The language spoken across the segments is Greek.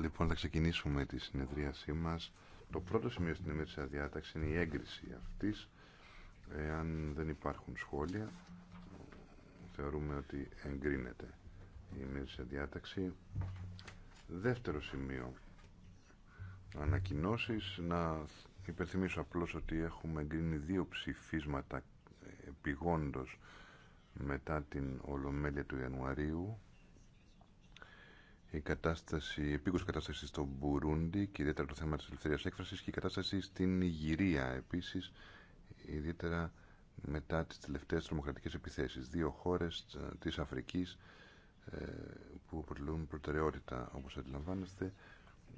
Λοιπόν, θα ξεκινήσουμε τη συνεδρίασή μας. Το πρώτο σημείο στην ημερήσια διάταξη είναι η έγκριση αυτής. Εάν δεν υπάρχουν σχόλια, θεωρούμε ότι εγκρίνεται η ημέρα διάταξη. Δεύτερο σημείο, ανακοινώσεις. Να υπενθυμίσω απλώς ότι έχουμε εγκρίνει δύο ψηφίσματα ε, επιγόντω μετά την Ολομέλεια του Ιανουαρίου η κατάσταση, η επίκουσα κατάσταση στο Μπουρούντι και ιδιαίτερα το θέμα της ελευθερίας έκφρασης και η κατάσταση στην Ιγυρία επίσης ιδιαίτερα μετά τις τελευταίες τρομοκρατικές επιθέσεις. Δύο χώρες ε, της Αφρικής ε, που αποτελούν προτεραιότητα όπως αντιλαμβάνεστε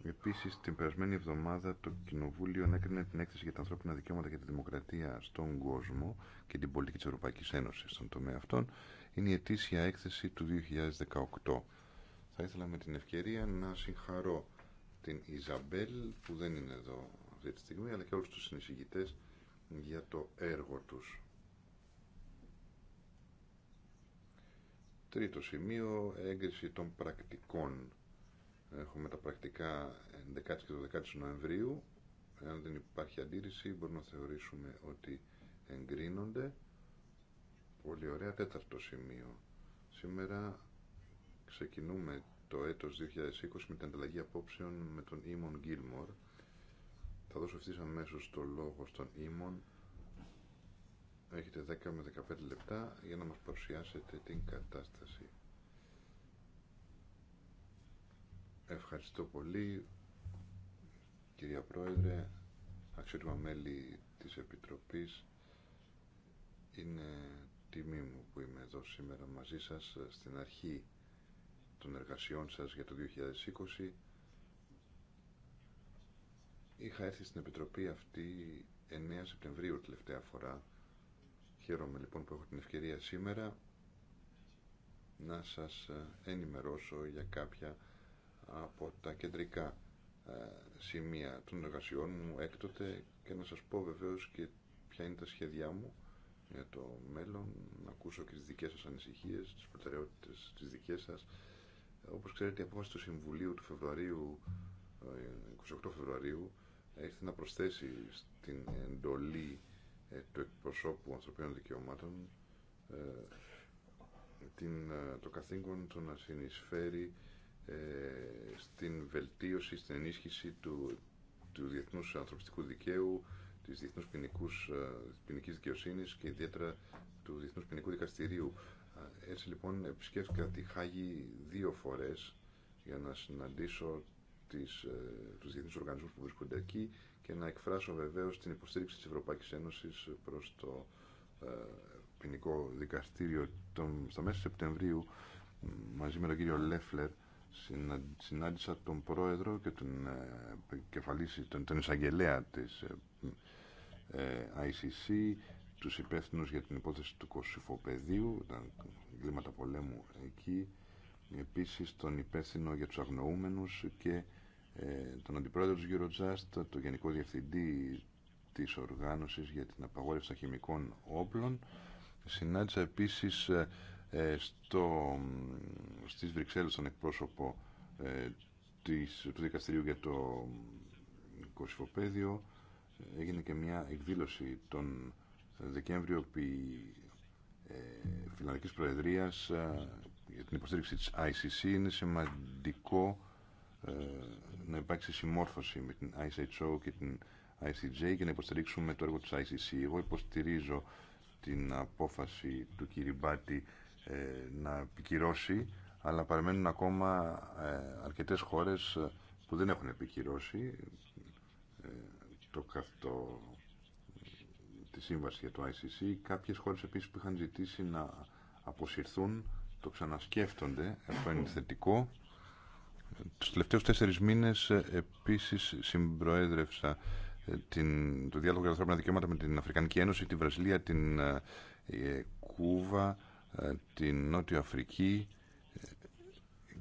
Επίσης, την περασμένη εβδομάδα το Κοινοβούλιο έκρινε την έκθεση για τα ανθρώπινα δικαιώματα και τη δημοκρατία στον κόσμο και την πολιτική της Ευρωπαϊκής Ένωσης στον τομέα αυτών. Είναι η ετήσια έκθεση του 2018. Θα ήθελα με την ευκαιρία να συγχαρώ την Ιζαμπέλ που δεν είναι εδώ αυτή τη στιγμή αλλά και όλους τους συνεισηγητές για το έργο τους. Τρίτο σημείο, έγκριση των πρακτικών Έχουμε τα πρακτικά 11 και 12 Νοεμβρίου. Εάν δεν υπάρχει αντίρρηση μπορούμε να θεωρήσουμε ότι εγκρίνονται. Πολύ ωραία τέταρτο σημείο. Σήμερα ξεκινούμε το έτος 2020 με την ανταλλαγή απόψεων με τον Ήμον Γκίλμορ. Θα δώσω ευθύς αμέσως το λόγο στον Ήμον. Έχετε 10 με 15 λεπτά για να μας παρουσιάσετε την κατάσταση. Ευχαριστώ πολύ, κυρία Πρόεδρε, αξιότιμα μέλη της Επιτροπής. Είναι τιμή μου που είμαι εδώ σήμερα μαζί σας στην αρχή των εργασιών σας για το 2020. Είχα έρθει στην Επιτροπή αυτή 9 Σεπτεμβρίου τελευταία φορά. Χαίρομαι λοιπόν που έχω την ευκαιρία σήμερα να σας ενημερώσω για κάποια από τα κεντρικά ε, σημεία των εργασιών μου έκτοτε και να σας πω βεβαίως και ποια είναι τα σχέδιά μου για το μέλλον, να ακούσω και τις δικές σας ανησυχίες, τις προτεραιότητες τις δικές σας. Όπως ξέρετε η απόφαση του Συμβουλίου του Φεβρουαρίου, 28 ε, Φεβρουαρίου, έρθει να προσθέσει στην εντολή ε, του εκπροσώπου ανθρωπίνων δικαιωμάτων την, το καθήκον του να συνεισφέρει ε, στην βελτίωση, στην ενίσχυση του, του διεθνούς ανθρωπιστικού δικαίου, της διεθνούς ποινικούς, ε, ποινικής δικαιοσύνης και ιδιαίτερα του Διεθνούς Ποινικού Δικαστηρίου. Έτσι λοιπόν επισκέφθηκα τη Χάγη δύο φορές για να συναντήσω τις, ε, τους διεθνούς οργανισμούς που βρίσκονται εκεί και να εκφράσω βεβαίως την υποστήριξη της Ευρωπαϊκής Ένωσης προς το ποινικό δικαστήριο τον, στα μέσα Σεπτεμβρίου μαζί με τον κύριο Λέφλερ συνάντησα τον πρόεδρο και τον ε, κεφαλής, τον, τον εισαγγελέα της ε, ε, ICC, τους υπεύθυνους για την υπόθεση του Κωσυφοπεδίου, ήταν εγκλήματα πολέμου εκεί, επίσης τον υπεύθυνο για τους αγνοούμενους και τον αντιπρόεδρο του Eurojust, τον γενικό διευθυντή της οργάνωσης για την απαγόρευση των χημικών όπλων. Συνάντησα επίσης ε, στο, στις Βρυξέλλες στον εκπρόσωπο ε, της, του δικαστηρίου για το Κωσυφοπαίδιο ε, έγινε και μια εκδήλωση τον Δεκέμβριο που ε, Φιλανδικής Προεδρίας για την υποστήριξη της ICC είναι σημαντικό ε, να υπάρξει συμμόρφωση με την ICHO και την ICJ και να υποστηρίξουμε το έργο της ICC. Εγώ υποστηρίζω την απόφαση του Μπάτη ε, να επικυρώσει, αλλά παραμένουν ακόμα ε, αρκετές χώρες ε, που δεν έχουν επικυρώσει το, το, τη σύμβαση για το ICC. Κάποιες χώρες επίσης που είχαν ζητήσει να αποσυρθούν το ξανασκέφτονται, αυτό είναι θετικό. Τους τελευταίους τέσσερις μήνες επίσης συμπροέδρευσα την, το διάλογο για τα ανθρώπινα δικαιώματα με την Αφρικανική Ένωση, τη Βραζιλία, την Κούβα, ε, την Νότια Αφρική ε,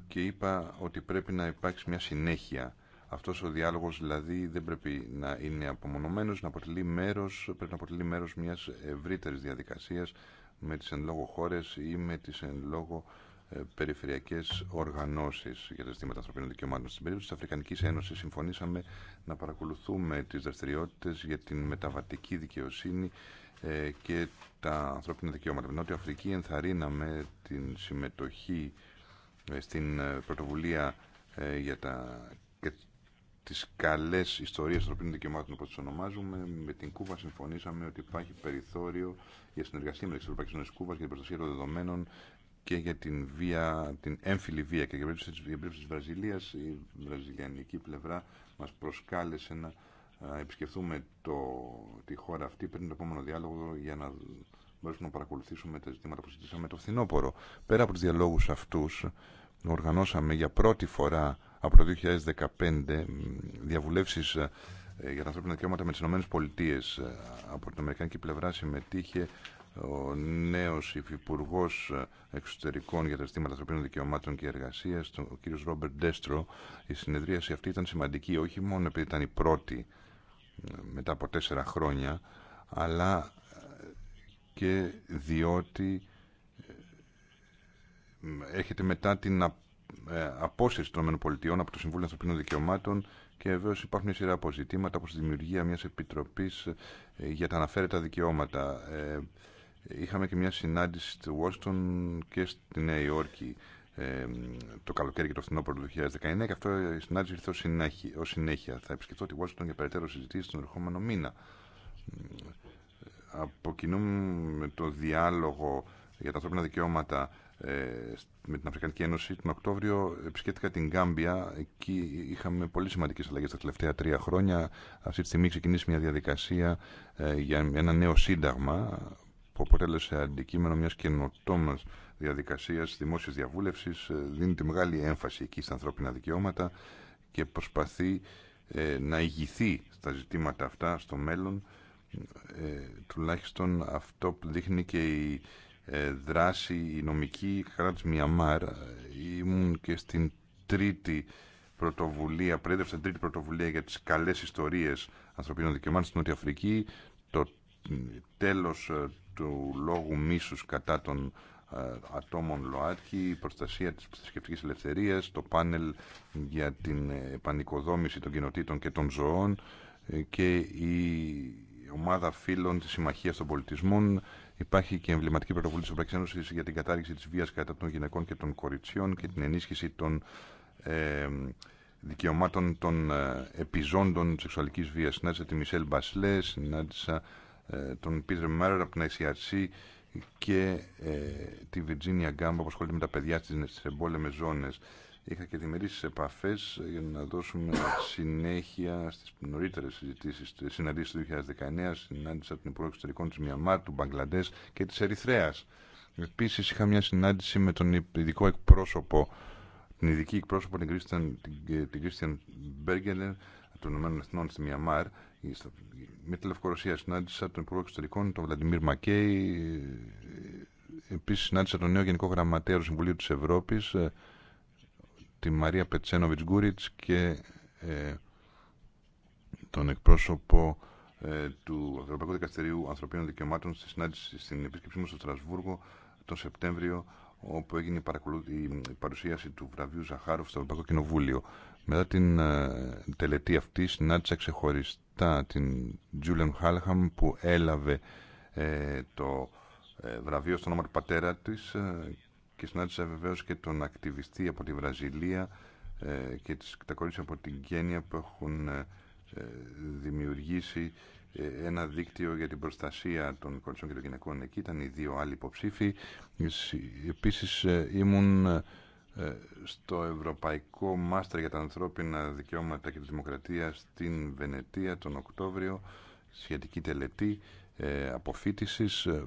και είπα ότι πρέπει να υπάρξει μια συνέχεια. Αυτός ο διάλογος δηλαδή δεν πρέπει να είναι απομονωμένος, να αποτελεί μέρος, πρέπει να αποτελεί μέρος μιας ευρύτερης διαδικασίας με τις εν λόγω χώρες ή με τις εν λόγω ε, περιφερειακές οργανώσεις για τα ζητήματα ανθρωπίνων δικαιωμάτων. Στην περίπτωση της Αφρικανικής Ένωσης συμφωνήσαμε να παρακολουθούμε τις δραστηριότητες για την μεταβατική δικαιοσύνη ε, και τα ανθρώπινα δικαιώματα. την Νότια Αφρική ενθαρρύναμε την συμμετοχή ε, στην ε, πρωτοβουλία για, τα, για τις καλές ιστορίες ανθρωπίνων δικαιωμάτων όπως τις ονομάζουμε. Με την Κούβα συμφωνήσαμε ότι υπάρχει περιθώριο για συνεργασία μεταξύ Ευρωπαϊκής Ένωσης Κούβας για την προστασία των δεδομένων και για την, βία, την έμφυλη βία και για την περίπτωση της Βραζιλίας η βραζιλιανική πλευρά μας προσκάλεσε να επισκεφθούμε το, τη χώρα αυτή πριν το επόμενο διάλογο για να μπορέσουμε να παρακολουθήσουμε τα ζητήματα που συζητήσαμε το φθινόπωρο. Πέρα από τους διαλόγους αυτούς, οργανώσαμε για πρώτη φορά από το 2015 διαβουλεύσεις ε, για τα ανθρώπινα δικαιώματα με τις ΗΠΑ ε, Από την Αμερικανική πλευρά συμμετείχε ο νέος υφυπουργό ε, εξωτερικών για τα ζητήματα ανθρωπίνων δικαιωμάτων και εργασίας, ο κ. Ρόμπερτ Ντέστρο. Η συνεδρίαση αυτή ήταν σημαντική όχι μόνο επειδή ήταν η πρώτη μετά από τέσσερα χρόνια αλλά και διότι ε, έχετε μετά την ε, απόσυρση των ΗΠΑ από το Συμβούλιο Ανθρωπίνων Δικαιωμάτων και βεβαίω υπάρχουν μια σειρά αποζητήματα όπως η δημιουργία μιας επιτροπής ε, για τα αναφέρετα δικαιώματα. Είχαμε και μια συνάντηση στη Washington και στη Νέα Υόρκη το καλοκαίρι και το φθινόπωρο του 2019 και αυτό η συνάντηση ήρθε ως συνέχεια, ως συνέχεια. Θα επισκεφτώ τη Washington για περαιτέρω συζητήσεις τον ερχόμενο μήνα. Αποκινούμε το διάλογο για τα ανθρώπινα δικαιώματα ε, με την Αφρικανική Ένωση. Τον Οκτώβριο επισκέφτηκα την Γκάμπια. Εκεί είχαμε πολύ σημαντικέ αλλαγές τα τελευταία τρία χρόνια. Αυτή τη στιγμή ξεκινήσει μια διαδικασία ε, για ένα νέο σύνταγμα που αποτέλεσε αντικείμενο μια καινοτόμας Διαδικασία δημόσια διαβούλευση. Ε, δίνει τη μεγάλη έμφαση εκεί στα ανθρώπινα δικαιώματα και προσπαθεί ε, να ηγηθεί στα ζητήματα αυτά στο μέλλον ε, τουλάχιστον αυτό που δείχνει και η δράση η νομική χαρά της Μιαμάρ ήμουν και στην τρίτη πρωτοβουλία προέδρευσα την τρίτη πρωτοβουλία για τις καλές ιστορίες ανθρωπίνων δικαιωμάτων στην Νότια Αφρική το τέλος του λόγου μίσους κατά τον ε, ατόμων ΛΟΑΤΚΙ, η προστασία της θρησκευτική ελευθερίας, το πάνελ για την επανοικοδόμηση των κοινοτήτων και των ζωών ε, και η ομάδα φίλων της Συμμαχίας των Πολιτισμών. Υπάρχει και εμβληματική πρωτοβουλία της Ευρωπαϊκής για την κατάργηση της βίας κατά των γυναικών και των κοριτσιών και την ενίσχυση των ε, δικαιωμάτων των ε, επιζώντων σεξουαλικής βίας. Συνάντησα τη Μισελ Μπασλέ, συνάντησα ε, τον Πίτρε Μέρερ από την ICRC, και ε, τη Βιτζίνια Γκάμπα που ασχολείται με τα παιδιά στις εμπόλεμες ζώνες. Είχα και δημιουργήσει επαφές ε, για να δώσουμε συνέχεια στις νωρίτερες συζητήσεις, στις ε, συναντήσεις του 2019, συνάντησα την Υπουργό Εξωτερικών της Μιαμάρ, του Μπαγκλαντές και της Ερυθρέας. Επίσης είχα μια συνάντηση με τον ειδικό εκπρόσωπο, την ειδική εκπρόσωπο την Κρίστιαν Μπέργκελερ, των ΗΠΑ στη Μιαμάρ με τη Λευκορωσία συνάντησα τον Υπουργό Εξωτερικών, τον Βλαντιμίρ Μακέη. Επίση συνάντησα τον νέο Γενικό Γραμματέα του Συμβουλίου τη Ευρώπη, ε, τη Μαρία Πετσένοβιτ Γκούριτ και ε, τον εκπρόσωπο ε, του Ευρωπαϊκού Δικαστηρίου Ανθρωπίνων Δικαιωμάτων στη συνάντηση στην επίσκεψή μου στο Στρασβούργο τον Σεπτέμβριο όπου έγινε η παρουσίαση του βραβείου Ζαχάροφ στο Ευρωπαϊκό Κοινοβούλιο. Μετά την ε, τελετή αυτή συνάντησα ξεχωριστά την Τζούλεν Χάλχαμ που έλαβε ε, το ε, βραβείο στο όνομα του πατέρα της ε, και συνάντησα βεβαίως και τον ακτιβιστή από τη Βραζιλία και τις, τα από την Κένια που έχουν δημιουργήσει ένα δίκτυο για την προστασία των κορίτσων και των γυναικών εκεί. Ήταν οι δύο άλλοι υποψήφοι. Επίσης ήμουν ε, στο Ευρωπαϊκό Μάστερ για τα Ανθρώπινα Δικαιώματα και τη Δημοκρατία στην Βενετία τον Οκτώβριο σχετική τελετή ε, αποφύτησης ε,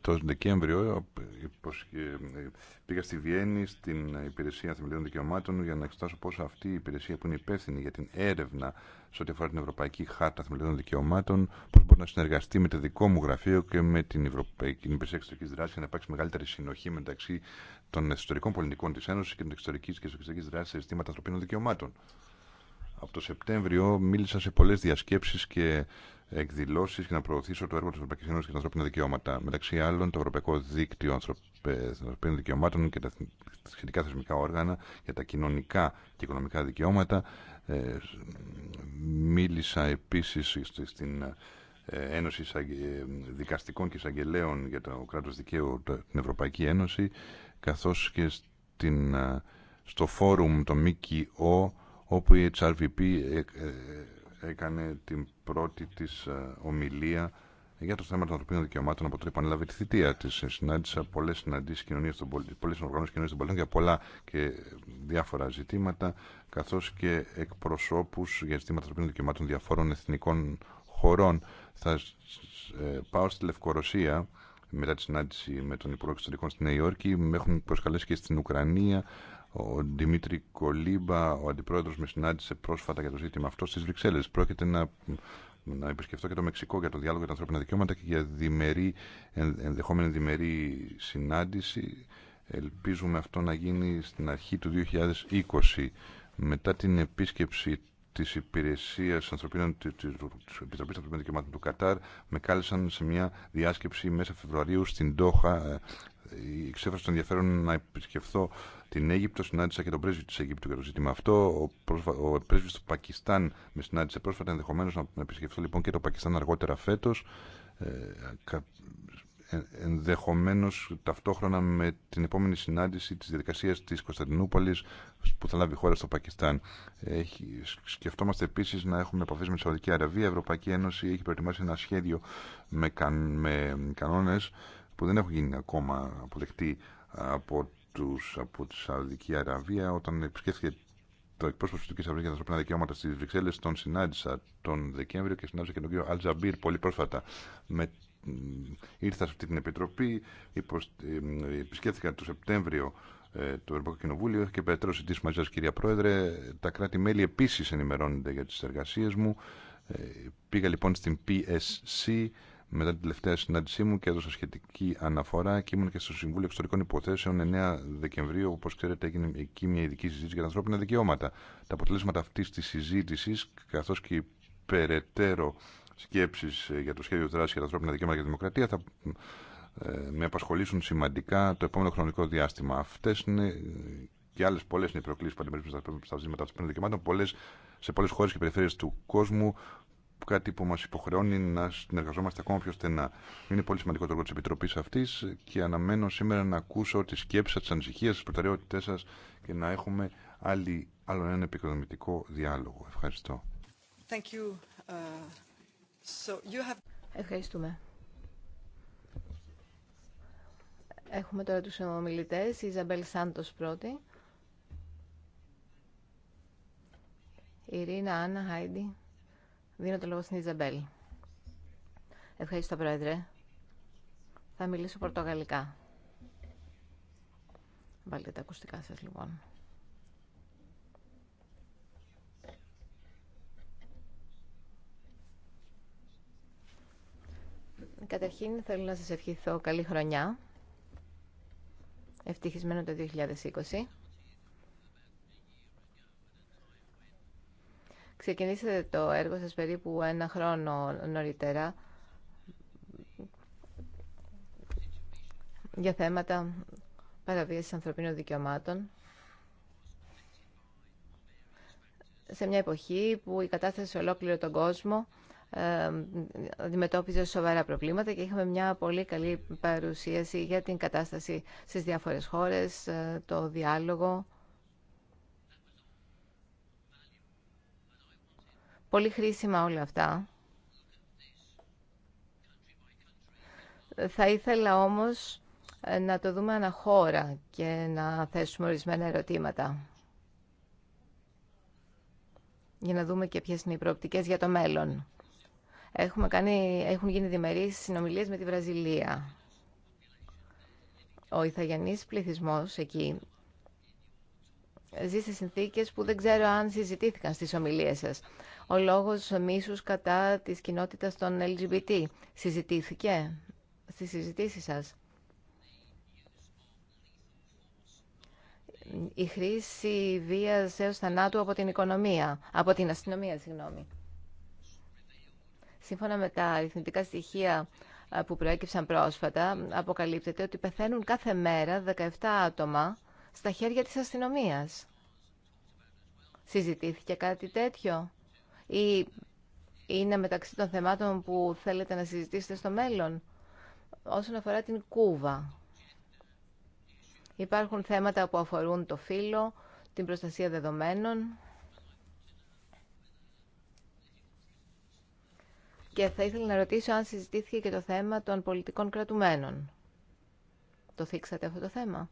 το Δεκέμβριο ε, πήγα στη Βιέννη στην Υπηρεσία Θεμελιών Δικαιωμάτων για να εξετάσω πόσο αυτή η υπηρεσία που είναι υπεύθυνη για την έρευνα σε ό,τι αφορά την Ευρωπαϊκή Χάρτα Θεμελιών Δικαιωμάτων, πώ μπορεί να συνεργαστεί με το δικό μου γραφείο και με την, Ευρωπαϊκή, Υπηρεσία Εξωτερική Δράση για να υπάρξει μεγαλύτερη συνοχή μεταξύ των εσωτερικών πολιτικών τη Ένωση και των εξωτερική και εξωτερική δράση σε ζητήματα ανθρωπίνων δικαιωμάτων. Από το Σεπτέμβριο μίλησα σε πολλέ διασκέψει και εκδηλώσει για να προωθήσω το έργο τη Ευρωπαϊκή Ένωση για τα ανθρωπίνα δικαιώματα. Μεταξύ άλλων, το Ευρωπαϊκό Δίκτυο Ανθρωπίνων Δικαιωμάτων και τα σχετικά θεσμικά όργανα για τα κοινωνικά και οικονομικά δικαιώματα. Ε, μίλησα επίση στην ε, Ένωση ε, Δικαστικών και Εισαγγελέων για το κράτο δικαίου, την Ευρωπαϊκή Ένωση καθώς και στην, στο φόρουμ το ΜΚΟ όπου η HRVP ε, ε, έκανε την πρώτη της ομιλία για το θέμα των ανθρωπίνων δικαιωμάτων από το που τη θητεία τη. Ε, συνάντησα πολλέ συναντήσει κοινωνία των πολιτών, πολλέ οργανώσει κοινωνία των πολιτών για πολλά και διάφορα ζητήματα, καθώ και εκπροσώπου για ζητήματα ανθρωπίνων δικαιωμάτων διαφόρων εθνικών χωρών. Θα πάω στη Λευκορωσία μετά τη συνάντηση με τον Υπουργό Εξωτερικών στη Νέα Υόρκη. Με έχουν προσκαλέσει και στην Ουκρανία. Ο Δημήτρη Κολύμπα, ο αντιπρόεδρο με συνάντησε πρόσφατα για το ζήτημα αυτό στις Βρυξέλλες. Πρόκειται να, να επισκεφτώ και το Μεξικό για το διάλογο για τα ανθρώπινα δικαιώματα και για διμερή, ενδεχόμενη διμερή συνάντηση. Ελπίζουμε αυτό να γίνει στην αρχή του 2020 μετά την επίσκεψη τη Υπηρεσία Ανθρωπίνων τη Επιτροπή Ανθρωπίνων Δικαιωμάτων του Κατάρ με κάλεσαν σε μια διάσκεψη μέσα Φεβρουαρίου στην Τόχα. Ε, Εξέφρασε το ενδιαφέρον να επισκεφθώ την Αίγυπτο. Συνάντησα και τον πρέσβη τη Αιγύπτου για το ζήτημα αυτό. Ο, πρόσφα... πρέσβη του Πακιστάν με συνάντησε πρόσφατα. Ενδεχομένω να επισκεφθώ λοιπόν και το Πακιστάν αργότερα φέτο. Ε, ενδεχομένως ταυτόχρονα με την επόμενη συνάντηση της διαδικασίας της Κωνσταντινούπολης που θα λάβει η χώρα στο Πακιστάν. Έχει, σκεφτόμαστε επίσης να έχουμε επαφές με τη Σαουδική Αραβία. Η Ευρωπαϊκή Ένωση έχει προετοιμάσει ένα σχέδιο με, καν, με κανόνες που δεν έχουν γίνει ακόμα αποδεκτοί από, τους, από τη Σαουδική Αραβία όταν επισκέφθηκε το εκπρόσωπο τη Τουρκία Αυγή για τα ανθρώπινα δικαιώματα στι Βρυξέλλε τον συνάντησα τον Δεκέμβριο και συνάντησα και τον κύριο Αλτζαμπίρ πολύ πρόσφατα. Με ήρθα σε αυτή την επιτροπή, επισκέφθηκα το Σεπτέμβριο ε, το Ευρωπαϊκό Κοινοβούλιο και περαιτέρω συζητήσει μαζί σα, κυρία Πρόεδρε. Τα κράτη-μέλη επίση ενημερώνονται για τι εργασίε μου. Ε, πήγα λοιπόν στην PSC μετά την τελευταία συνάντησή μου και έδωσα σχετική αναφορά και ήμουν και στο Συμβούλιο Εξωτερικών Υποθέσεων 9 Δεκεμβρίου. Όπω ξέρετε, έγινε εκεί μια ειδική συζήτηση για τα ανθρώπινα δικαιώματα. Τα αποτελέσματα αυτή τη συζήτηση, καθώ και η περαιτέρω σκέψεις ε, για το σχέδιο δράση για τα ανθρώπινα δικαιώματα και δημοκρατία θα ε, με απασχολήσουν σημαντικά το επόμενο χρονικό διάστημα. Αυτέ είναι ε, και άλλε πολλέ είναι οι προκλήσει που αντιμετωπίζουμε στα ζήματα των δικαιωμάτων, πολλές, σε πολλέ χώρε και περιφέρειες του κόσμου, κάτι που μα υποχρεώνει να συνεργαζόμαστε ακόμα πιο στενά. Είναι πολύ σημαντικό το έργο τη Επιτροπή αυτή και αναμένω σήμερα να ακούσω τις σκέψεις σας, τις σα, τι προτεραιότητέ σα και να έχουμε άλλη, άλλον ένα επικοδομητικό διάλογο. Ευχαριστώ. Thank you. Uh, Ευχαριστούμε. Έχουμε τώρα τους ομιλητές, η Ιζαμπέλ Σάντος πρώτη. Η Ρίνα, Άννα, Χάιντι. Δίνω το λόγο στην Ιζαμπέλ. Ευχαριστώ, Πρόεδρε. Θα μιλήσω πορτογαλικά. Βάλτε τα ακουστικά σας, λοιπόν. Καταρχήν θέλω να σας ευχηθώ καλή χρονιά. Ευτυχισμένο το 2020. Ξεκινήσατε το έργο σας περίπου ένα χρόνο νωρίτερα για θέματα παραβίασης ανθρωπίνων δικαιωμάτων σε μια εποχή που η κατάσταση σε ολόκληρο τον κόσμο αντιμετώπιζε σοβαρά προβλήματα και είχαμε μια πολύ καλή παρουσίαση για την κατάσταση στις διάφορες χώρες, ε, το διάλογο. Πολύ χρήσιμα όλα αυτά. Θα ήθελα όμως ε, να το δούμε αναχώρα και να θέσουμε ορισμένα ερωτήματα. Για να δούμε και ποιες είναι οι προοπτικές για το μέλλον. Έχουμε κάνει, έχουν γίνει διμερείς συνομιλίες με τη Βραζιλία. Ο Ιθαγιανής πληθυσμός εκεί ζει σε συνθήκες που δεν ξέρω αν συζητήθηκαν στις ομιλίες σας. Ο λόγος μίσους κατά της κοινότητας των LGBT συζητήθηκε στις συζητήσεις σας. Η χρήση βίας έως θανάτου από την οικονομία, από την αστυνομία, συγγνώμη. Σύμφωνα με τα αριθμητικά στοιχεία που προέκυψαν πρόσφατα, αποκαλύπτεται ότι πεθαίνουν κάθε μέρα 17 άτομα στα χέρια της αστυνομίας. Συζητήθηκε κάτι τέτοιο ή είναι μεταξύ των θεμάτων που θέλετε να συζητήσετε στο μέλλον όσον αφορά την Κούβα. Υπάρχουν θέματα που αφορούν το φύλλο, την προστασία δεδομένων και θα ήθελα να ρωτήσω αν συζητήθηκε και το θέμα των πολιτικών κρατουμένων. Το θίξατε αυτό το θέμα.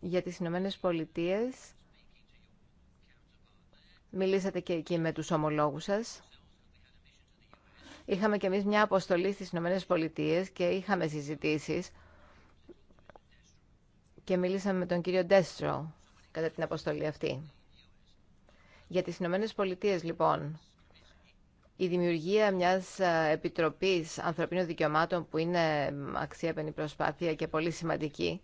Για τις Ηνωμένε Πολιτείες μιλήσατε και εκεί με τους ομολόγους σας. Είχαμε και εμείς μια αποστολή στις Ηνωμένε Πολιτείες και είχαμε συζητήσεις και μιλήσαμε με τον κύριο Ντέστρο κατά την αποστολή αυτή. Για τις Ηνωμένε Πολιτείε, λοιπόν, η δημιουργία μιας ε, Επιτροπής Ανθρωπίνων Δικαιωμάτων που είναι αξιέπαινη προσπάθεια και πολύ σημαντική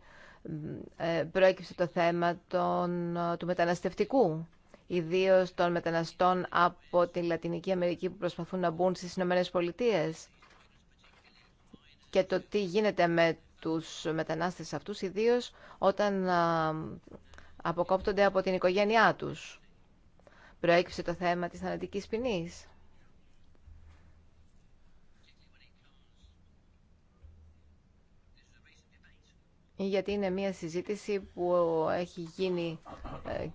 ε, προέκυψε το θέμα των, ε, του μεταναστευτικού ιδίω των μεταναστών από τη Λατινική Αμερική που προσπαθούν να μπουν στις Ηνωμένε Πολιτείε και το τι γίνεται με τους μετανάστες αυτούς ιδίως όταν αποκόπτονται από την οικογένειά τους προέκυψε το θέμα της θανατικής ποινή. γιατί είναι μια συζήτηση που έχει γίνει ε,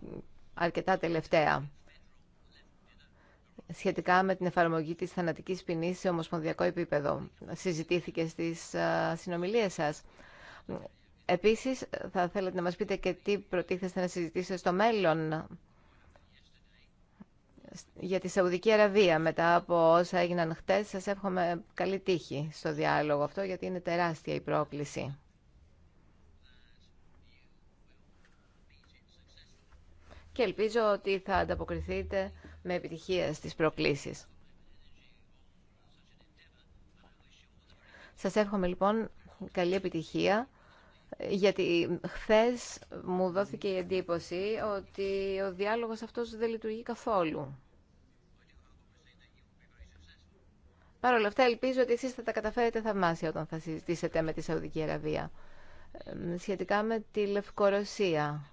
αρκετά τελευταία σχετικά με την εφαρμογή της θανατικής ποινή σε ομοσπονδιακό επίπεδο. Συζητήθηκε στις ε, συνομιλίες σας. Επίσης, θα θέλετε να μας πείτε και τι προτίθεστε να συζητήσετε στο μέλλον για τη Σαουδική Αραβία μετά από όσα έγιναν χτες. Σας εύχομαι καλή τύχη στο διάλογο αυτό γιατί είναι τεράστια η πρόκληση. Και ελπίζω ότι θα ανταποκριθείτε με επιτυχία στις προκλήσεις. Σας εύχομαι λοιπόν καλή επιτυχία γιατί χθες μου δόθηκε η εντύπωση ότι ο διάλογος αυτός δεν λειτουργεί καθόλου. Παρ' όλα αυτά, ελπίζω ότι εσείς θα τα καταφέρετε θαυμάσια όταν θα συζητήσετε με τη Σαουδική Αραβία. Σχετικά με τη Λευκορωσία.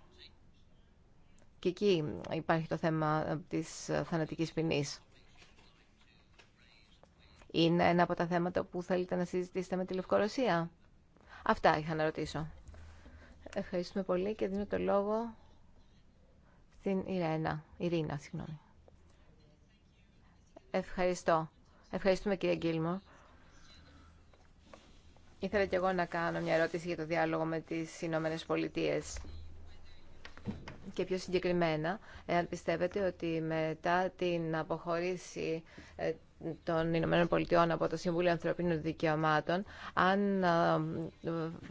Και εκεί υπάρχει το θέμα ε, της ε, θανατικής ποινή. Είναι ένα από τα θέματα που θέλετε να συζητήσετε με τη Λευκορωσία. Αυτά είχα να ρωτήσω. Ευχαριστούμε πολύ και δίνω το λόγο στην Ιρένα. Ειρήνα, συγγνώμη. Ευχαριστώ. Ευχαριστούμε κύριε Γκίλμο. Ήθελα και εγώ να κάνω μια ερώτηση για το διάλογο με τις Ηνωμένε Πολιτείε. Και πιο συγκεκριμένα, εάν πιστεύετε ότι μετά την αποχωρήση ε, των Ηνωμένων Πολιτειών από το Συμβούλιο Ανθρωπίνων Δικαιωμάτων, αν ε,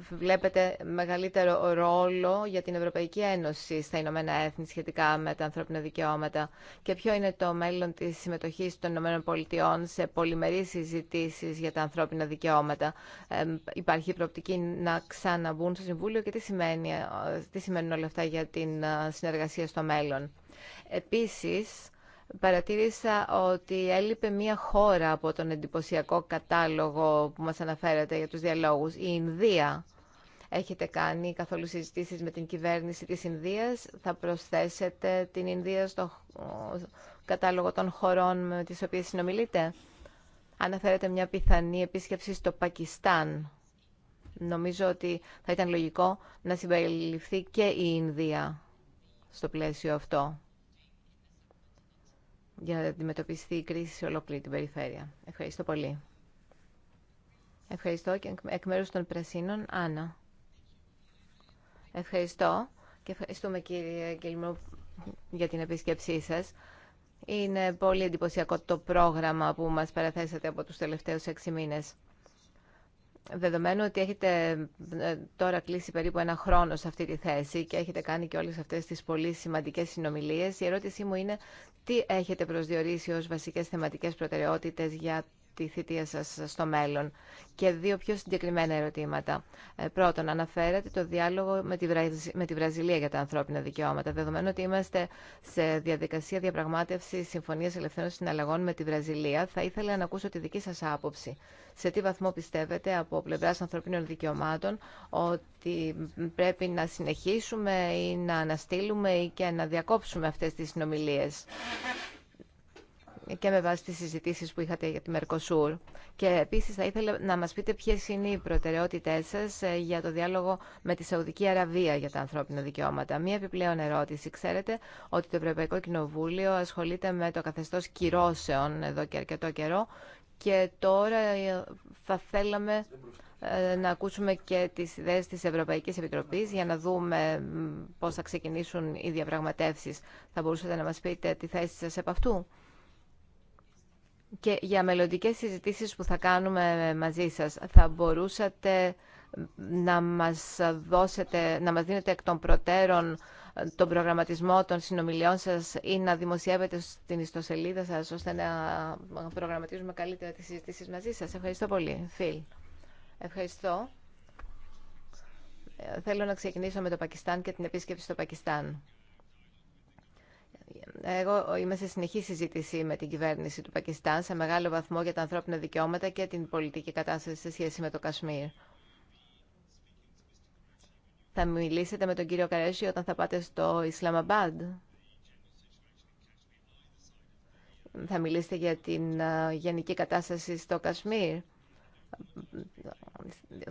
βλέπετε μεγαλύτερο ρόλο για την Ευρωπαϊκή Ένωση στα Ηνωμένα Έθνη σχετικά με τα ανθρώπινα δικαιώματα και ποιο είναι το μέλλον της συμμετοχής των Ηνωμένων Πολιτειών σε πολυμερείς συζητήσει για τα ανθρώπινα δικαιώματα. Ε, υπάρχει προοπτική να ξαναμπούν στο Συμβούλιο και τι, σημαίνει, ε, τι σημαίνουν όλα αυτά για την συνεργασία στο μέλλον. Επίσης, παρατήρησα ότι έλειπε μία χώρα από τον εντυπωσιακό κατάλογο που μας αναφέρατε για τους διαλόγους, η Ινδία. Έχετε κάνει καθόλου συζητήσεις με την κυβέρνηση της Ινδίας. Θα προσθέσετε την Ινδία στο κατάλογο των χωρών με τις οποίες συνομιλείτε. Αναφέρετε μια πιθανή επίσκεψη στο Πακιστάν. Νομίζω ότι θα ήταν λογικό να συμπεριληφθεί και η Ινδία στο πλαίσιο αυτό για να αντιμετωπιστεί η κρίση σε ολόκληρη την περιφέρεια. Ευχαριστώ πολύ. Ευχαριστώ και εκ μέρου των Πρασίνων, Άννα. Ευχαριστώ και ευχαριστούμε κύριε Γκυλμό για την επίσκεψή σας. Είναι πολύ εντυπωσιακό το πρόγραμμα που μας παραθέσατε από τους τελευταίους έξι μήνες δεδομένου ότι έχετε ε, τώρα κλείσει περίπου ένα χρόνο σε αυτή τη θέση και έχετε κάνει και όλες αυτές τις πολύ σημαντικές συνομιλίες, η ερώτησή μου είναι τι έχετε προσδιορίσει ως βασικές θεματικές προτεραιότητες για τη θητεία σας στο μέλλον. Και δύο πιο συγκεκριμένα ερωτήματα. Ε, πρώτον, αναφέρατε το διάλογο με τη, Βραζι... με τη Βραζιλία για τα ανθρώπινα δικαιώματα. Δεδομένου ότι είμαστε σε διαδικασία διαπραγμάτευση Συμφωνία Ελευθέρων Συναλλαγών με τη Βραζιλία, θα ήθελα να ακούσω τη δική σα άποψη. Σε τι βαθμό πιστεύετε από πλευρά ανθρωπίνων δικαιωμάτων ότι πρέπει να συνεχίσουμε ή να αναστείλουμε ή και να διακόψουμε αυτέ τι συνομιλίε και με βάση τις συζητήσεις που είχατε για τη Μερκοσούρ. Και επίσης θα ήθελα να μας πείτε ποιες είναι οι προτεραιότητές σας ε, για το διάλογο με τη Σαουδική Αραβία για τα ανθρώπινα δικαιώματα. Μία επιπλέον ερώτηση. Ξέρετε ότι το Ευρωπαϊκό Κοινοβούλιο ασχολείται με το καθεστώς κυρώσεων εδώ και αρκετό καιρό και τώρα ε, θα θέλαμε ε, να ακούσουμε και τις ιδέες της Ευρωπαϊκής Επιτροπής για να δούμε πώς θα ξεκινήσουν οι διαπραγματεύσεις. Θα μπορούσατε να μας πείτε τη θέση σας επ' αυτού. Και για μελλοντικές συζητήσεις που θα κάνουμε μαζί σας, θα μπορούσατε να μας, δώσετε, να μας δίνετε εκ των προτέρων ε, τον προγραμματισμό των συνομιλιών σας ή να δημοσιεύετε στην ιστοσελίδα σας ώστε να προγραμματίζουμε καλύτερα τις συζητήσεις μαζί σας. Ευχαριστώ πολύ. Φιλ. Ευχαριστώ. Ε, θέλω να ξεκινήσω με το Πακιστάν και την επίσκεψη στο Πακιστάν. Εγώ είμαι σε συνεχή συζήτηση με την κυβέρνηση του Πακιστάν σε μεγάλο βαθμό για τα ανθρώπινα δικαιώματα και την πολιτική κατάσταση σε σχέση με το Κασμίρ. Θα μιλήσετε με τον κύριο Καρέσι όταν θα πάτε στο Ισλαμαμπάντ. Θα μιλήσετε για την γενική κατάσταση στο Κασμίρ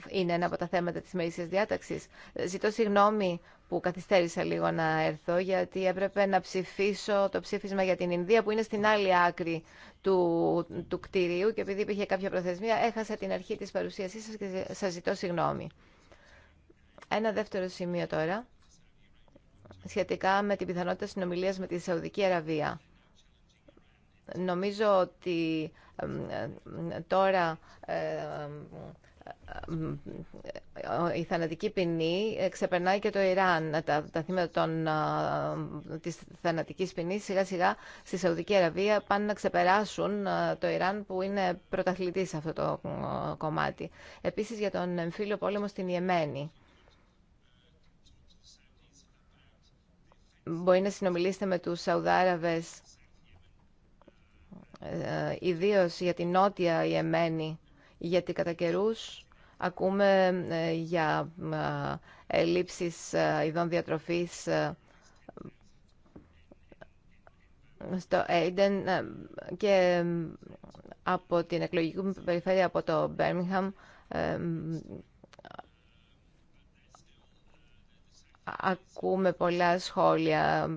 είναι ένα από τα θέματα της μερικής διάταξης. Ζητώ συγγνώμη που καθυστέρησα λίγο να έρθω, γιατί έπρεπε να ψηφίσω το ψήφισμα για την Ινδία, που είναι στην άλλη άκρη του, του κτηρίου και επειδή υπήρχε κάποια προθεσμία, έχασα την αρχή της παρουσίασής σας και σας ζητώ συγγνώμη. Ένα δεύτερο σημείο τώρα, σχετικά με την πιθανότητα συνομιλίας με τη Σαουδική Αραβία. Νομίζω ότι τώρα η θανατική ποινή ε, ξεπερνάει και το Ιράν. Τα, τα θύματα των, της θανατικής ποινής σιγά σιγά στη Σαουδική Αραβία πάνε να ξεπεράσουν το Ιράν που είναι πρωταθλητή σε αυτό το κομμάτι. Επίσης για τον εμφύλιο πόλεμο στην Ιεμένη. Μπορεί να συνομιλήσετε με τους Σαουδάραβες ε, ιδίως για την νότια Ιεμένη, γιατί κατά καιρού ακούμε ε, για ε, ελλείψεις ειδών διατροφής στο AIDEN και από την εκλογική περιφέρεια από το ε, ακούμε πολλά σχόλια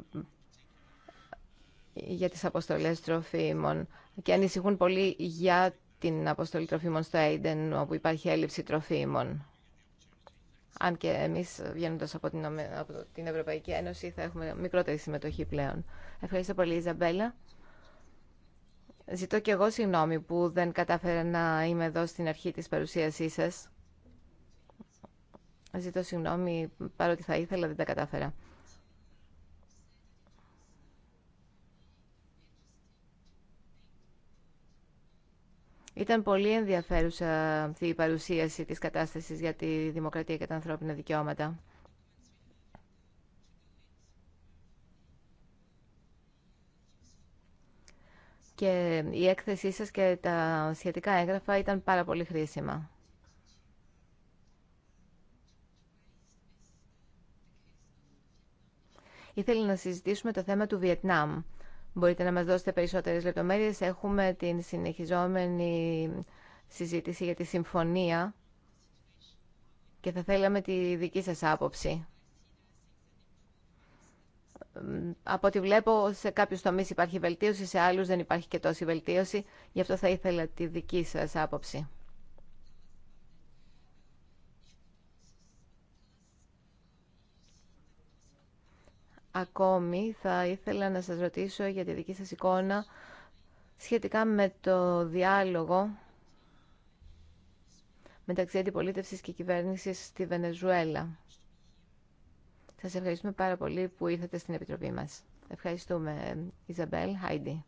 για τις αποστολές τροφίμων και ανησυχούν πολύ για την αποστολή τροφίμων στο AIDEN όπου υπάρχει έλλειψη τροφίμων. Αν και εμείς βγαίνοντα από, από την Ευρωπαϊκή Ένωση θα έχουμε μικρότερη συμμετοχή πλέον. Ευχαριστώ πολύ, Ιζαμπέλα. Ζητώ και εγώ συγγνώμη που δεν κατάφερα να είμαι εδώ στην αρχή της παρουσίασής σας. Ζητώ συγγνώμη, παρότι θα ήθελα, δεν τα κατάφερα. Ήταν πολύ ενδιαφέρουσα η παρουσίαση της κατάστασης για τη δημοκρατία και τα ανθρώπινα δικαιώματα. Και η έκθεσή σας και τα σχετικά έγγραφα ήταν πάρα πολύ χρήσιμα. Ήθελα να συζητήσουμε το θέμα του Βιετνάμ Μπορείτε να μας δώσετε περισσότερες λεπτομέρειες. Έχουμε την συνεχιζόμενη συζήτηση για τη συμφωνία και θα θέλαμε τη δική σας άποψη. Από ό,τι βλέπω, σε κάποιους τομείς υπάρχει βελτίωση, σε άλλους δεν υπάρχει και τόση βελτίωση. Γι' αυτό θα ήθελα τη δική σας άποψη. Ακόμη θα ήθελα να σας ρωτήσω για τη δική σας εικόνα σχετικά με το διάλογο μεταξύ αντιπολίτευσης και κυβέρνησης στη Βενεζουέλα. Σας ευχαριστούμε πάρα πολύ που ήρθατε στην Επιτροπή μας. Ευχαριστούμε, Ιζαμπέλ, Χάιντι.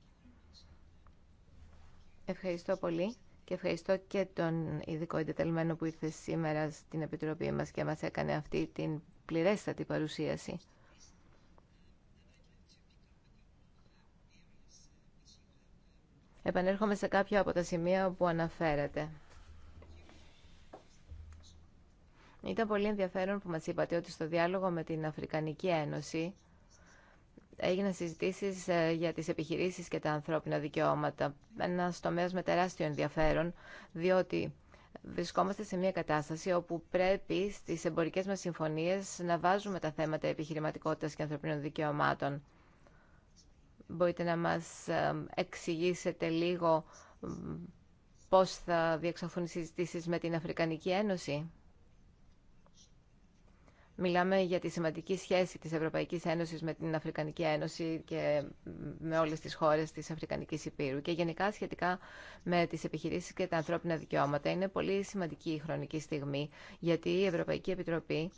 Ευχαριστώ πολύ και ευχαριστώ και τον ειδικό εντεταλμένο που ήρθε σήμερα στην Επιτροπή μας και μας έκανε αυτή την πληρέστατη παρουσίαση. Επανέρχομαι σε κάποια από τα σημεία που αναφέρατε. Ήταν πολύ ενδιαφέρον που μας είπατε ότι στο διάλογο με την Αφρικανική Ένωση έγιναν συζητήσεις ε, για τις επιχειρήσεις και τα ανθρώπινα δικαιώματα. Ένα τομέα με τεράστιο ενδιαφέρον, διότι βρισκόμαστε σε μια κατάσταση όπου πρέπει στις εμπορικές μας συμφωνίες να βάζουμε τα θέματα επιχειρηματικότητας και ανθρωπίνων δικαιωμάτων. Μπορείτε να μας εξηγήσετε λίγο πώς θα διεξαχθούν οι συζητήσεις με την Αφρικανική Ένωση. Μιλάμε για τη σημαντική σχέση της Ευρωπαϊκής Ένωσης με την Αφρικανική Ένωση και με όλες τις χώρες της Αφρικανικής Υπήρου και γενικά σχετικά με τις επιχειρήσεις και τα ανθρώπινα δικαιώματα. Είναι πολύ σημαντική η χρονική στιγμή γιατί η Ευρωπαϊκή Επιτροπή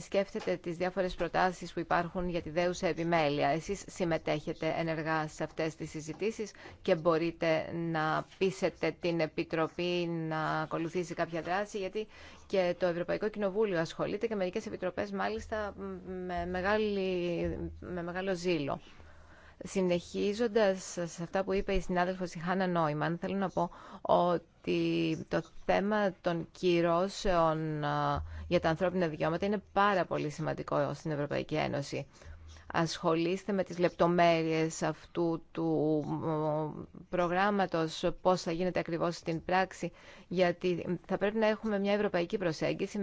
σκέφτεται τις διάφορες προτάσεις που υπάρχουν για τη δέουσα επιμέλεια. Εσείς συμμετέχετε ενεργά σε αυτές τις συζητήσεις και μπορείτε να πείσετε την Επιτροπή να ακολουθήσει κάποια δράση, γιατί και το Ευρωπαϊκό Κοινοβούλιο ασχολείται και μερικές επιτροπές μάλιστα με, μεγάλη, με μεγάλο ζήλο. Συνεχίζοντας σε αυτά που είπε η συνάδελφος η Χάνα Νόημαν, θέλω να πω ότι ότι το θέμα των κυρώσεων ε, για τα ανθρώπινα δικαιώματα είναι πάρα πολύ σημαντικό στην Ευρωπαϊκή Ένωση ασχολείστε με τις λεπτομέρειες αυτού του προγράμματος, πώς θα γίνεται ακριβώς στην πράξη, γιατί θα πρέπει να έχουμε μια ευρωπαϊκή προσέγγιση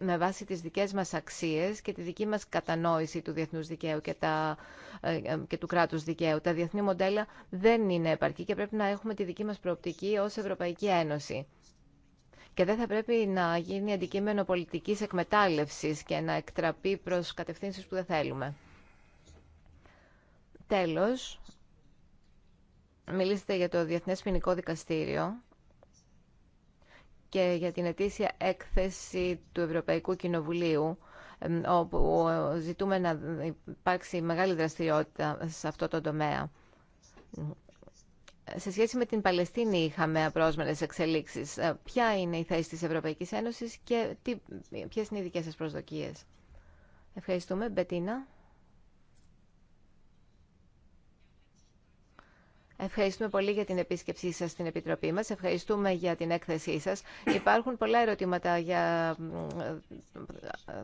με, βάση τις δικές μας αξίες και τη δική μας κατανόηση του διεθνούς δικαίου και, τα, ε, ε, και του κράτους δικαίου. Τα διεθνή μοντέλα δεν είναι επαρκή και πρέπει να έχουμε τη δική μας προοπτική ως Ευρωπαϊκή Ένωση και δεν θα πρέπει να γίνει αντικείμενο πολιτικής εκμετάλλευσης και να εκτραπεί προς κατευθύνσεις που δεν θέλουμε. Τέλος, μιλήσατε για το Διεθνές Ποινικό Δικαστήριο και για την ετήσια έκθεση του Ευρωπαϊκού Κοινοβουλίου όπου ζητούμε να υπάρξει μεγάλη δραστηριότητα σε αυτό το τομέα. Σε σχέση με την Παλαιστίνη είχαμε απρόσμενες εξελίξεις. Ε, ποια είναι η θέση της Ευρωπαϊκής Ένωσης και τι, ποιες είναι οι δικές σας προσδοκίες. Ευχαριστούμε. Μπετίνα. Ευχαριστούμε πολύ για την επίσκεψή σας στην Επιτροπή μας. Ευχαριστούμε για την έκθεσή σας. Υπάρχουν πολλά ερωτήματα για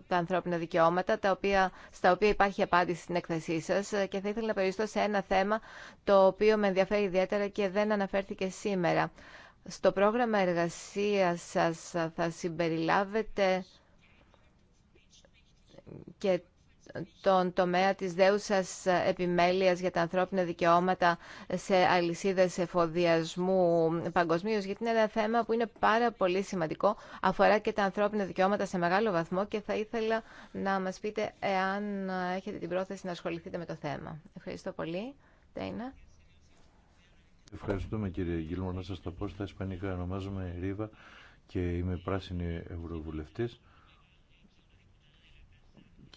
τα ανθρώπινα δικαιώματα, τα οποία, στα οποία υπάρχει απάντηση στην έκθεσή σας και θα ήθελα να περιστώ σε ένα θέμα το οποίο με ενδιαφέρει ιδιαίτερα και δεν αναφέρθηκε σήμερα. Στο πρόγραμμα εργασία σα θα συμπεριλάβετε και τον τομέα της δέουσας επιμέλειας για τα ανθρώπινα δικαιώματα σε αλυσίδες εφοδιασμού παγκοσμίω, γιατί είναι ένα θέμα που είναι πάρα πολύ σημαντικό, αφορά και τα ανθρώπινα δικαιώματα σε μεγάλο βαθμό και θα ήθελα να μας πείτε εάν έχετε την πρόθεση να ασχοληθείτε με το θέμα. Ευχαριστώ πολύ. Τέινα. Ευχαριστούμε κύριε Γκίλμορ Να σας το πω στα ισπανικά. Ονομάζομαι Ρίβα και είμαι πράσινη ευρωβουλευτής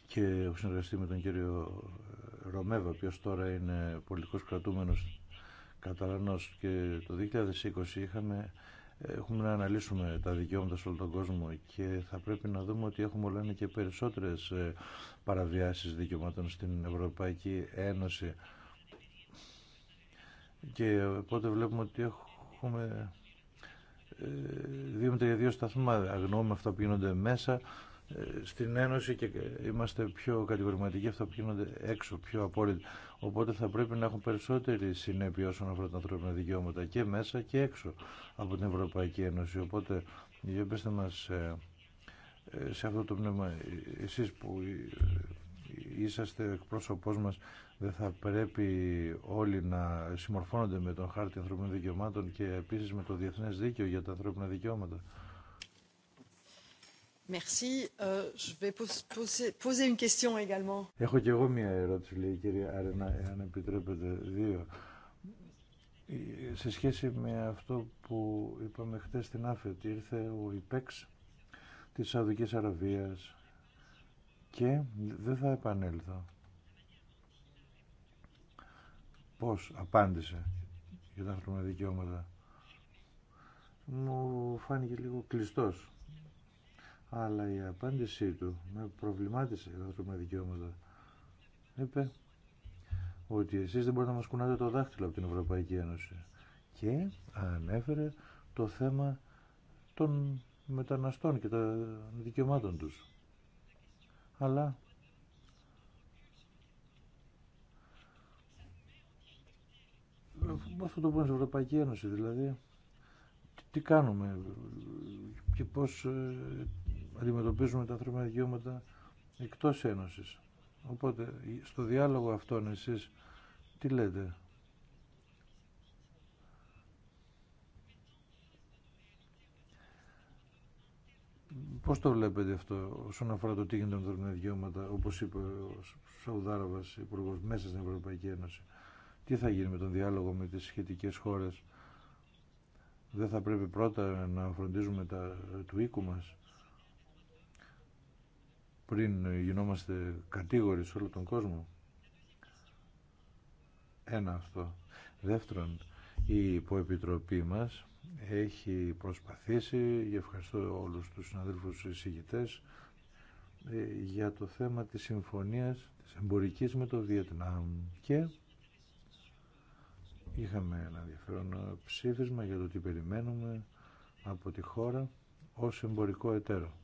και έχω συνεργαστεί με τον κύριο Ρωμέβα, ο οποίος τώρα είναι πολιτικός κρατούμενος Καταλανός και το 2020 είχαμε, ε, έχουμε να αναλύσουμε τα δικαιώματα σε όλο τον κόσμο και θα πρέπει να δούμε ότι έχουμε όλα και περισσότερες ε, παραβιάσεις δικαιωμάτων στην Ευρωπαϊκή Ένωση και οπότε βλέπουμε ότι έχουμε ε, δύο με τρία δύο σταθμά. Αγνοούμε αυτά που γίνονται μέσα, στην Ένωση και είμαστε πιο κατηγορηματικοί αυτά που γίνονται έξω, πιο απόλυτοι. Οπότε θα πρέπει να έχουν περισσότερη συνέπεια όσον αφορά τα ανθρώπινα δικαιώματα και μέσα και έξω από την Ευρωπαϊκή Ένωση. Οπότε, για πέστε μας ε, ε, σε αυτό το πνεύμα, ε, εσείς που είσαστε εκπρόσωπός μας, δεν θα πρέπει όλοι να συμμορφώνονται με τον χάρτη ανθρωπίνων δικαιωμάτων και επίσης με το διεθνές δίκαιο για τα ανθρώπινα δικαιώματα. Merci. Euh, je vais poser, poser une Έχω και εγώ μία ερώτηση, λέει η κυρία Αρένα, αν επιτρέπετε δύο. Σε σχέση με αυτό που είπαμε χθες στην Άφετ, ήρθε ο ΙΠΕΞ της Σαουδικής Αραβίας και δεν θα επανέλθω. Πώς απάντησε για τα ανθρώπινα δικαιώματα. Μου φάνηκε λίγο κλειστός αλλά η απάντησή του με προβλημάτισε τα δικαιώματα. Είπε ότι εσείς δεν μπορείτε να μας κουνάτε το δάχτυλο από την Ευρωπαϊκή Ένωση. Και ανέφερε το θέμα των μεταναστών και των δικαιωμάτων τους. Αλλά αυτό το πούμε στην Ευρωπαϊκή Ένωση δηλαδή τι κάνουμε και πώς ε, αντιμετωπίζουμε τα ανθρώπινα δικαιώματα εκτός Ένωσης. Οπότε, στο διάλογο αυτόν εσείς τι λέτε. Πώς το βλέπετε αυτό όσον αφορά το τι γίνεται με τα ανθρώπινα δικαιώματα, όπως είπε ο Σαουδάραβας υπουργό μέσα στην Ευρωπαϊκή Ένωση. Τι θα γίνει με τον διάλογο με τις σχετικές χώρες. Δεν θα πρέπει πρώτα να φροντίζουμε τα του οίκου μας πριν γινόμαστε κατήγοροι σε όλο τον κόσμο. Ένα αυτό. Δεύτερον, η υποεπιτροπή μας έχει προσπαθήσει, και ευχαριστώ όλους τους συναδέλφους εισηγητές, ε, για το θέμα της συμφωνίας της εμπορικής με το Βιετνάμ και είχαμε ένα ενδιαφέρον ψήφισμα για το τι περιμένουμε από τη χώρα ως εμπορικό εταίρο.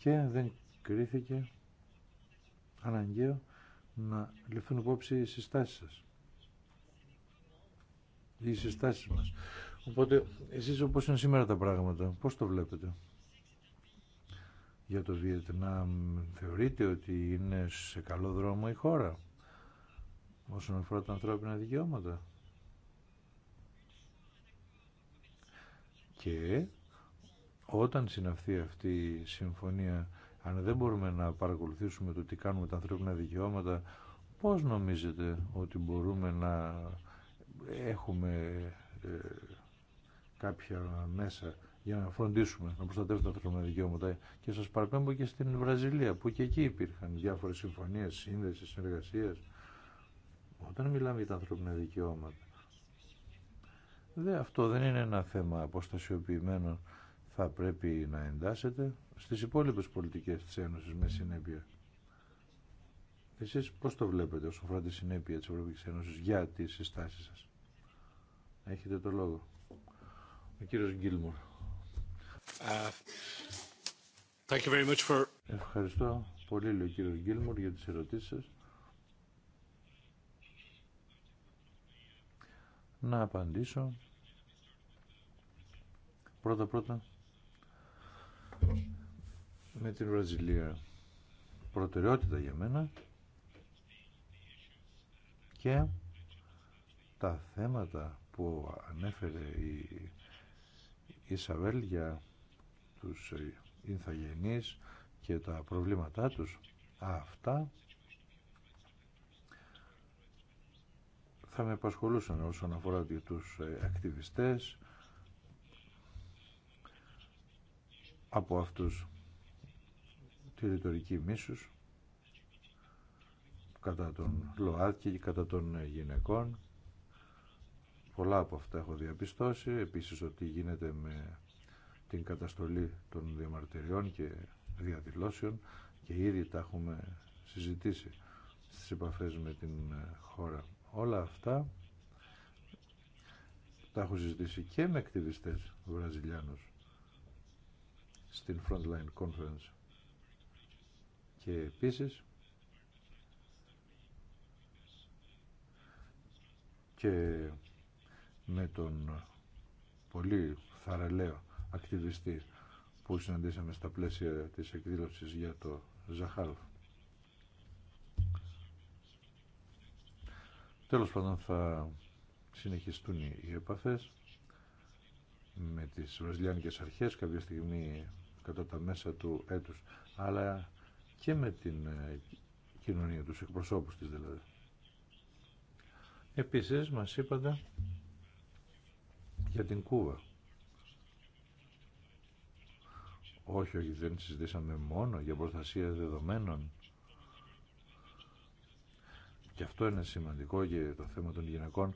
και δεν κρίθηκε αναγκαίο να ληφθούν υπόψη οι συστάσεις σας. Οι συστάσεις μας. Οπότε, εσείς όπως είναι σήμερα τα πράγματα, πώς το βλέπετε. Για το Βιετνάμ θεωρείτε ότι είναι σε καλό δρόμο η χώρα όσον αφορά τα ανθρώπινα δικαιώματα. Και όταν συναυθεί αυτή η συμφωνία, αν δεν μπορούμε να παρακολουθήσουμε το τι κάνουμε τα ανθρώπινα δικαιώματα, πώς νομίζετε ότι μπορούμε να έχουμε ε, κάποια μέσα για να φροντίσουμε, να προστατεύσουμε τα ανθρώπινα δικαιώματα. Και σας παραπέμπω και στην Βραζιλία, που και εκεί υπήρχαν διάφορες συμφωνίες, σύνδεσης, συνεργασίες. Όταν μιλάμε για τα ανθρώπινα δικαιώματα, αυτό δεν είναι ένα θέμα αποστασιοποιημένο θα πρέπει να εντάσσεται στις υπόλοιπες πολιτικές της Ένωσης με συνέπεια. Εσείς πώς το βλέπετε όσον αφορά τη συνέπεια της Ευρωπαϊκής Ένωσης για τις συστάσεις σας. Έχετε το λόγο. Ο κύριος Γκίλμουρ. Uh, for... Ευχαριστώ πολύ, λέει ο κύριος Γκίλμουρ, για τις ερωτήσεις σας. Να απαντήσω. Πρώτα-πρώτα με την Βραζιλία. Προτεραιότητα για μένα και τα θέματα που ανέφερε η Ισαβέλ για τους Ινθαγενείς ε, και τα προβλήματά τους αυτά θα με απασχολούσαν όσον αφορά και τους ε, ακτιβιστές από αυτούς τη ρητορική μίσους κατά τον ΛΟΑΤΚΙ και κατά των γυναικών. Πολλά από αυτά έχω διαπιστώσει. Επίσης ότι γίνεται με την καταστολή των διαμαρτυριών και διαδηλώσεων και ήδη τα έχουμε συζητήσει στις επαφές με την χώρα. Όλα αυτά τα έχω συζητήσει και με ακτιβιστές βραζιλιάνους στην Frontline Conference και επίσης και με τον πολύ θαραλέο ακτιβιστή που συναντήσαμε στα πλαίσια της εκδήλωσης για το Ζαχάροφ. Τέλος πάντων θα συνεχιστούν οι επαφές με τις βραζιλιάνικες αρχές κάποια στιγμή κατά τα μέσα του έτους αλλά και με την ε, κοινωνία τους εκπροσώπους της δηλαδή. Επίσης μας είπατε για την Κούβα. Όχι, όχι, δεν συζητήσαμε μόνο για προστασία δεδομένων. Και αυτό είναι σημαντικό για το θέμα των γυναικών.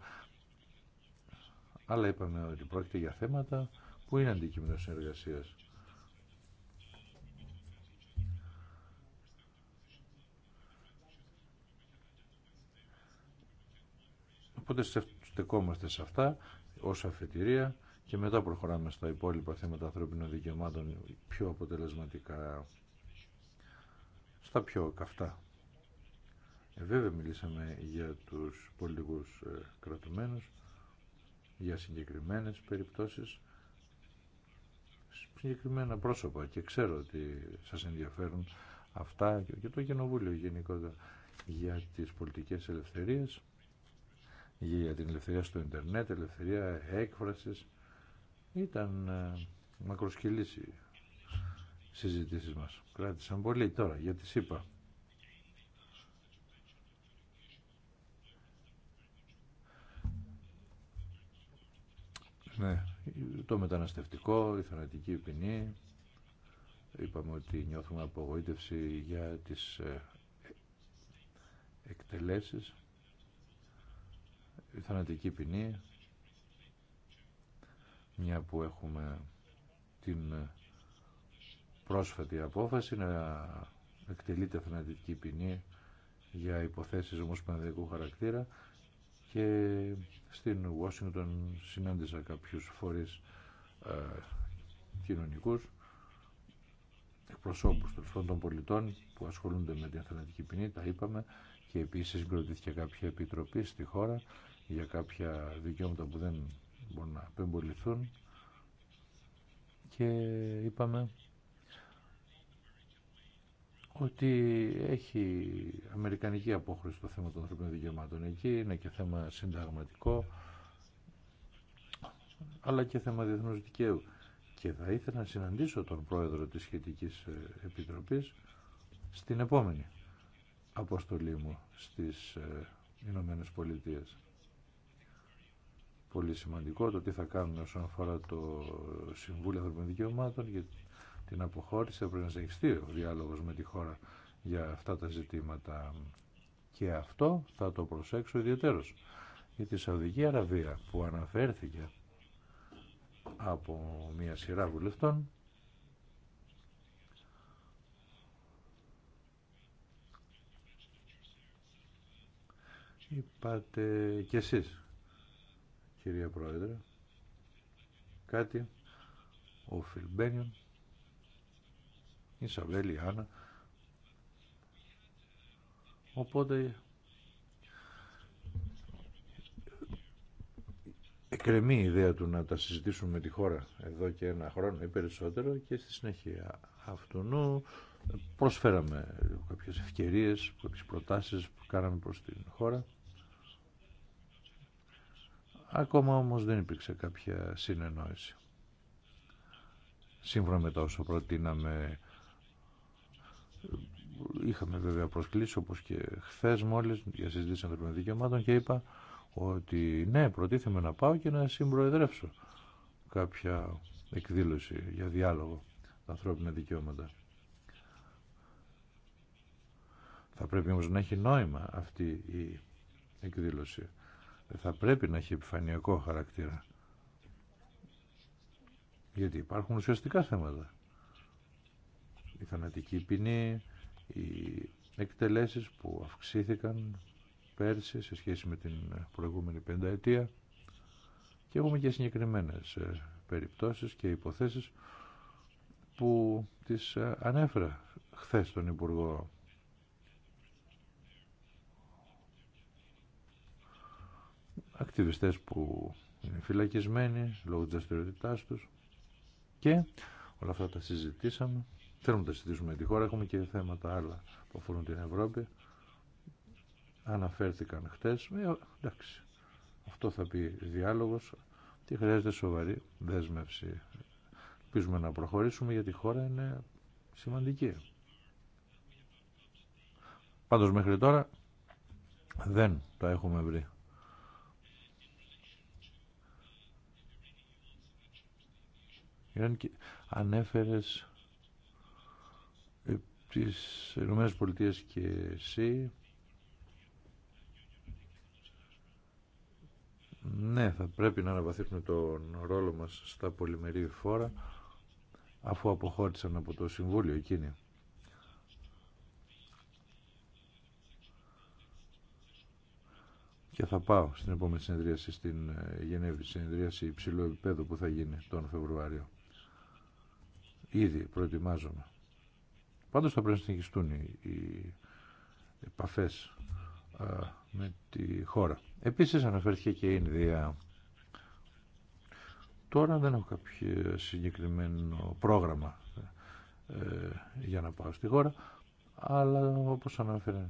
Αλλά είπαμε ότι πρόκειται για θέματα που είναι αντικείμενο συνεργασίας. Οπότε στεκόμαστε σε αυτά ως αφετηρία και μετά προχωράμε στα υπόλοιπα θέματα ανθρώπινων δικαιωμάτων πιο αποτελεσματικά, στα πιο καυτά. Ε, βέβαια μιλήσαμε για τους πολιτικούς ε, κρατουμένους, για συγκεκριμένες περιπτώσεις, συγκεκριμένα πρόσωπα και ξέρω ότι σας ενδιαφέρουν αυτά και το Κοινοβούλιο γενικότερα για τις πολιτικές ελευθερίες για την ελευθερία στο Ιντερνετ, ελευθερία έκφρασης. Ήταν ε, μακροσκελής οι συζητήσεις μας. Κράτησαν πολύ τώρα για τη ΣΥΠΑ. Ναι, το μεταναστευτικό, η θανατική ποινή. Είπαμε ότι νιώθουμε απογοήτευση για τις ε, εκτελέσεις θανατική ποινή, μια που έχουμε την πρόσφατη απόφαση να εκτελείται θανατική ποινή για υποθέσεις ομοσπονδιακού χαρακτήρα και στην Ουάσιγκτον συνάντησα κάποιους φορείς ε, κοινωνικούς εκπροσώπους των πολιτών που ασχολούνται με την θανατική ποινή, τα είπαμε και επίσης συγκροτήθηκε κάποια επιτροπή στη χώρα για κάποια δικαιώματα που δεν μπορούν να απεμποληθούν και είπαμε ότι έχει αμερικανική απόχρωση το θέμα των ανθρωπίνων δικαιωμάτων εκεί, είναι και θέμα συνταγματικό, αλλά και θέμα διεθνούς δικαίου. Και θα ήθελα να συναντήσω τον πρόεδρο της σχετικής ε, επιτροπής στην επόμενη αποστολή μου στις ε, Ηνωμένε Πολιτείες πολύ σημαντικό το τι θα κάνουμε όσον αφορά το Συμβούλιο Ανθρωπίνων Δικαιωμάτων για την αποχώρηση. Θα πρέπει να συνεχιστεί ο διάλογος με τη χώρα για αυτά τα ζητήματα και αυτό θα το προσέξω ιδιαίτερος. Για τη Σαουδική Αραβία που αναφέρθηκε από μια σειρά βουλευτών είπατε και εσείς κυρία Πρόεδρε. Κάτι, ο Φιλμπένιον, η Σαβέλη, η Άννα. Οπότε εκρεμεί η ιδέα του να τα συζητήσουμε με τη χώρα εδώ και ένα χρόνο ή περισσότερο και στη συνέχεια αυτού προσφέραμε κάποιες ευκαιρίες, κάποιες προτάσεις που κάναμε προς την χώρα. Ακόμα όμως δεν υπήρξε κάποια συνεννόηση. Σύμφωνα με τα όσο προτείναμε, είχαμε βέβαια προσκλήσει όπως και χθες μόλις για συζήτηση ανθρωπινών δικαιωμάτων και είπα ότι ναι, προτίθεμαι να πάω και να συμπροεδρεύσω κάποια εκδήλωση για διάλογο τα ανθρώπινα δικαιώματα. Θα πρέπει όμως να έχει νόημα αυτή η εκδήλωση. Ε, θα πρέπει να έχει επιφανειακό χαρακτήρα. Γιατί υπάρχουν ουσιαστικά θέματα. Η θανατική ποινή, οι εκτελέσεις που αυξήθηκαν πέρσι σε σχέση με την προηγούμενη πενταετία και έχουμε και συγκεκριμένες ε, περιπτώσεις και υποθέσεις που τις ε, ανέφερα χθες τον Υπουργό ακτιβιστές που είναι φυλακισμένοι λόγω της δραστηριότητά τους και όλα αυτά τα συζητήσαμε. Θέλουμε να τα συζητήσουμε με τη χώρα, έχουμε και θέματα άλλα που αφορούν την Ευρώπη. Αναφέρθηκαν χτες, ε, εντάξει, αυτό θα πει διάλογος και χρειάζεται σοβαρή δέσμευση. Ελπίζουμε να προχωρήσουμε γιατί η χώρα είναι σημαντική. Πάντως μέχρι τώρα δεν τα έχουμε βρει. και ανέφερες ε, τις Ηνωμένες Πολιτείες και εσύ ναι θα πρέπει να αναβαθίσουμε τον ρόλο μας στα πολυμερή φόρα αφού αποχώρησαν από το Συμβούλιο εκείνη και θα πάω στην επόμενη συνεδρίαση στην ε, Γενέβη συνεδρίαση υψηλού επίπεδου που θα γίνει τον Φεβρουάριο Ήδη προετοιμάζομαι. Πάντως θα πρέπει να συνεχιστούν οι, οι επαφές με τη χώρα. Επίσης αναφέρθηκε και η Ινδία. Τώρα δεν έχω κάποιο συγκεκριμένο πρόγραμμα ε, για να πάω στη χώρα, αλλά όπως αναφέρε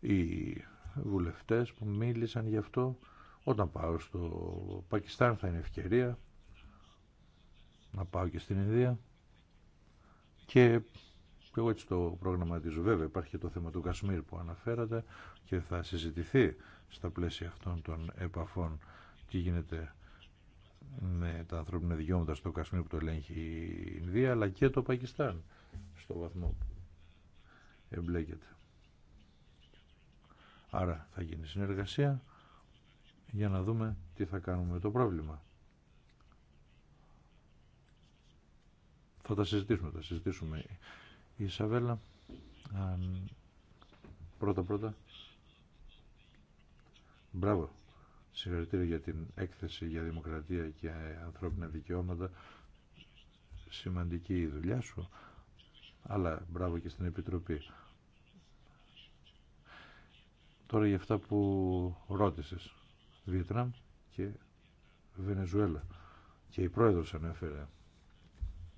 οι βουλευτές που μίλησαν γι' αυτό, όταν πάω στο Πακιστάν θα είναι ευκαιρία να πάω και στην Ινδία και εγώ έτσι το προγραμματίζω. Βέβαια υπάρχει και το θέμα του Κασμίρ που αναφέρατε και θα συζητηθεί στα πλαίσια αυτών των επαφών τι γίνεται με τα ανθρώπινα δικαιώματα στο Κασμίρ που το ελέγχει η Ινδία αλλά και το Πακιστάν στο βαθμό που εμπλέκεται. Άρα θα γίνει συνεργασία για να δούμε τι θα κάνουμε με το πρόβλημα. Θα τα συζητήσουμε, θα συζητήσουμε. Η Ισαβέλα, πρώτα-πρώτα, μπράβο. Συγχαρητήρια για την έκθεση για δημοκρατία και ανθρώπινα δικαιώματα. Σημαντική η δουλειά σου, αλλά μπράβο και στην Επιτροπή. Τώρα για αυτά που ρώτησες. Βιετνάμ και Βενεζουέλα. Και η πρόεδρος ανέφερε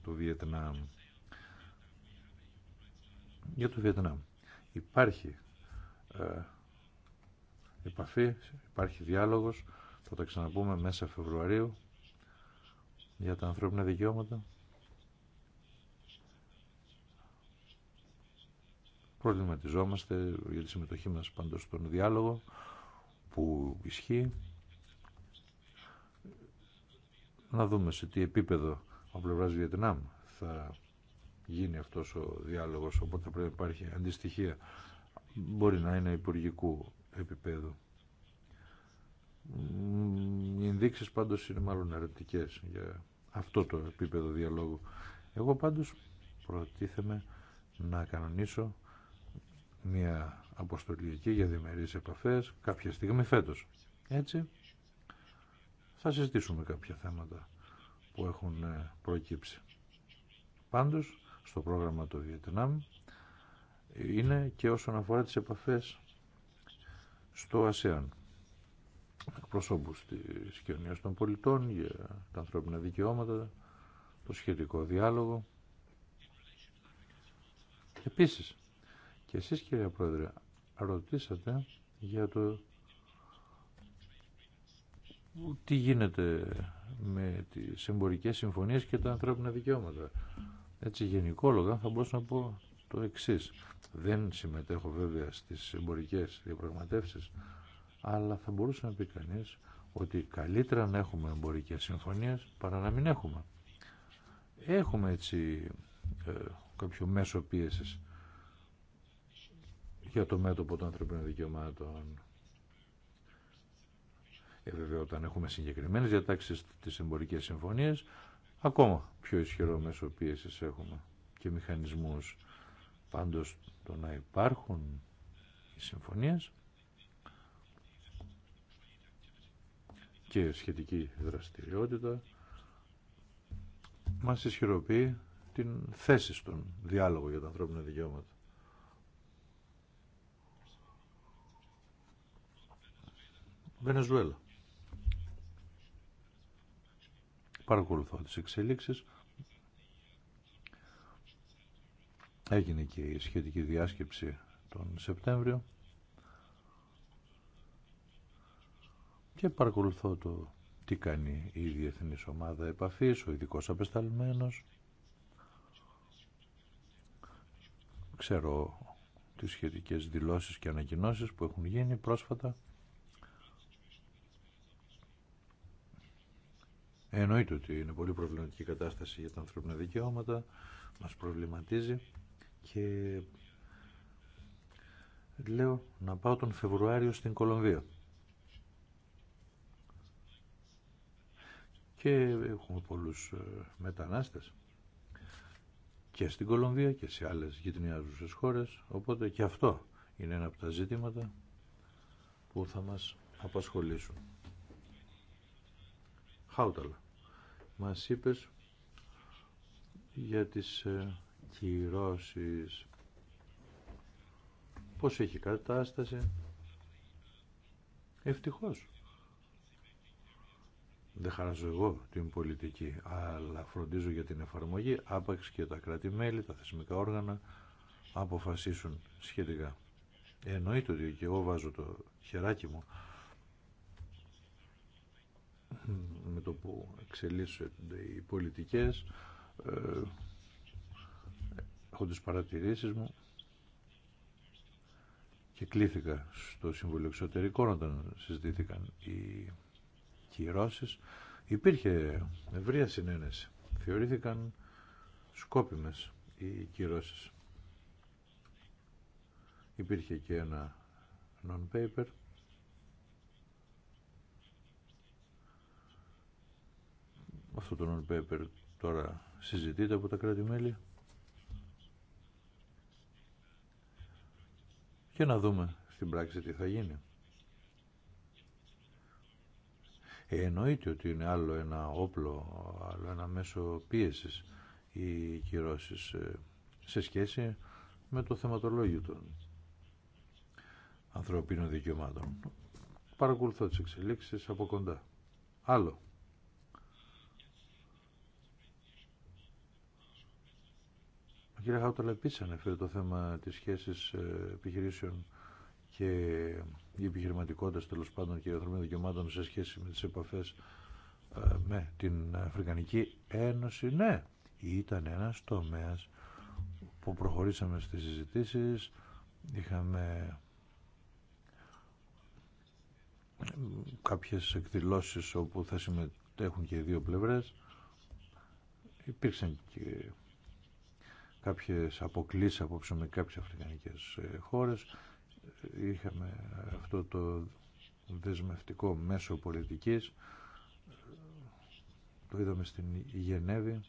το Βιετνάμ. Για το Βιετνάμ. Υπάρχει ε, επαφή, υπάρχει διάλογος, θα τα ξαναπούμε μέσα Φεβρουαρίου για τα ανθρώπινα δικαιώματα. Προβληματιζόμαστε για τη συμμετοχή μας πάντως στον διάλογο που ισχύει. Να δούμε σε τι επίπεδο από πλευρά Βιετνάμ θα γίνει αυτός ο διάλογος, οπότε πρέπει να υπάρχει αντιστοιχεία. Μπορεί να είναι υπουργικού επίπεδου. Οι ενδείξεις πάντως είναι μάλλον αρνητικές για αυτό το επίπεδο διαλόγου. Εγώ πάντως προτίθεμαι να κανονίσω μια αποστολική για διμερείς επαφές κάποια στιγμή φέτος. Έτσι θα συζητήσουμε κάποια θέματα που έχουν ε, προκύψει. Πάντως, στο πρόγραμμα του Βιετνάμ είναι και όσον αφορά τις επαφές στο ΑΣΕΑΝ εκπροσώπους της κοινωνίας των πολιτών για τα ανθρώπινα δικαιώματα, το σχετικό διάλογο. Επίσης, και εσείς κυρία Πρόεδρε, ρωτήσατε για το τι γίνεται με τις εμπορικές συμφωνίες και τα ανθρώπινα δικαιώματα. Έτσι γενικόλογα θα μπορούσα να πω το εξή. Δεν συμμετέχω βέβαια στις εμπορικές διαπραγματεύσεις, αλλά θα μπορούσε να πει κανεί ότι καλύτερα να έχουμε εμπορικές συμφωνίες παρά να μην έχουμε. Έχουμε έτσι ε, κάποιο μέσο πίεσης για το μέτωπο των ανθρωπίνων δικαιωμάτων ε, βέβαια, όταν έχουμε συγκεκριμένες διατάξεις της εμπορικές συμφωνίες, ακόμα πιο ισχυρό μέσο πίεσης έχουμε και μηχανισμούς. Πάντως, το να υπάρχουν οι συμφωνίες και σχετική δραστηριότητα μας ισχυροποιεί την θέση στον διάλογο για τα ανθρώπινα δικαιώματα. Βενεζουέλα. παρακολουθώ τις εξελίξεις. Έγινε και η σχετική διάσκεψη τον Σεπτέμβριο και παρακολουθώ το τι κάνει η Διεθνής Ομάδα Επαφής, ο ειδικό απεσταλμένος. Ξέρω τις σχετικές δηλώσεις και ανακοινώσεις που έχουν γίνει πρόσφατα. Εννοείται ότι είναι πολύ προβληματική κατάσταση για τα ανθρώπινα δικαιώματα, μας προβληματίζει και λέω να πάω τον Φεβρουάριο στην Κολομβία. Και έχουμε πολλούς ε, μετανάστες και στην Κολομβία και σε άλλες γειτνιάζουσες χώρες, οπότε και αυτό είναι ένα από τα ζήτηματα που θα μας απασχολήσουν. Χάουταλα μας είπες για τις ε, κυρώσεις. Πώς έχει κατάσταση. Ευτυχώς. Δεν χαράζω εγώ την πολιτική, αλλά φροντίζω για την εφαρμογή, άπαξ και τα κράτη-μέλη, τα θεσμικά όργανα αποφασίσουν σχετικά. Εννοείται ότι και εγώ βάζω το χεράκι μου με το που εξελίσσονται οι πολιτικές ε, έχω τις παρατηρήσεις μου και κλήθηκα στο Συμβουλίο Εξωτερικό όταν συζητήθηκαν οι κυρώσεις υπήρχε ευρεία συνένεση θεωρήθηκαν σκόπιμες οι κυρώσεις υπήρχε και ένα non-paper Αυτό το non τώρα συζητείται από τα κράτη-μέλη. Και να δούμε στην πράξη τι θα γίνει. Ε, εννοείται ότι είναι άλλο ένα όπλο, άλλο ένα μέσο πίεσης οι κυρώσεις ε, σε σχέση με το θεματολόγιο των ανθρωπίνων δικαιωμάτων. Παρακολουθώ τις εξελίξεις από κοντά. Άλλο. κυρία Χάουταλα επίσης αναφέρει το θέμα τη σχέση ε, επιχειρήσεων και η επιχειρηματικότητα τέλο πάντων και δικαιωμάτων σε σχέση με τις επαφές ε, με την Αφρικανική Ένωση. Ναι, ήταν ένα τομέα που προχωρήσαμε στις συζητήσει. είχαμε κάποιες εκδηλώσεις όπου θα συμμετέχουν και οι δύο πλευρές. Υπήρξαν και κάποιες αποκλήσεις απόψε με κάποιες αφρικανικές ε, χώρες. Είχαμε αυτό το δεσμευτικό μέσο πολιτικής. Το είδαμε στην Γενέβη.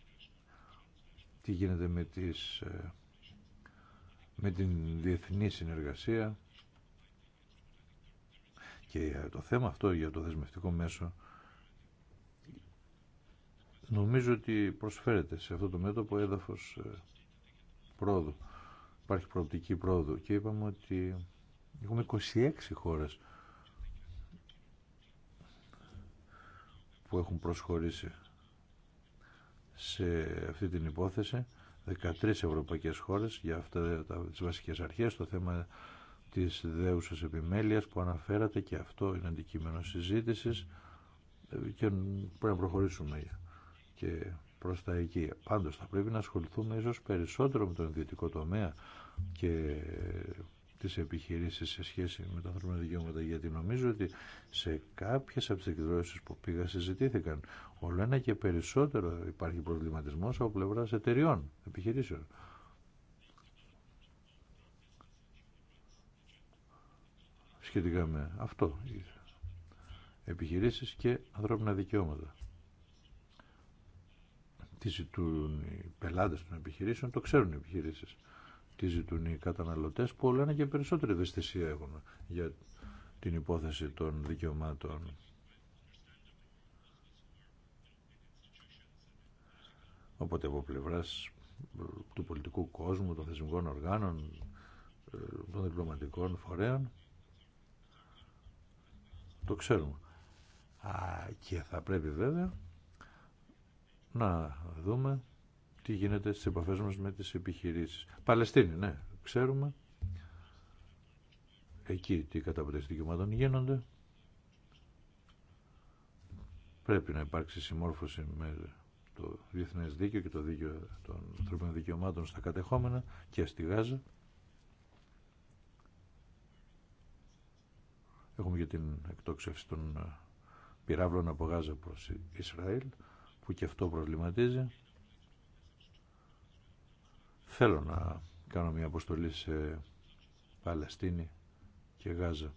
Τι γίνεται με, τις, ε, με την διεθνή συνεργασία. Και το θέμα αυτό για το δεσμευτικό μέσο νομίζω ότι προσφέρεται σε αυτό το μέτωπο έδαφος ε, πρόοδου. Υπάρχει προοπτική πρόοδου και είπαμε ότι έχουμε 26 χώρες που έχουν προσχωρήσει σε αυτή την υπόθεση 13 ευρωπαϊκές χώρες για αυτά τις βασικές αρχές το θέμα της δέουσας επιμέλειας που αναφέρατε και αυτό είναι αντικείμενο συζήτησης ε, και πρέπει να προχωρήσουμε και προς τα εκεί. Πάντως θα πρέπει να ασχοληθούμε ίσω περισσότερο με τον ιδιωτικό τομέα και τις επιχειρήσεις σε σχέση με τα ανθρώπινα δικαιώματα γιατί νομίζω ότι σε κάποιες από τις εκδηλώσει που πήγα συζητήθηκαν όλο ένα και περισσότερο υπάρχει προβληματισμός από πλευρά εταιριών, επιχειρήσεων. Σχετικά με αυτό, επιχειρήσεις και ανθρώπινα δικαιώματα τι ζητούν οι πελάτες των επιχειρήσεων, το ξέρουν οι επιχειρήσεις. Τι ζητούν οι καταναλωτές που όλα και περισσότερη ευαισθησία έχουν για την υπόθεση των δικαιωμάτων. Οπότε από πλευρά του πολιτικού κόσμου, των θεσμικών οργάνων, ε, των διπλωματικών φορέων, το ξέρουμε. Α, και θα πρέπει βέβαια να δούμε τι γίνεται στις επαφές μας με τις επιχειρήσεις. Παλαιστίνη, ναι, ξέρουμε. Εκεί τι καταπτώσεις δικαιωμάτων γίνονται. Πρέπει να υπάρξει συμμόρφωση με το διεθνές δίκαιο και το δίκαιο των ανθρωπίνων δικαιωμάτων στα κατεχόμενα και στη Γάζα. Έχουμε και την εκτόξευση των πυράβλων από Γάζα προς Ισραήλ που και αυτό προβληματίζει. Θέλω να κάνω μια αποστολή σε Παλαιστίνη και Γάζα.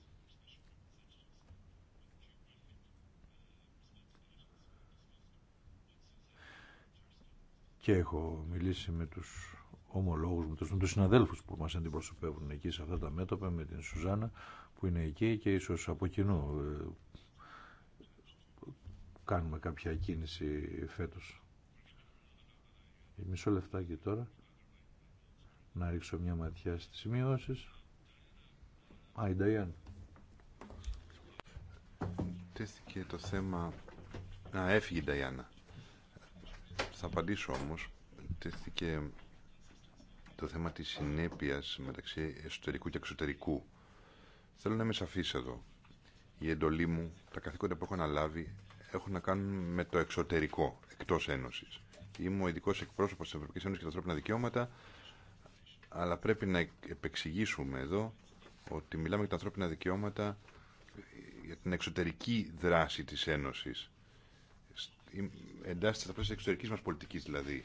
Και έχω μιλήσει με τους ομολόγους μου, τους, με τους συναδέλφους που μας αντιπροσωπεύουν εκεί σε αυτά τα μέτωπα, με την Σουζάνα που είναι εκεί και ίσως από κοινού ε, κάνουμε κάποια κίνηση φέτος. Ε, μισό λεφτάκι τώρα. Να ρίξω μια ματιά στις σημειώσεις. Α, η Νταϊάν. Τέθηκε το θέμα... Να, έφυγε η Νταϊάννα. Θα απαντήσω όμως. Τέθηκε το θέμα της συνέπειας μεταξύ εσωτερικού και εξωτερικού. Θέλω να είμαι σαφής εδώ. Η εντολή μου, τα καθήκοντα που έχω αναλάβει, έχουν να κάνουν με το εξωτερικό, εκτό Ένωση. Είμαι ο ειδικό εκπρόσωπο τη Ευρωπαϊκή Ένωση για τα ανθρώπινα δικαιώματα, αλλά πρέπει να επεξηγήσουμε εδώ ότι μιλάμε για τα ανθρώπινα δικαιώματα για την εξωτερική δράση της Ένωσης. Εντάσσεται στα πλαίσια εξωτερικής μας πολιτικής δηλαδή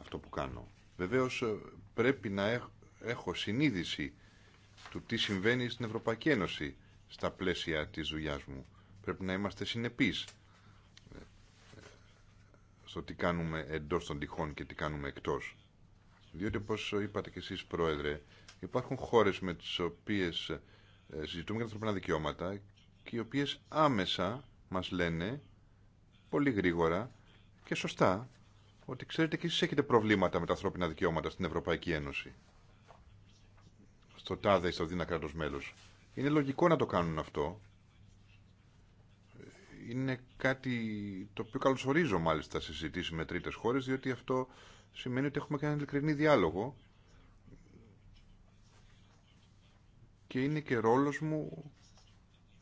αυτό που κάνω. Βεβαίως πρέπει να έχω συνείδηση του τι συμβαίνει στην Ευρωπαϊκή Ένωση στα πλαίσια της δουλειά μου. Πρέπει να είμαστε συνεπείς το τι κάνουμε εντός των τυχών και τι κάνουμε εκτός. Διότι όπως είπατε και εσείς πρόεδρε, υπάρχουν χώρες με τις οποίες ε, συζητούμε για ανθρωπινά δικαιώματα και οι οποίες άμεσα μας λένε πολύ γρήγορα και σωστά ότι ξέρετε και εσείς έχετε προβλήματα με τα ανθρώπινα δικαιώματα στην Ευρωπαϊκή Ένωση. Στο τάδε ή στο δίνα κράτος μέλος. Είναι λογικό να το κάνουν αυτό είναι κάτι το οποίο καλωσορίζω μάλιστα σε συζητήσει με τρίτε χώρες, διότι αυτό σημαίνει ότι έχουμε κάνει ειλικρινή διάλογο και είναι και ρόλος μου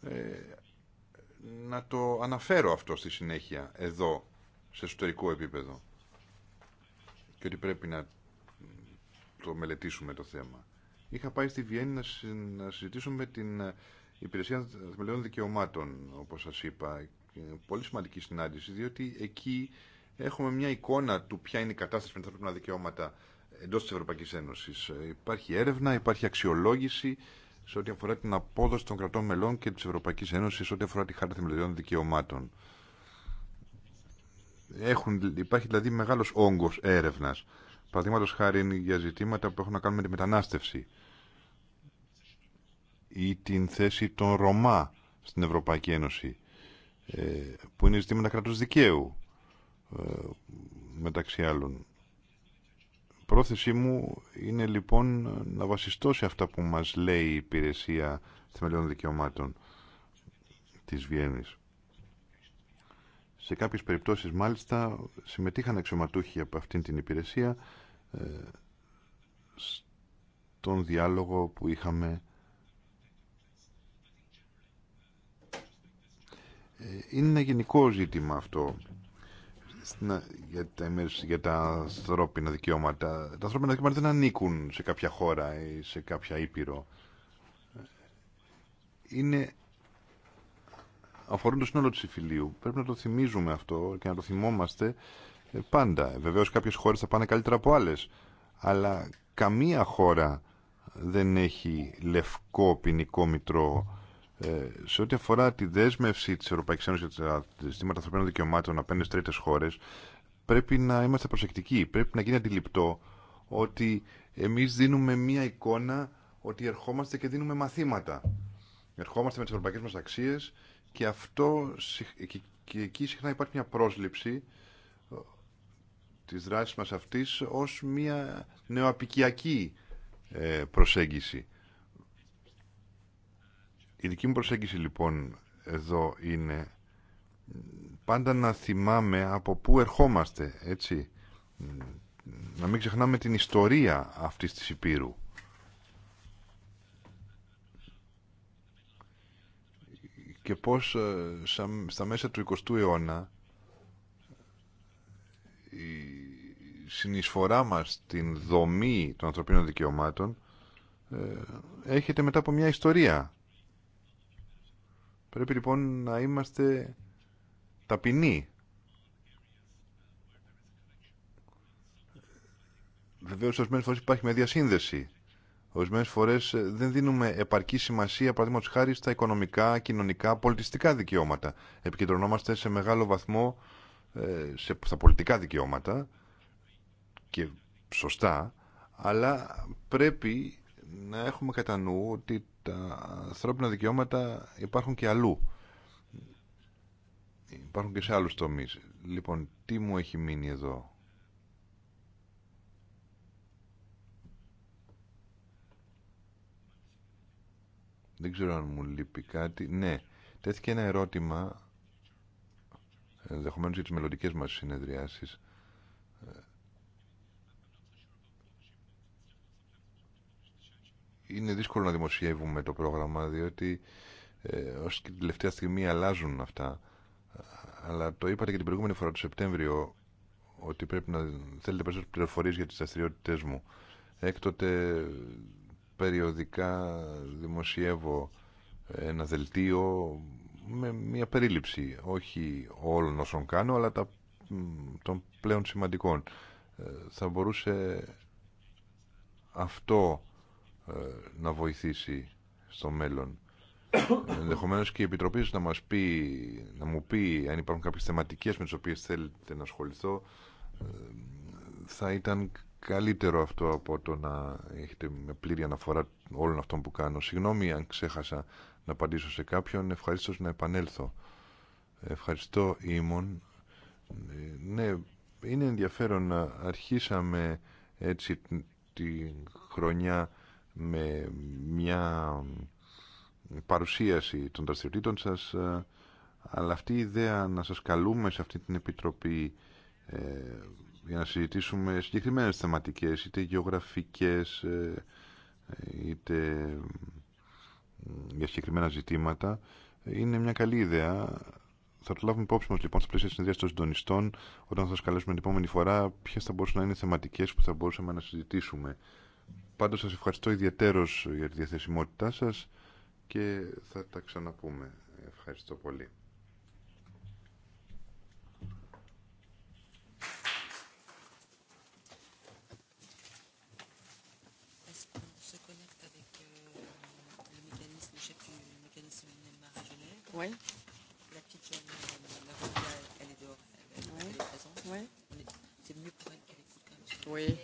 ε, να το αναφέρω αυτό στη συνέχεια εδώ, σε εσωτερικό επίπεδο και ότι πρέπει να το μελετήσουμε το θέμα. Είχα πάει στη Βιέννη να συζητήσω με την η Υπηρεσία Θεμελιών Δικαιωμάτων, όπως σας είπα, πολύ σημαντική συνάντηση, διότι εκεί έχουμε μια εικόνα του ποια είναι η κατάσταση με τα ανθρώπινα δικαιώματα εντός της Ευρωπαϊκής Ένωσης. Υπάρχει έρευνα, υπάρχει αξιολόγηση σε ό,τι αφορά την απόδοση των κρατών μελών και της Ευρωπαϊκής Ένωσης, σε ό,τι αφορά τη Χάρτα Θεμελιών Δικαιωμάτων. Έχουν, υπάρχει δηλαδή μεγάλος όγκος έρευνας. Παραδείγματο χάρη για ζητήματα που έχουν να κάνουν με τη μετανάστευση ή την θέση των Ρωμά στην Ευρωπαϊκή Ένωση ε, που είναι ζητήματα κράτους δικαίου ε, μεταξύ άλλων. Πρόθεσή μου είναι λοιπόν να βασιστώ σε αυτά που μας λέει η Υπηρεσία Θεμελιών Δικαιωμάτων της Βιέννης. Σε κάποιες περιπτώσεις μάλιστα συμμετείχαν αξιωματούχοι από αυτήν την υπηρεσία ε, στον διάλογο που είχαμε Ε, είναι ένα γενικό ζήτημα αυτό για τα, για τα ανθρώπινα δικαιώματα. Τα ανθρώπινα δικαιώματα δεν ανήκουν σε κάποια χώρα ή σε κάποια ήπειρο. Είναι αφορούν το σύνολο της υφηλίου. Πρέπει να το θυμίζουμε αυτό και να το θυμόμαστε ε, πάντα. Ε, βεβαίως κάποιες χώρες θα πάνε καλύτερα από άλλες. Αλλά καμία χώρα δεν έχει λευκό ποινικό μητρό ε, σε ό,τι αφορά τη δέσμευση τη Ευρωπαϊκή Ένωση για τα ζητήματα ανθρωπίνων δικαιωμάτων απέναντι στι τρίτε χώρε, πρέπει να είμαστε προσεκτικοί. Πρέπει να γίνει αντιληπτό ότι εμεί δίνουμε μία εικόνα ότι ερχόμαστε και δίνουμε μαθήματα. Ερχόμαστε με τι ευρωπαϊκέ μα αξίε και αυτό και εκεί συχνά υπάρχει μια πρόσληψη ε, της δράσης μας αυτής ως μια νεοαπικιακή ε, προσέγγιση. Η δική μου προσέγγιση λοιπόν εδώ είναι πάντα να θυμάμαι από πού ερχόμαστε, έτσι. Να μην ξεχνάμε την ιστορία αυτής της Υπήρου. Και πώς ε, στα μέσα του 20ου αιώνα η συνεισφορά μας στην δομή των ανθρωπίνων δικαιωμάτων ε, έρχεται μετά από μια ιστορία Πρέπει λοιπόν να είμαστε ταπεινοί. Βεβαίω, ορισμένε φορέ υπάρχει μια διασύνδεση. Ορισμένε φορέ ε, δεν δίνουμε επαρκή σημασία, παραδείγματο χάρη, στα οικονομικά, κοινωνικά, πολιτιστικά δικαιώματα. Επικεντρωνόμαστε σε μεγάλο βαθμό ε, σε, στα πολιτικά δικαιώματα και σωστά, αλλά πρέπει να έχουμε κατά νου ότι τα ανθρώπινα δικαιώματα υπάρχουν και αλλού. Υπάρχουν και σε άλλους τομείς. Λοιπόν, τι μου έχει μείνει εδώ. Δεν ξέρω αν μου λείπει κάτι. Ναι, τέθηκε ένα ερώτημα ενδεχομένω για τις μελλοντικέ μας συνεδριάσεις είναι δύσκολο να δημοσιεύουμε το πρόγραμμα διότι ε, ως και την τελευταία στιγμή αλλάζουν αυτά. Αλλά το είπατε και την προηγούμενη φορά του Σεπτέμβριο ότι πρέπει να θέλετε περισσότερες πληροφορίες για τις δραστηριότητε μου. Έκτοτε περιοδικά δημοσιεύω ε, ένα δελτίο με μια περίληψη όχι όλων όσων κάνω αλλά τα, των πλέον σημαντικών. Ε, θα μπορούσε αυτό ε, να βοηθήσει στο μέλλον. Ε, ενδεχομένως και η Επιτροπή να μας πει, να μου πει αν υπάρχουν κάποιες θεματικές με τις οποίες θέλετε να ασχοληθώ ε, θα ήταν καλύτερο αυτό από το να έχετε με πλήρη αναφορά όλων αυτών που κάνω. Συγγνώμη αν ξέχασα να απαντήσω σε κάποιον, ευχαριστώ να επανέλθω. Ευχαριστώ Ήμων. Ναι, είναι ενδιαφέρον να αρχίσαμε έτσι τη χρονιά με μια παρουσίαση των δραστηριοτήτων σας ε, αλλά αυτή η ιδέα να σας καλούμε σε αυτή την επιτροπή ε, για να συζητήσουμε συγκεκριμένες θεματικές είτε γεωγραφικές ε, είτε για συγκεκριμένα ζητήματα είναι μια καλή ιδέα θα το λάβουμε υπόψη μας λοιπόν στα πλαίσια συνδυασία των συντονιστών όταν θα σας καλέσουμε την επόμενη φορά ποιες θα μπορούσαν να είναι θεματικές που θα μπορούσαμε να συζητήσουμε Πάντως σας ευχαριστώ ιδιαίτερος για τη διαθεσιμότητά σας και θα τα ξαναπούμε. Ευχαριστώ πολύ. Oui. La petite jeune, la elle est dehors. Elle, est présente. Oui. C'est mieux pour elle qu'elle écoute comme ça. Oui.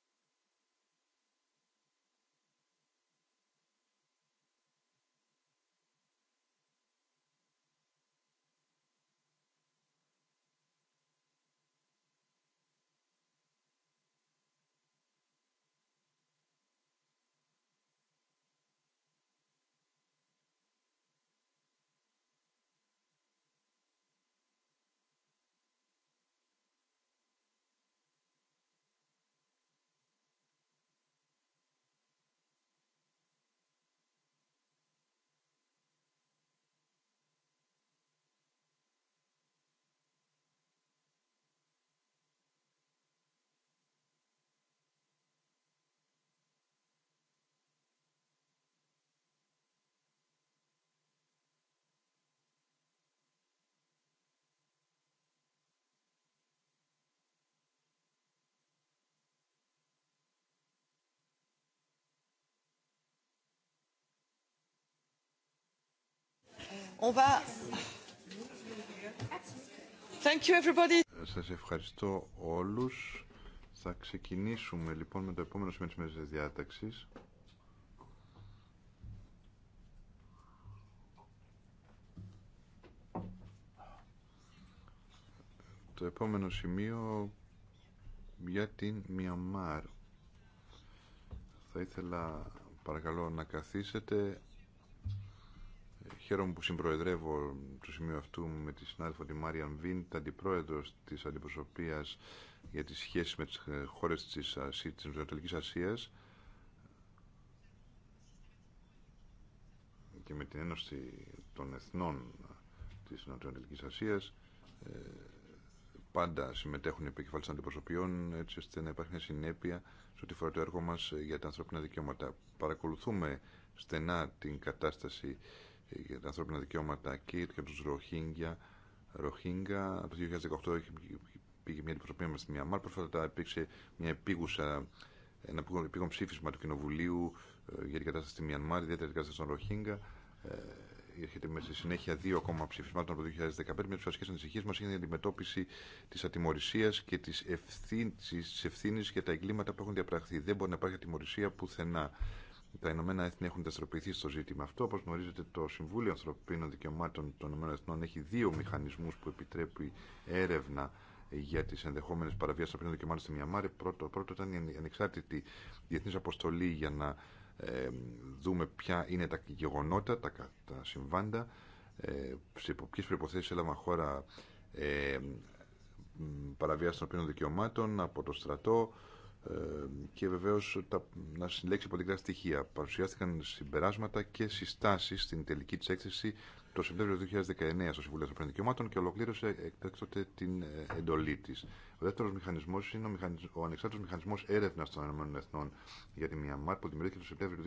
On Σας ευχαριστώ όλους. Θα ξεκινήσουμε λοιπόν με το επόμενο σημείο της διάταξης. Το επόμενο σημείο για την Μιαμάρ. Θα ήθελα παρακαλώ να καθίσετε Χαίρομαι που συμπροεδρεύω το σημείο αυτού με τη συνάδελφο τη Μάριαν Βίντ, αντιπρόεδρο τη αντιπροσωπεία για τι σχέσει με τι ε, χώρε τη Ασίας, της Νοτιοανατολικής Ασίας και με την Ένωση των Εθνών τη Νοτιοανατολικής Ασία ε, πάντα συμμετέχουν οι των αντιπροσωπιών έτσι ώστε να υπάρχει μια συνέπεια σε ό,τι φορά το έργο μας για τα ανθρωπίνα δικαιώματα. Παρακολουθούμε στενά την κατάσταση για τα ανθρώπινα δικαιώματα και για του Ροχίνγκια. Ροχίνγκα. Από το 2018 πήγε μια αντιπροσωπεία μα στη Μιαμάρ. Πρόσφατα υπήρξε μια επίγουσα, ένα επίγον ψήφισμα του Κοινοβουλίου ε, για την κατάσταση στη Μιανμάρ, ιδιαίτερα την κατάσταση των Ροχίνγκα. Ε, έρχεται με στη συνέχεια δύο ακόμα ψηφισμάτων από το 2015. Μια από τι βασικέ ανησυχίε μα είναι η αντιμετώπιση τη ατιμορρησία και τη ευθύνη για τα εγκλήματα που έχουν διαπραχθεί. Δεν μπορεί να υπάρχει ατιμορρησία πουθενά. Τα Ηνωμένα Έθνη έχουν τεστροποιηθεί στο ζήτημα αυτό. Όπω γνωρίζετε, το Συμβούλιο Ανθρωπίνων Δικαιωμάτων των Ηνωμένων Εθνών έχει δύο μηχανισμού που επιτρέπει έρευνα για τι ενδεχόμενε παραβιάσει των δικαιωμάτων στη Μιαμάρη. Πρώτο, πρώτο ήταν η ανεξάρτητη διεθνή αποστολή για να δούμε ποια είναι τα γεγονότα, τα, τα συμβάντα, ε, σε ποιε προποθέσει έλαβαν χώρα ε, παραβιάσει των δικαιωμάτων από το στρατό και βεβαίω να συλλέξει πολιτικά στοιχεία. Παρουσιάστηκαν συμπεράσματα και συστάσει στην τελική τη έκθεση το Σεπτέμβριο του 2019 στο Συμβούλιο των Δικαιωμάτων και ολοκλήρωσε εκτέκτοτε την ε, εντολή τη. Ο δεύτερο μηχανισμό είναι ο, μηχανισ... ο ανεξάρτητο μηχανισμό έρευνα των ΗΕ για τη Μιαμάρ που δημιουργήθηκε το Σεπτέμβριο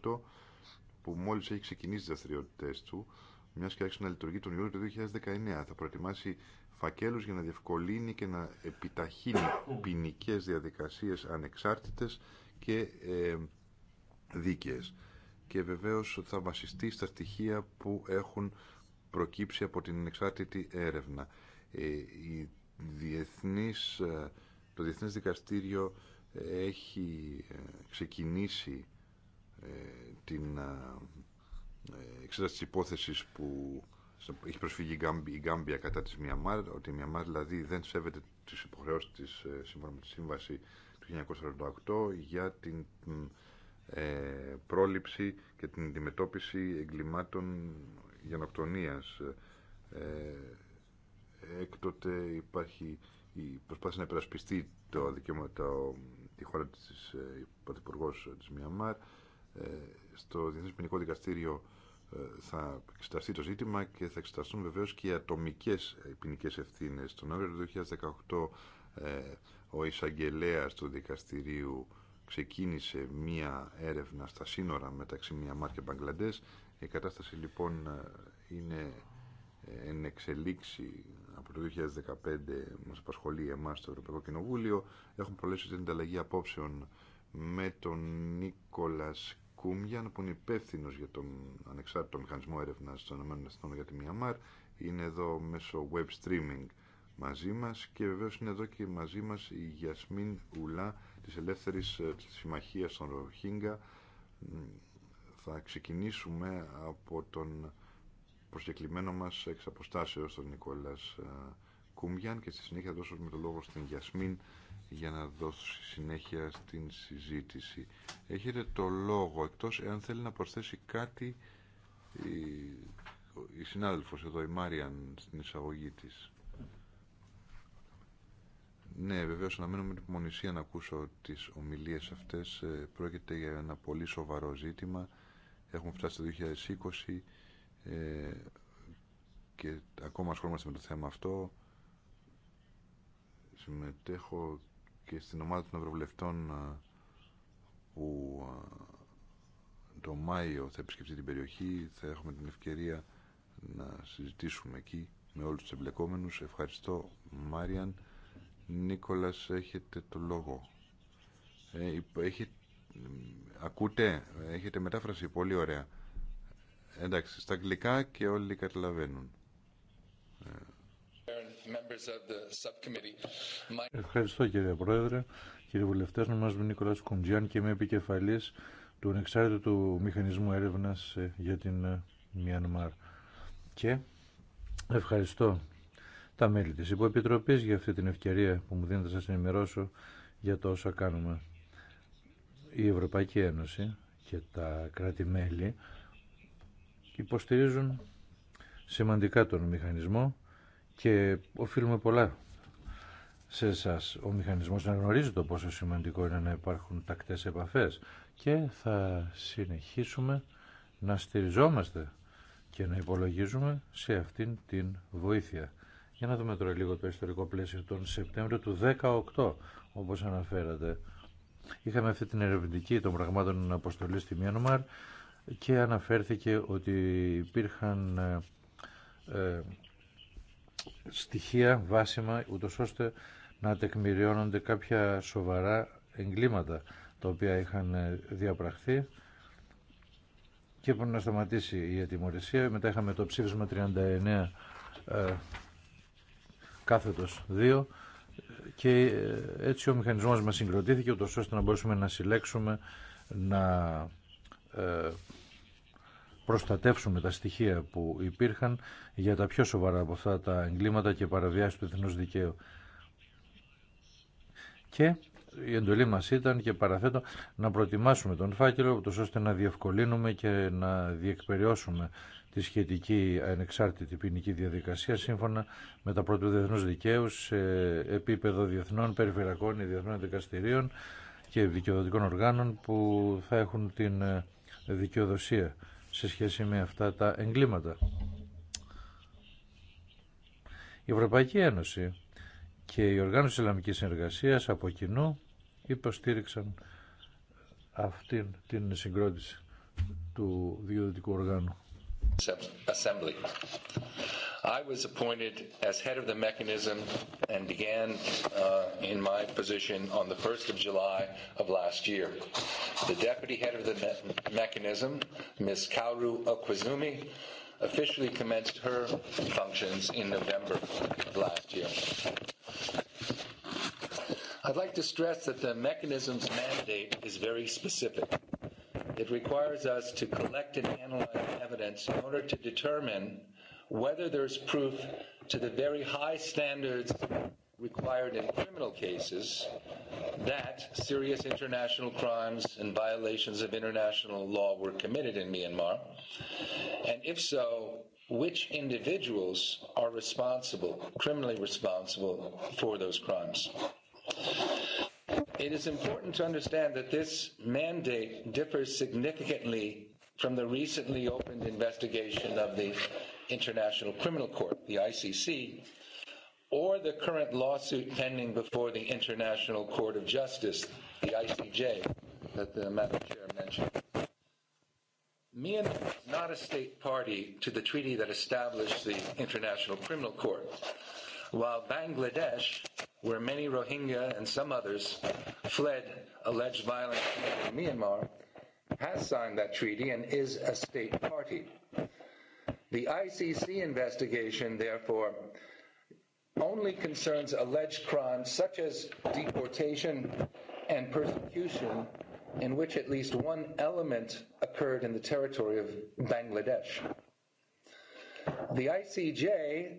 του 2018, που μόλι έχει ξεκινήσει τι δραστηριότητέ του μια και άρχισε να λειτουργεί τον Ιούλιο του 2019. Θα προετοιμάσει φακέλου για να διευκολύνει και να επιταχύνει ποινικέ διαδικασίε ανεξάρτητε και ε, δίκαιε. Και βεβαίω θα βασιστεί στα στοιχεία που έχουν προκύψει από την ανεξάρτητη έρευνα. Ε, η διεθνής, ε, το Διεθνές Δικαστήριο έχει ε, ξεκινήσει την ε, εξέταση τη υπόθεση που έχει προσφύγει η Γκάμπια κατά της Μιαμάρ, ότι η Μιαμάρ δηλαδή δεν σέβεται τις υποχρεώσεις της ε, σύμφωνα με τη σύμβαση του 1948 για την ε, πρόληψη και την αντιμετώπιση εγκλημάτων γενοκτονία. Ε, έκτοτε υπάρχει η προσπάθεια να υπερασπιστεί το δικαίωμα τη χώρα της Πρωθυπουργό της Μιαμάρ. Ε, στο Διεθνές Ποινικό Δικαστήριο ε, θα εξεταστεί το ζήτημα και θα εξεταστούν βεβαίως και οι ατομικές ε, ποινικέ ευθύνες. Τον Νοέμβριο του 2018 ε, ο εισαγγελέα του δικαστηρίου ξεκίνησε μία έρευνα στα σύνορα μεταξύ Μιαμάρ και Μπαγκλαντές. Η κατάσταση λοιπόν είναι εν εξελίξη από το 2015 μας απασχολεί εμάς το Ευρωπαϊκό Κοινοβούλιο. Έχουμε προλέσει την ανταλλαγή απόψεων με τον Νίκολας Κούμιαν που είναι υπεύθυνο για τον ανεξάρτητο μηχανισμό έρευνας των ΗΠΑ για τη Μιαμάρ είναι εδώ μέσω web streaming μαζί μας και βεβαίω είναι εδώ και μαζί μας η Γιασμίν Ουλά τη ελεύθερη ε, Συμμαχία των Ροχίνγκα θα ξεκινήσουμε από τον προσκεκλημένο μας εξ αποστάσεως τον Νικόλας ε, Κούμιαν και στη συνέχεια δώσουμε το λόγο στην Γιασμίν για να δώσω συνέχεια στην συζήτηση. Έχετε το λόγο, εκτός εάν θέλει να προσθέσει κάτι η, η συνάδελφος εδώ, η Μάριαν, στην εισαγωγή της. Ναι, βεβαίω αναμένω με την υπομονησία να ακούσω τις ομιλίες αυτές. Ε, πρόκειται για ένα πολύ σοβαρό ζήτημα. Έχουμε φτάσει το 2020 ε, και ακόμα ασχολούμαστε με το θέμα αυτό. Συμμετέχω και στην ομάδα των Ευρωβουλευτών ε, που ε, το Μάιο θα επισκεφτεί την περιοχή. Θα έχουμε την ευκαιρία να συζητήσουμε εκεί με όλους τους εμπλεκόμενους. Ευχαριστώ Μάριαν. Νίκολας έχετε το λόγο. Ε, Έχει... Ακούτε, έχετε μετάφραση, πολύ ωραία. Εντάξει, στα αγγλικά και όλοι καταλαβαίνουν. Ευχαριστώ κύριε Πρόεδρε, κύριε Βουλευτέ. Ονομάζομαι Νίκολα Κουντζιάν και είμαι επικεφαλή του ανεξάρτητου μηχανισμού έρευνα ε, για την Μιανμάρ. Ε, και ευχαριστώ τα μέλη της Υποεπιτροπής για αυτή την ευκαιρία που μου δίνετε να σας ενημερώσω για το όσα κάνουμε. Η Ευρωπαϊκή Ένωση και τα κράτη-μέλη υποστηρίζουν σημαντικά τον μηχανισμό και οφείλουμε πολλά σε εσά. Ο μηχανισμός να γνωρίζει το πόσο σημαντικό είναι να υπάρχουν τακτές επαφές και θα συνεχίσουμε να στηριζόμαστε και να υπολογίζουμε σε αυτήν την βοήθεια. Για να δούμε τώρα λίγο το ιστορικό πλαίσιο τον Σεπτέμβριο του 18, όπως αναφέρατε. Είχαμε αυτή την ερευνητική των πραγμάτων αποστολή στη Μιανουμάρ και αναφέρθηκε ότι υπήρχαν ε, ε, στοιχεία βάσιμα ούτως ώστε να τεκμηριώνονται κάποια σοβαρά εγκλήματα τα οποία είχαν ε, διαπραχθεί και να σταματήσει η ατιμορρησία. Μετά είχαμε το ψήφισμα 39 ε, κάθετος 2 και ε, έτσι ο μηχανισμός μας συγκροτήθηκε ούτως ώστε να μπορέσουμε να συλλέξουμε, να ε, προστατεύσουμε τα στοιχεία που υπήρχαν για τα πιο σοβαρά από αυτά τα εγκλήματα και παραβιάσεις του εθνούς δικαίου. Και η εντολή μας ήταν και παραθέτω να προτιμάσουμε τον φάκελο ώστε να διευκολύνουμε και να διεκπεριώσουμε τη σχετική ανεξάρτητη ποινική διαδικασία σύμφωνα με τα πρώτα του διεθνούς δικαίου σε επίπεδο διεθνών περιφερειακών ή διεθνών δικαστηρίων και δικαιοδοτικών οργάνων που θα έχουν την δικαιοδοσία σε σχέση με αυτά τα εγκλήματα. Η Ευρωπαϊκή Ένωση και η Οργάνωση Ισλαμικής Συνεργασίας από κοινού υποστήριξαν αυτήν την συγκρότηση του διοδυτικού οργάνου. Assembly. I was appointed as head of the mechanism and began in my position on the 1st of July of last year. The deputy head of the mechanism, Ms. Kauru Okwazumi, officially commenced her functions in November of last year. I'd like to stress that the mechanism's mandate is very specific. It requires us to collect and analyze evidence in order to determine whether there's proof to the very high standards required in criminal cases that serious international crimes and violations of international law were committed in Myanmar? And if so, which individuals are responsible, criminally responsible, for those crimes? It is important to understand that this mandate differs significantly from the recently opened investigation of the International Criminal Court, the ICC, or the current lawsuit pending before the International Court of Justice, the ICJ, that the Madam Chair mentioned. Myanmar is not a state party to the treaty that established the International Criminal Court, while Bangladesh where many Rohingya and some others fled alleged violence in Myanmar, has signed that treaty and is a state party. The ICC investigation, therefore, only concerns alleged crimes such as deportation and persecution in which at least one element occurred in the territory of Bangladesh. The ICJ,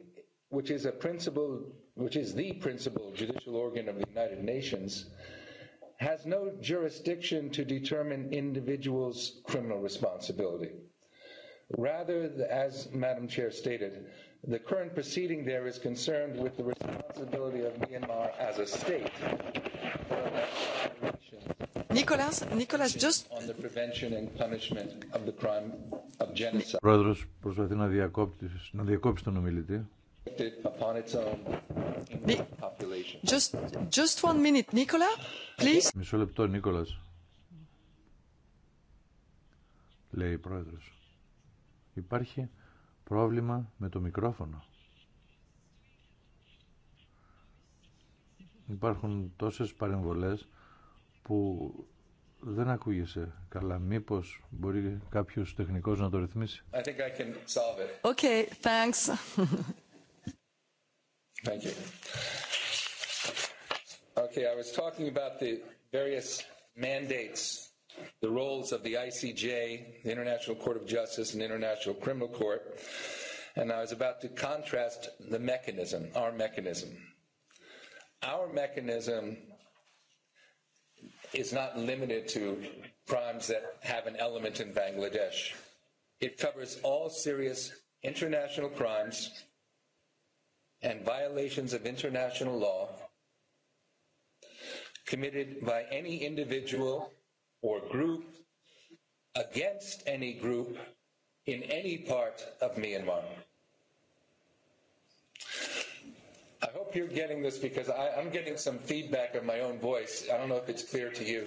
which is a principal which is the principal judicial organ of the United Nations, has no jurisdiction to determine individuals' criminal responsibility. Rather, as Madam Chair stated, the current proceeding there is concerned with the responsibility of Myanmar as a state. Nicolas, Nicolas, just... On the prevention and punishment of the crime of genocide. Πρόεδρος προσπαθεί να διακόψει, τον ομιλητή. Just, just one minute, Μισό λεπτό, Νίκολας. Λέει η πρόεδρος. Υπάρχει πρόβλημα με το μικρόφωνο. Υπάρχουν τόσες παρεμβολές που δεν ακούγεσαι καλά. Μήπως μπορεί κάποιος τεχνικός να το ρυθμίσει. Thank you. Okay, I was talking about the various mandates, the roles of the ICJ, the International Court of Justice, and International Criminal Court, and I was about to contrast the mechanism, our mechanism. Our mechanism is not limited to crimes that have an element in Bangladesh. It covers all serious international crimes and violations of international law committed by any individual or group against any group in any part of Myanmar. I hope you're getting this because I, I'm getting some feedback of my own voice. I don't know if it's clear to you.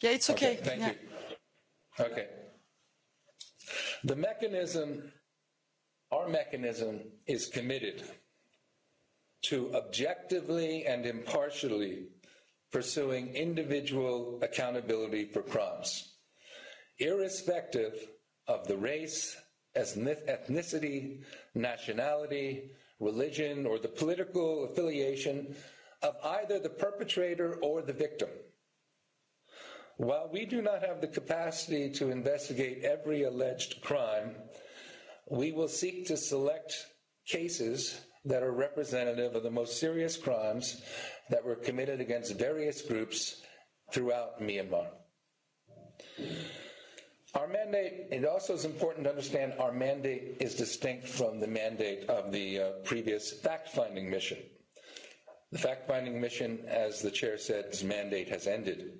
Yeah, it's okay. okay thank you. Okay. The mechanism our mechanism is committed to objectively and impartially pursuing individual accountability for crimes, irrespective of the race, ethnicity, nationality, religion, or the political affiliation of either the perpetrator or the victim. While we do not have the capacity to investigate every alleged crime, we will seek to select cases that are representative of the most serious crimes that were committed against various groups throughout Myanmar. Our mandate, it also is important to understand our mandate is distinct from the mandate of the uh, previous fact-finding mission. The fact-finding mission, as the chair said, its mandate has ended.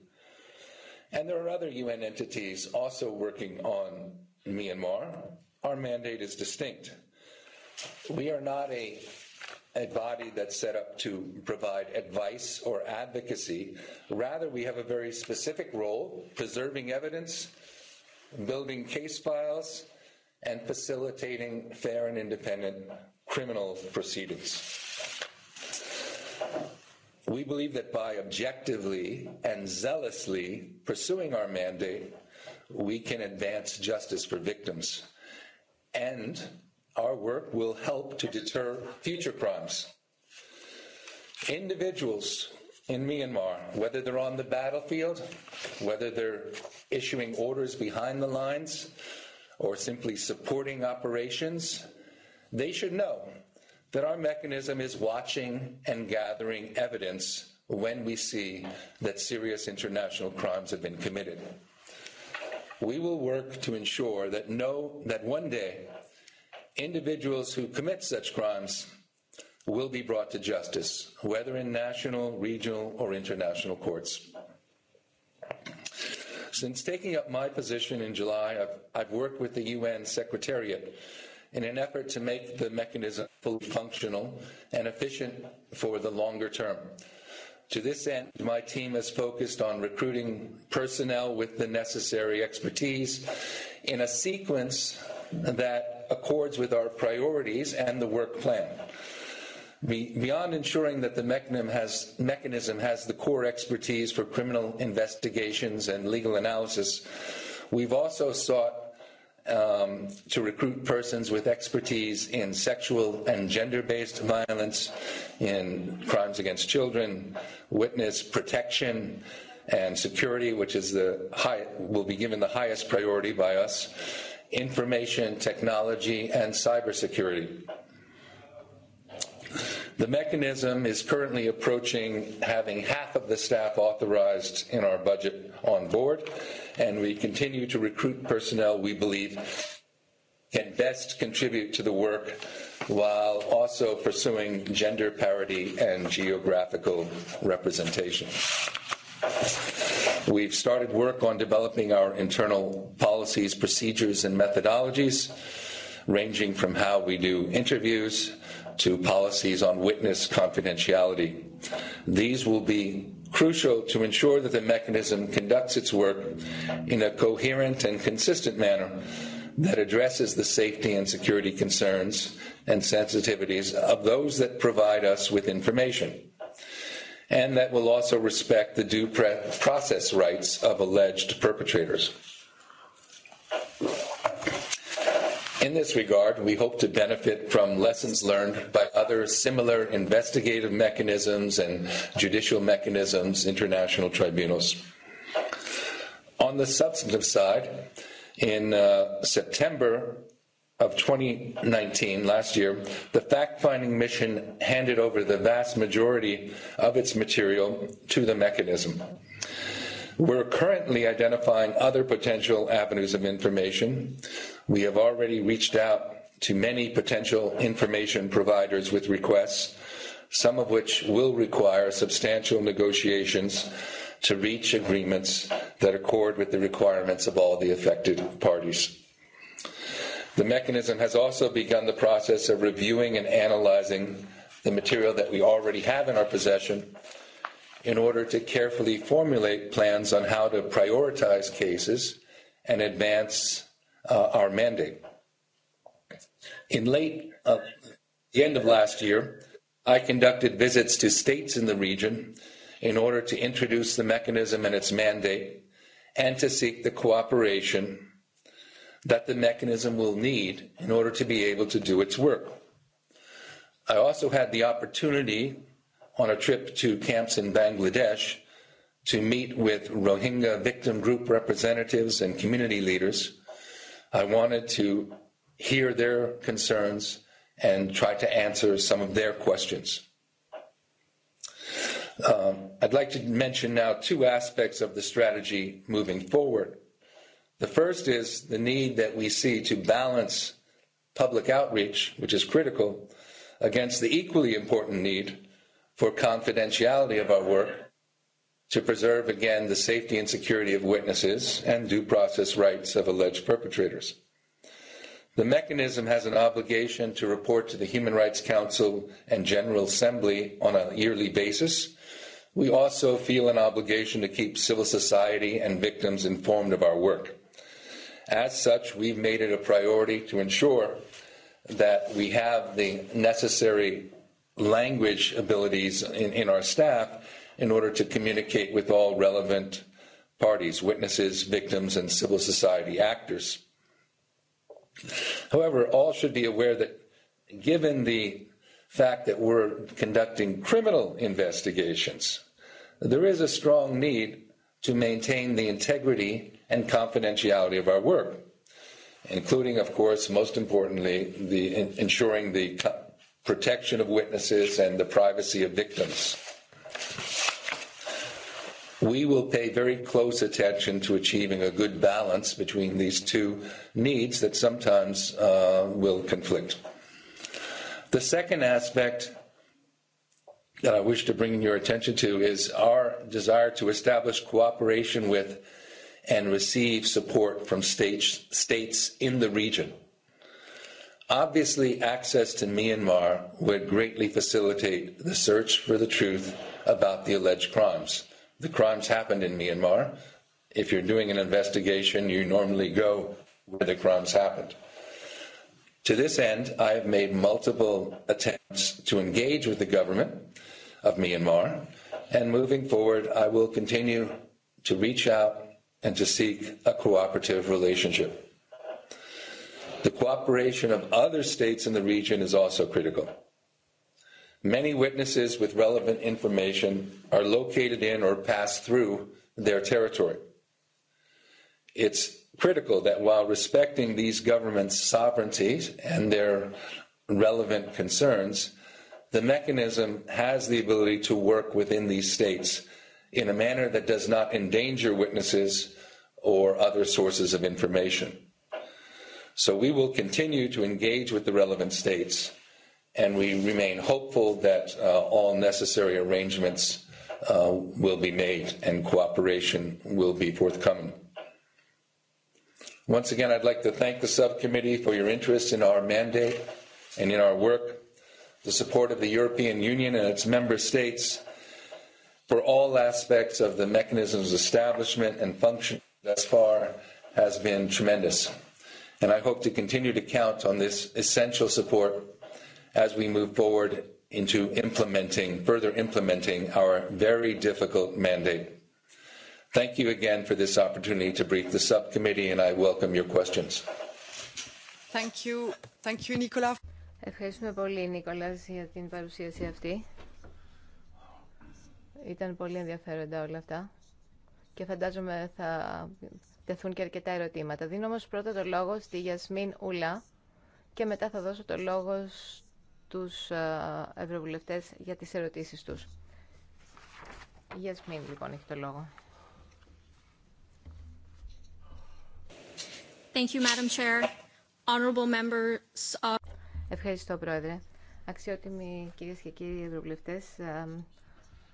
And there are other UN entities also working on Myanmar, our mandate is distinct. We are not a body that's set up to provide advice or advocacy. Rather, we have a very specific role, preserving evidence, building case files, and facilitating fair and independent criminal proceedings. We believe that by objectively and zealously pursuing our mandate, we can advance justice for victims and our work will help to deter future crimes. Individuals in Myanmar, whether they're on the battlefield, whether they're issuing orders behind the lines, or simply supporting operations, they should know that our mechanism is watching and gathering evidence when we see that serious international crimes have been committed we will work to ensure that no that one day individuals who commit such crimes will be brought to justice whether in national regional or international courts. since taking up my position in july i've worked with the un secretariat in an effort to make the mechanism fully functional and efficient for the longer term. To this end, my team has focused on recruiting personnel with the necessary expertise in a sequence that accords with our priorities and the work plan. Beyond ensuring that the mechanism has the core expertise for criminal investigations and legal analysis, we've also sought to recruit persons with expertise in sexual and gender-based violence, in crimes against children, witness protection and security, which is the high, will be given the highest priority by us, information technology and cybersecurity. The mechanism is currently approaching having half of the staff authorized in our budget on board, and we continue to recruit personnel we believe can best contribute to the work while also pursuing gender parity and geographical representation. We've started work on developing our internal policies, procedures, and methodologies, ranging from how we do interviews to policies on witness confidentiality. These will be crucial to ensure that the mechanism conducts its work in a coherent and consistent manner that addresses the safety and security concerns and sensitivities of those that provide us with information, and that will also respect the due process rights of alleged perpetrators. In this regard, we hope to benefit from lessons learned by other similar investigative mechanisms and judicial mechanisms, international tribunals. On the substantive side, in uh, September of 2019, last year, the fact finding mission handed over the vast majority of its material to the mechanism. We're currently identifying other potential avenues of information we have already reached out to many potential information providers with requests some of which will require substantial negotiations to reach agreements that accord with the requirements of all the affected parties. The mechanism has also begun the process of reviewing and analyzing the material that we already have in our possession in order to carefully formulate plans on how to prioritize cases and advance our mandate. In late the end of last year, I conducted visits to states in the region in order to introduce the mechanism and its mandate and to seek the cooperation that the mechanism will need in order to be able to do its work. I also had the opportunity on a trip to camps in Bangladesh to meet with Rohingya victim group representatives and community leaders i wanted to hear their concerns and try to answer some of their questions. I'd like to mention now two aspects of the strategy moving forward. The first is the need that we see to balance public outreach, which is critical, against the equally important need for confidentiality of our work to preserve again the safety and security of witnesses and due process rights of alleged perpetrators. The mechanism has an obligation to report to the Human Rights Council and General Assembly on a yearly basis. We also feel an obligation to keep civil society and victims informed of our work. As such, we've made it a priority to ensure that we have the necessary language abilities in, in our staff in order to communicate with all relevant parties, witnesses, victims, and civil society actors. However, all should be aware that given the fact that we're conducting criminal investigations, there is a strong need to maintain the integrity and confidentiality of our work, including, of course, most importantly, the ensuring the protection of witnesses and the privacy of victims. We will pay very close attention to achieving a good balance between these two needs that sometimes will conflict. The second aspect that I wish to bring your attention to is our desire to establish cooperation with and receive support from states in the region. Obviously, access to Myanmar would greatly facilitate the search for the truth about the alleged crimes the crimes happened in Myanmar. If you're doing an investigation, you normally go where the crimes happened. To this end, I have made multiple attempts to engage with the government of Myanmar, and moving forward, I will continue to reach out and to seek a cooperative relationship. The cooperation of other states in the region is also critical. Many witnesses with relevant information are located in or pass through their territory. It's critical that while respecting these governments' sovereignties and their relevant concerns, the mechanism has the ability to work within these states in a manner that does not endanger witnesses or other sources of information. So we will continue to engage with the relevant states and we remain hopeful that all necessary arrangements will be made and cooperation will be forthcoming. Once again, I'd like to thank the subcommittee for your interest in our mandate and in our work, the support of the European Union and its member states for all aspects of the mechanism's establishment and function thus far has been tremendous. And I hope to continue to count on this essential support as we move forward into implementing, further implementing our very difficult mandate. Thank you again for this opportunity to brief the subcommittee, and I welcome your questions. Thank you. Thank you, Nicola. Ευχαριστούμε πολύ, Νίκολας, για την παρουσίαση αυτή. Ήταν πολύ ενδιαφέροντα όλα αυτά και φαντάζομαι θα τεθούν και αρκετά ερωτήματα. Δίνω όμως πρώτα το λόγο στη Γιασμίν Ουλά και μετά θα δώσω το λόγο τους ε, ευρωβουλευτές για τις ερωτήσεις τους. Η Γιασμίν, λοιπόν, έχει το λόγο. Thank you, Madam Chair. Honorable members of... Ευχαριστώ, Πρόεδρε. Αξιότιμοι κυρίες και κύριοι ευρωβουλευτές, ε,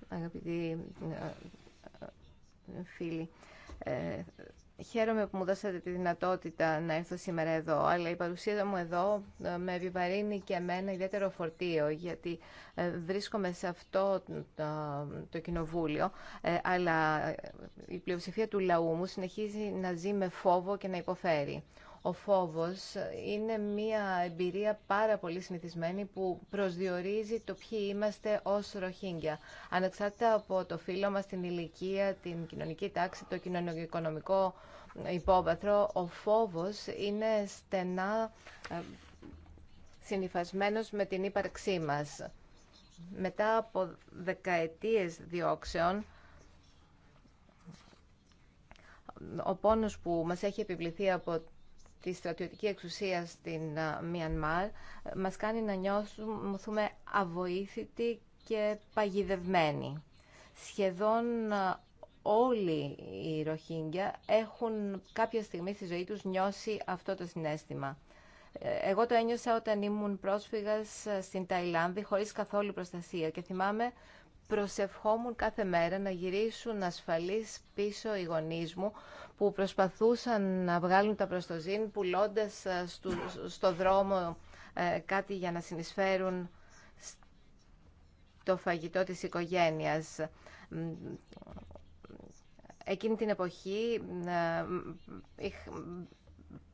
αγαπητοί ε, φίλοι, Χαίρομαι που μου δώσατε τη δυνατότητα να έρθω σήμερα εδώ, αλλά η παρουσία μου εδώ ε, με επιβαρύνει και εμένα ιδιαίτερο φορτίο, γιατί ε, βρίσκομαι σε αυτό το κοινοβούλιο, ε, αλλά η πλειοψηφία του λαού μου συνεχίζει να ζει με φόβο και να υποφέρει. Ο φόβος είναι μια εμπειρία πάρα πολύ συνηθισμένη που προσδιορίζει το ποιοι είμαστε ως Ροχίνγκια. Ανεξάρτητα από το φύλλο μας, την ηλικία, την κοινωνική τάξη, το κοινωνικο-οικονομικό υπόβαθρο, ο φόβος είναι στενά ε, συνειφασμένος με την ύπαρξή μας. Μετά από δεκαετίες διώξεων, ο πόνος που μας έχει επιβληθεί από τη στρατιωτική εξουσία στην ε, Μιανμάρ ε, μας κάνει να νιώθουμε αβοήθητοι και παγιδευμένοι. Σχεδόν ε, όλοι οι Ροχίνγκια έχουν κάποια στιγμή στη ζωή τους νιώσει αυτό το συνέστημα. Εγώ το ένιωσα όταν ήμουν πρόσφυγας στην Ταϊλάνδη χωρίς καθόλου προστασία και θυμάμαι προσευχόμουν κάθε μέρα να γυρίσουν ασφαλείς πίσω οι γονείς μου που προσπαθούσαν να βγάλουν τα προστοζήν πουλώντας ε, στο, στο δρόμο ε, κάτι για να συνεισφέρουν το φαγητό της οικογένειας. Εκείνη την εποχή ε,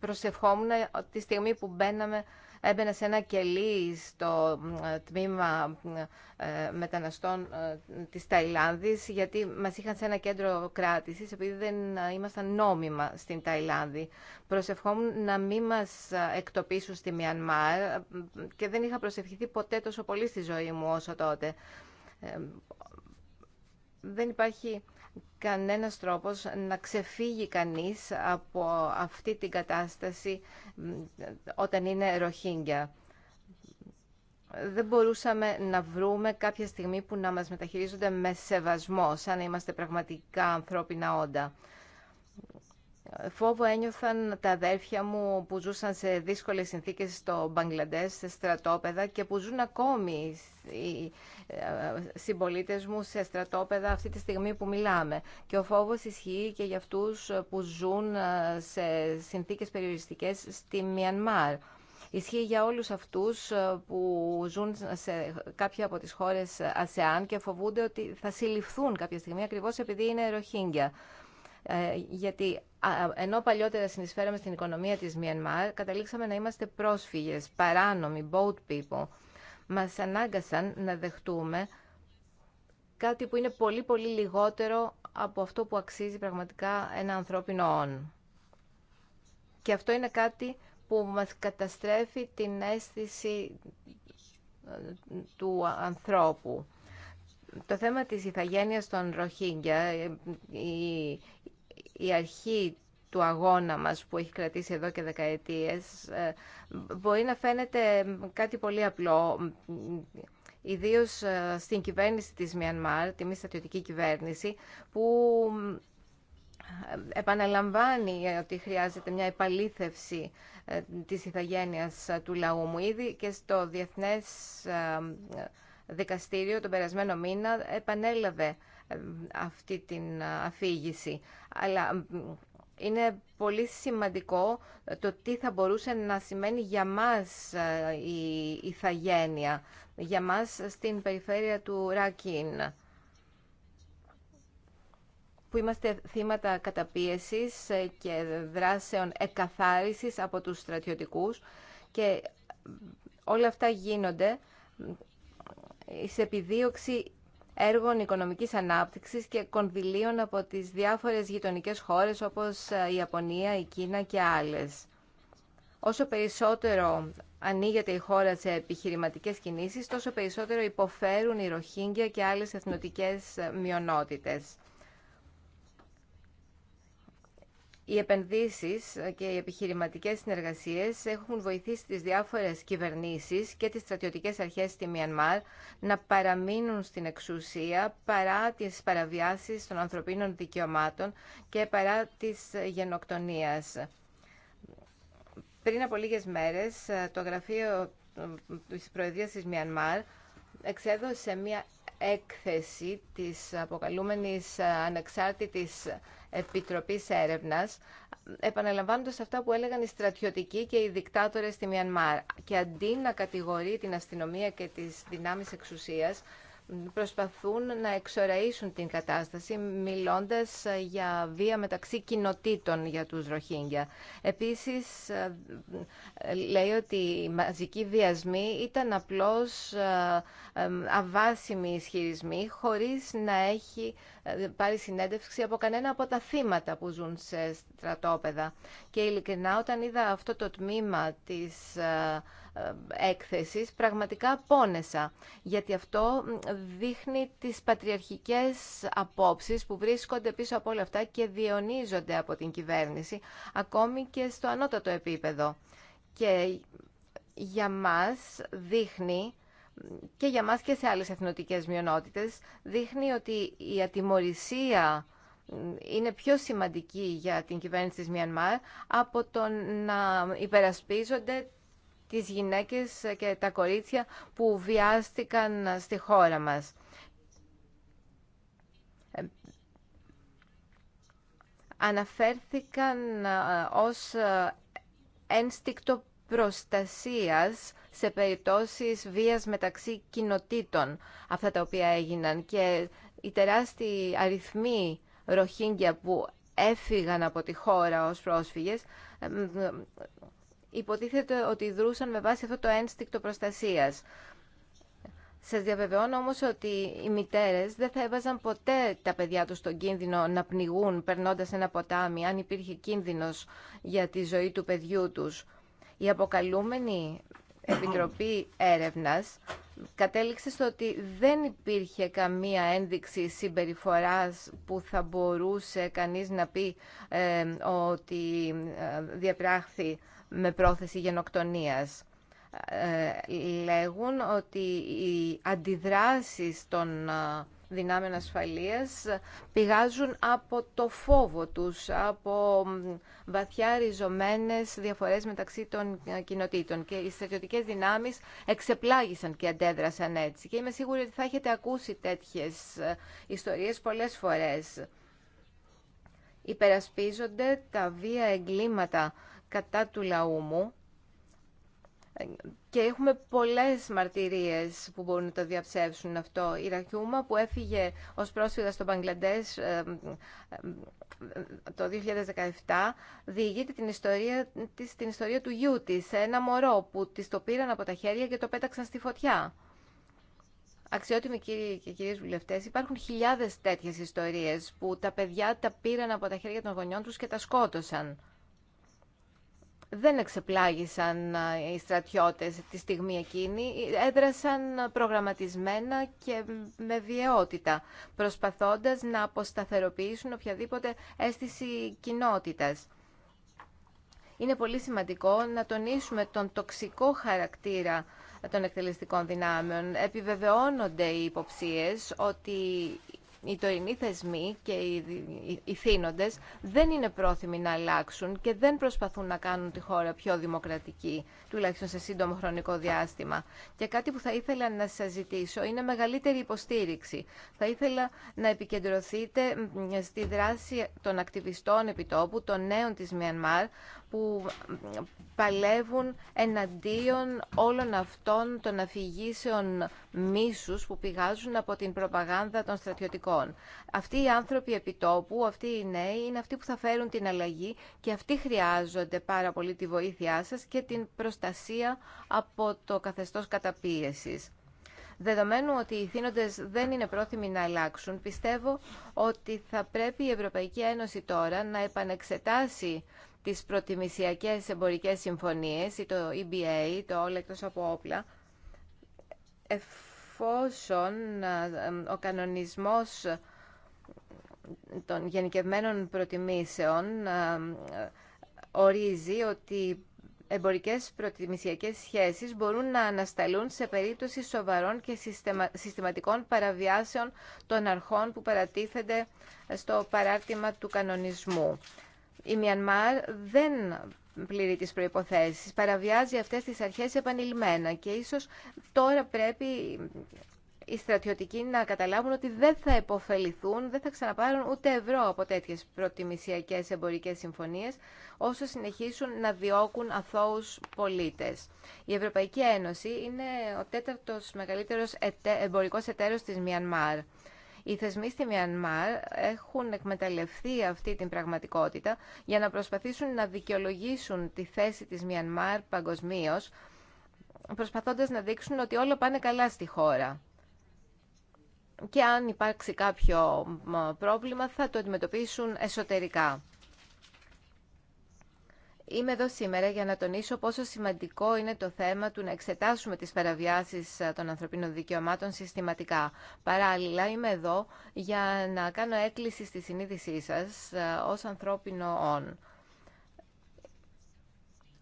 προσευχόμουν τη στιγμή που μπαίναμε Έμπαινα σε ένα κελί στο ε, τμήμα ε, μεταναστών ε, της Ταϊλάνδης γιατί μας είχαν σε ένα κέντρο κράτησης επειδή δεν ήμασταν νόμιμα στην Ταϊλάνδη. Προσευχόμουν να μην μας εκτοπίσουν στη Μιανμάρ και δεν είχα προσευχηθεί ποτέ τόσο πολύ στη ζωή μου όσο τότε. Δεν υπάρχει κανένας τρόπος να ξεφύγει κανείς από αυτή την κατάσταση όταν είναι ροχίνγκια. Δεν μπορούσαμε να βρούμε κάποια στιγμή που να μας μεταχειρίζονται με σεβασμό, σαν να είμαστε πραγματικά ανθρώπινα όντα. Φόβο ένιωθαν τα αδέρφια μου που ζούσαν σε δύσκολες συνθήκες στο Μπαγκλαντές, σε στρατόπεδα και που ζουν ακόμη οι ε, συμπολίτε μου σε στρατόπεδα αυτή τη στιγμή που μιλάμε. Και ο φόβος ισχύει και για αυτούς που ζουν ε, σε συνθήκες περιοριστικές στη Μιανμάρ. Ισχύει για όλους αυτούς ε, που ζουν σε κάποια από τις χώρες ΑΣΕΑΝ και φοβούνται ότι θα συλληφθούν κάποια στιγμή ακριβώς επειδή είναι ροχίνγκια. Ε, γιατί ενώ παλιότερα συνεισφέραμε στην οικονομία της Μιανμάρ, καταλήξαμε να είμαστε πρόσφυγες, παράνομοι, boat people. Μας ανάγκασαν να δεχτούμε κάτι που είναι πολύ πολύ λιγότερο από αυτό που αξίζει πραγματικά ένα ανθρώπινο όν. Και αυτό είναι κάτι που μας καταστρέφει την αίσθηση ε, του ανθρώπου το θέμα της ηθαγένειας των Ροχίνγκια, η, η αρχή του αγώνα μας που έχει κρατήσει εδώ και δεκαετίες, ε, μπορεί να φαίνεται κάτι πολύ απλό, ιδίως ε, στην κυβέρνηση της Μιανμάρ, τη μη στατιωτική κυβέρνηση, που ε, επαναλαμβάνει ότι χρειάζεται μια επαλήθευση της ηθαγένειας του λαού μου. Ήδη και στο Διεθνές δικαστήριο τον περασμένο μήνα επανέλαβε ε, αυτή την ε, αφήγηση. Αλλά είναι πολύ σημαντικό το τι θα μπορούσε να σημαίνει για μας ε, η ηθαγένεια, για μας στην περιφέρεια του Ράκιν που είμαστε θύματα καταπίεσης και δράσεων εκαθάρισης από τους στρατιωτικούς και όλα αυτά γίνονται σε επιδίωξη έργων οικονομικής ανάπτυξης και κονδυλίων από τις διάφορες γειτονικές χώρες όπως ε, η Ιαπωνία, η Κίνα και άλλες. Όσο περισσότερο ανοίγεται η χώρα σε επιχειρηματικές κινήσεις, τόσο περισσότερο υποφέρουν οι Ροχίνγκια και άλλες εθνοτικές ε, μειονότητες. Οι επενδύσεις και οι επιχειρηματικές συνεργασίες έχουν βοηθήσει τις διάφορες κυβερνήσεις και τις στρατιωτικές αρχές στη Μιανμάρ να παραμείνουν στην εξουσία παρά τις παραβιάσεις των ανθρωπίνων δικαιωμάτων και παρά της γενοκτονίας. Πριν από λίγες μέρες, το γραφείο της Προεδρίας της Μιανμάρ εξέδωσε μια έκθεση της αποκαλούμενης ανεξάρτητης Επιτροπής Έρευνας, επαναλαμβάνοντας αυτά που έλεγαν οι στρατιωτικοί και οι δικτάτορες στη Μιανμάρ. Και αντί να κατηγορεί την αστυνομία και τις δυνάμεις εξουσίας, προσπαθούν να εξοραίσουν την κατάσταση μιλώντας ε, για βία μεταξύ κοινοτήτων για τους Ροχίνγκια. Επίσης, ε, ε, λέει ότι οι μαζικοί βιασμοί ήταν απλώς αβάσιμοι ισχυρισμοί χωρίς να έχει πάρει συνέντευξη από κανένα από τα θύματα που ζουν σε στρατόπεδα. Και ειλικρινά όταν είδα αυτό το τμήμα της ε, έκθεσης πραγματικά πόνεσα, γιατί αυτό δείχνει τις πατριαρχικές απόψεις που βρίσκονται πίσω από όλα αυτά και διονίζονται από την κυβέρνηση, ακόμη και στο ανώτατο επίπεδο. Και για μας δείχνει και για μας και σε άλλες εθνοτικές μειονότητες, δείχνει ότι η ατιμορρησία είναι πιο σημαντική για την κυβέρνηση της Μιανμάρ από το να υπερασπίζονται τις γυναίκες και τα κορίτσια που βιάστηκαν στη χώρα μας. Αναφέρθηκαν ε, ως ε, ένστικτο προστασίας σε περιπτώσεις βίας μεταξύ κοινοτήτων αυτά τα οποία έγιναν και οι τεράστιοι αριθμοί ροχίνγκια που έφυγαν από τη χώρα ως πρόσφυγες ε, υποτίθεται ότι δρούσαν με βάση αυτό το ένστικτο προστασίας. Σας διαβεβαιώνω όμως ότι οι μητέρες δεν θα έβαζαν ποτέ τα παιδιά τους στον κίνδυνο να πνιγούν περνώντας ένα ποτάμι αν υπήρχε κίνδυνος για τη ζωή του παιδιού τους. Η αποκαλούμενη Επιτροπή Έρευνας κατέληξε στο ότι δεν υπήρχε καμία ένδειξη συμπεριφοράς που θα μπορούσε κανείς να πει ε, ότι ε, διαπράχθη με πρόθεση γενοκτονίας. Ε, λέγουν ότι οι αντιδράσεις των ε, δυνάμεων ασφαλείας πηγάζουν από το φόβο τους, από βαθιά ριζωμένες διαφορές μεταξύ των ε, κοινοτήτων και οι στρατιωτικές δυνάμεις εξεπλάγησαν και αντέδρασαν έτσι. Και είμαι σίγουρη ότι θα έχετε ακούσει τέτοιες ιστορίες πολλές φορές. Υπερασπίζονται τα βία εγκλήματα κατά του λαού μου και έχουμε πολλές μαρτυρίες που μπορούν να το διαψεύσουν αυτό. Η Ρακιούμα που έφυγε ως πρόσφυγα στο Μπαγκλαντές ε, ε, ε, το 2017 διηγείται την ιστορία, της, την ιστορία του γιού της, ένα μωρό που της το πήραν από τα χέρια και το πέταξαν στη φωτιά. Αξιότιμοι κύριοι και κυρίες βουλευτές, υπάρχουν χιλιάδες τέτοιες ιστορίες που τα παιδιά τα πήραν από τα χέρια των γονιών τους και τα σκότωσαν δεν εξεπλάγησαν οι στρατιώτες τη στιγμή εκείνη, έδρασαν προγραμματισμένα και με βιαιότητα, προσπαθώντας να αποσταθεροποιήσουν οποιαδήποτε αίσθηση κοινότητας. Είναι πολύ σημαντικό να τονίσουμε τον τοξικό χαρακτήρα των εκτελεστικών δυνάμεων. Επιβεβαιώνονται οι υποψίες ότι οι τωρινοί θεσμοί και οι θύνοντες δεν είναι πρόθυμοι να αλλάξουν και δεν προσπαθούν να κάνουν τη χώρα πιο δημοκρατική, τουλάχιστον σε σύντομο χρονικό διάστημα. Και κάτι που θα ήθελα να σας ζητήσω είναι μεγαλύτερη υποστήριξη. Θα ήθελα να επικεντρωθείτε στη δράση των ακτιβιστών επιτόπου, των νέων της Μιανμάρ, που παλεύουν εναντίον όλων αυτών των αφηγήσεων μίσους που πηγάζουν από την προπαγάνδα των στρατιωτικών. Αυτοί οι άνθρωποι επιτόπου, αυτοί οι νέοι, είναι αυτοί που θα φέρουν την αλλαγή και αυτοί χρειάζονται πάρα πολύ τη βοήθειά σας και την προστασία από το καθεστώς καταπίεσης. Δεδομένου ότι οι θύνοντες δεν είναι πρόθυμοι να αλλάξουν, πιστεύω ότι θα πρέπει η Ευρωπαϊκή Ένωση τώρα να επανεξετάσει τις προτιμησιακές εμπορικές συμφωνίες ή το EBA, το όλο εκτός από όπλα, εφόσον ο κανονισμός των γενικευμένων προτιμήσεων ορίζει ότι εμπορικές προτιμησιακές σχέσεις μπορούν να ανασταλούν σε περίπτωση σοβαρών και συστηματικών παραβιάσεων των αρχών που παρατίθενται στο παράρτημα του κανονισμού η Μιανμάρ δεν πληρεί τις προϋποθέσεις, παραβιάζει αυτές τις αρχές επανειλημμένα και ίσως τώρα πρέπει οι στρατιωτικοί να καταλάβουν ότι δεν θα επωφεληθούν, δεν θα ξαναπάρουν ούτε ευρώ από τέτοιες προτιμησιακές εμπορικές συμφωνίες, όσο συνεχίσουν να διώκουν αθώους πολίτες. Η Ευρωπαϊκή Ένωση είναι ο τέταρτος μεγαλύτερος εμπορικός εταίρος της Μιανμάρ. Οι θεσμοί στη Μιανμάρ έχουν εκμεταλλευτεί αυτή την πραγματικότητα για να προσπαθήσουν να δικαιολογήσουν τη θέση της Μιανμάρ παγκοσμίω, προσπαθώντας να δείξουν ότι όλο πάνε καλά στη χώρα. Και αν υπάρξει κάποιο πρόβλημα θα το αντιμετωπίσουν εσωτερικά. Είμαι εδώ σήμερα για να τονίσω πόσο σημαντικό είναι το θέμα του να εξετάσουμε τις παραβιάσεις ε, των ανθρωπίνων δικαιωμάτων συστηματικά. Παράλληλα, είμαι εδώ για να κάνω έκκληση στη συνείδησή σας ε, ως ανθρώπινο όν.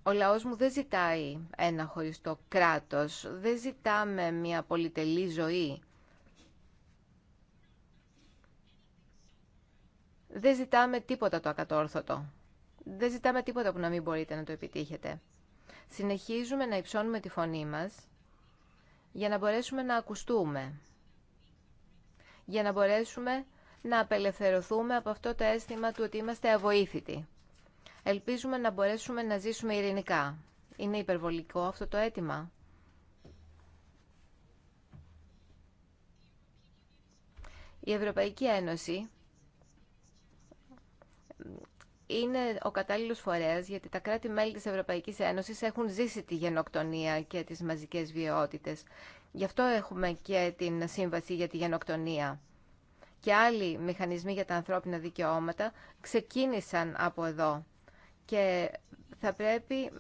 Ο λαός μου δεν ζητάει ένα χωριστό κράτος, δεν ζητάμε μια πολυτελή ζωή. Δεν ζητάμε τίποτα το ακατόρθωτο δεν ζητάμε τίποτα που να μην μπορείτε να το επιτύχετε. Συνεχίζουμε να υψώνουμε τη φωνή μας για να μπορέσουμε να ακουστούμε, για να μπορέσουμε να απελευθερωθούμε από αυτό το αίσθημα του ότι είμαστε αβοήθητοι. Ελπίζουμε να μπορέσουμε να ζήσουμε ειρηνικά. Είναι υπερβολικό αυτό το αίτημα. Η Ευρωπαϊκή Ένωση είναι ο κατάλληλος φορέας γιατί τα κράτη-μέλη της Ευρωπαϊκής Ένωσης έχουν ζήσει τη γενοκτονία και τις μαζικές βιαιότητε. Γι' αυτό έχουμε και την Σύμβαση για τη Γενοκτονία. Και άλλοι μηχανισμοί για τα ανθρώπινα δικαιώματα ξεκίνησαν από εδώ. Και θα πρέπει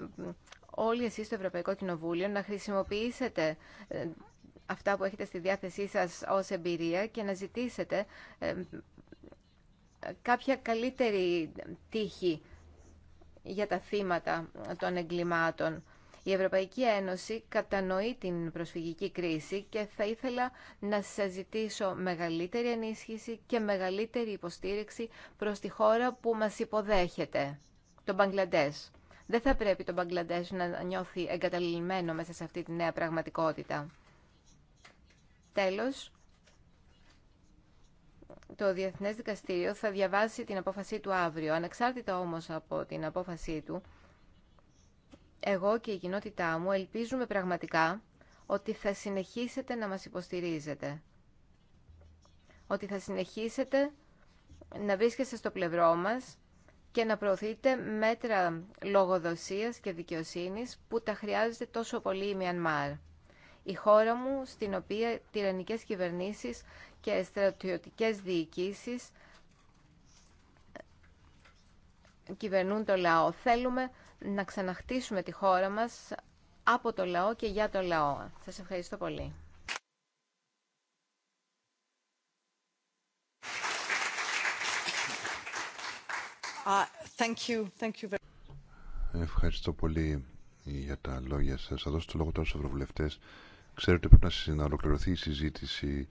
όλοι εσείς στο Ευρωπαϊκό Κοινοβούλιο να χρησιμοποιήσετε ε, αυτά που έχετε στη διάθεσή σας ως εμπειρία και να ζητήσετε ε, κάποια καλύτερη τύχη για τα θύματα των εγκλημάτων. Η Ευρωπαϊκή Ένωση κατανοεί την προσφυγική κρίση και θα ήθελα να συζητήσω ζητήσω μεγαλύτερη ενίσχυση και μεγαλύτερη υποστήριξη προς τη χώρα που μας υποδέχεται, τον Μπαγκλαντές. Δεν θα πρέπει τον Μπαγκλαντές να νιώθει εγκαταλειμμένο μέσα σε αυτή τη νέα πραγματικότητα. Τέλος, το Διεθνές Δικαστήριο θα διαβάσει την απόφασή του αύριο. Ανεξάρτητα όμως από την απόφασή του, εγώ και η κοινότητά μου ελπίζουμε πραγματικά ότι θα συνεχίσετε να μας υποστηρίζετε. Ότι θα συνεχίσετε να βρίσκεστε στο πλευρό μας και να προωθείτε μέτρα λογοδοσίας και δικαιοσύνης που τα χρειάζεται τόσο πολύ η Μιανμάρ. Η χώρα μου, στην οποία τυραννικές κυβερνήσεις και στρατιωτικές διοικήσεις κυβερνούν το λαό. Θέλουμε να ξαναχτίσουμε τη χώρα μας από το λαό και για το λαό. Σας ευχαριστώ πολύ. Uh, thank you. Thank you very Ευχαριστώ πολύ για τα λόγια σας. Θα δώσω το λόγο τώρα στους ευρωβουλευτές. Ξέρετε πρέπει να ολοκληρωθεί η συζήτηση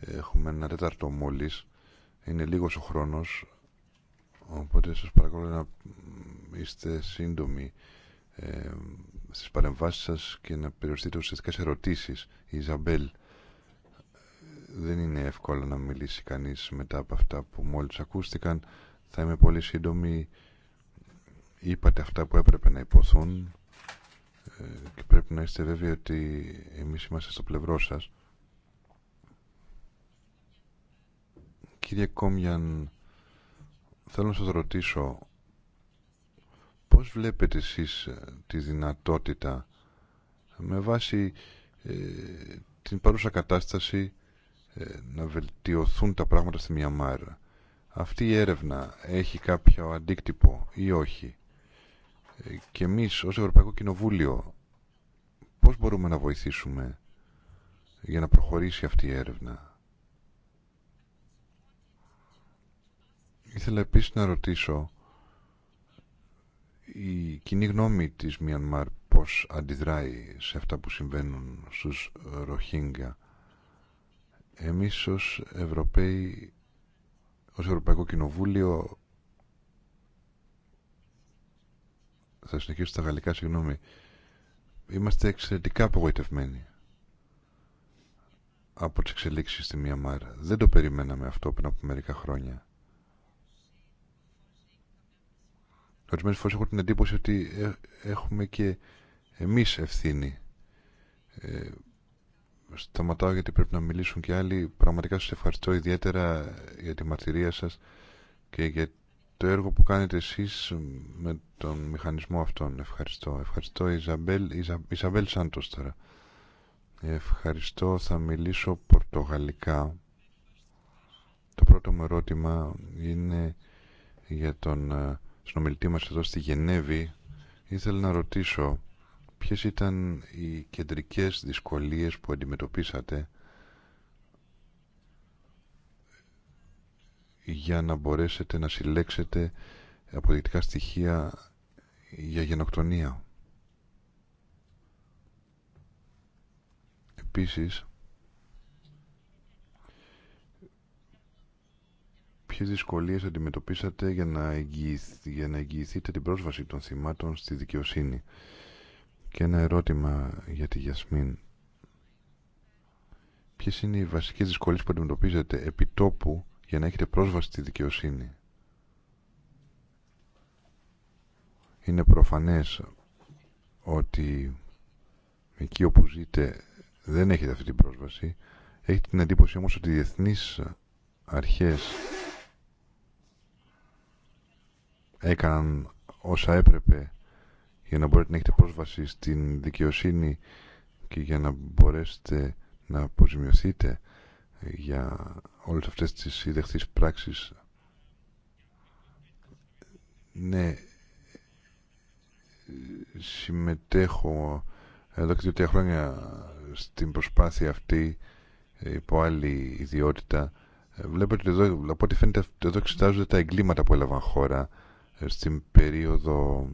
Έχουμε ένα τέταρτο μόλις. Είναι λίγο ο χρόνος. Οπότε σα παρακαλώ να είστε σύντομοι ε, στις παρεμβάσεις και να περιοριστείτε ουσιαστικά σε ερωτήσεις. Η Ιζαμπέλ δεν είναι εύκολο να μιλήσει κανείς μετά από αυτά που μόλις ακούστηκαν. Θα είμαι πολύ σύντομη. Είπατε αυτά που έπρεπε να υποθούν ε, και πρέπει να είστε βέβαιοι ότι εμείς είμαστε στο πλευρό σας. Κύριε Κόμιαν, θέλω να σας ρωτήσω πώς βλέπετε εσείς ε, τη δυνατότητα με βάση ε, την παρούσα κατάσταση ε, να βελτιωθούν τα πράγματα στη Μιαμάρα. Αυτή η έρευνα έχει κάποιο αντίκτυπο ή όχι. και εμείς ως Ευρωπαϊκό Κοινοβούλιο πώς μπορούμε να βοηθήσουμε για να προχωρήσει αυτή η έρευνα. Ήθελα επίσης να ρωτήσω η κοινή γνώμη της Μιανμάρ πώς αντιδράει σε αυτά που συμβαίνουν στους Ροχίνγκα. Εμείς ως Ευρωπαίοι, ως Ευρωπαϊκό Κοινοβούλιο θα συνεχίσω στα γαλλικά, συγγνώμη είμαστε εξαιρετικά απογοητευμένοι από τις εξελίξεις στη Μιανμάρ. Δεν το περιμέναμε αυτό πριν από μερικά χρόνια. Ορισμένε φορέ έχω την εντύπωση ότι ε, έχουμε και εμεί ευθύνη. Ε, σταματάω γιατί πρέπει να μιλήσουν και άλλοι. Πραγματικά σα ευχαριστώ ιδιαίτερα για τη μαρτυρία σα και για το έργο που κάνετε εσείς με τον μηχανισμό αυτόν. Ευχαριστώ. Ευχαριστώ Ιζαμπέλ, Ιζα, Ιζαμπέλ τώρα. Ευχαριστώ. Θα μιλήσω πορτογαλικά. Το πρώτο μου ερώτημα είναι για τον ε, συνομιλητή μας εδώ στη Γενέβη, ήθελα να ρωτήσω ποιες ήταν οι κεντρικές δυσκολίες που αντιμετωπίσατε για να μπορέσετε να συλλέξετε αποδεικτικά στοιχεία για γενοκτονία. Επίσης, ποιες δυσκολίες αντιμετωπίσατε για να, για να εγγυηθείτε την πρόσβαση των θυμάτων στη δικαιοσύνη. Και ένα ερώτημα για τη Γιασμίν. Ποιες είναι οι βασικές δυσκολίες που αντιμετωπίζετε επί τόπου για να έχετε πρόσβαση στη δικαιοσύνη. Είναι προφανές ότι εκεί όπου ζείτε δεν έχετε αυτή την πρόσβαση. Έχετε την εντύπωση όμως ότι οι διεθνείς αρχές έκαναν όσα έπρεπε για να μπορείτε να έχετε πρόσβαση στην δικαιοσύνη και για να μπορέσετε να αποζημιωθείτε για όλες αυτές τις ιδεχτείς πράξεις. Ναι, συμμετέχω εδώ και δύο χρόνια στην προσπάθεια αυτή υπό άλλη ιδιότητα. Βλέπετε ότι εδώ, από ό,τι φαίνεται, εδώ εξετάζονται τα εγκλήματα που έλαβαν χώρα στην περίοδο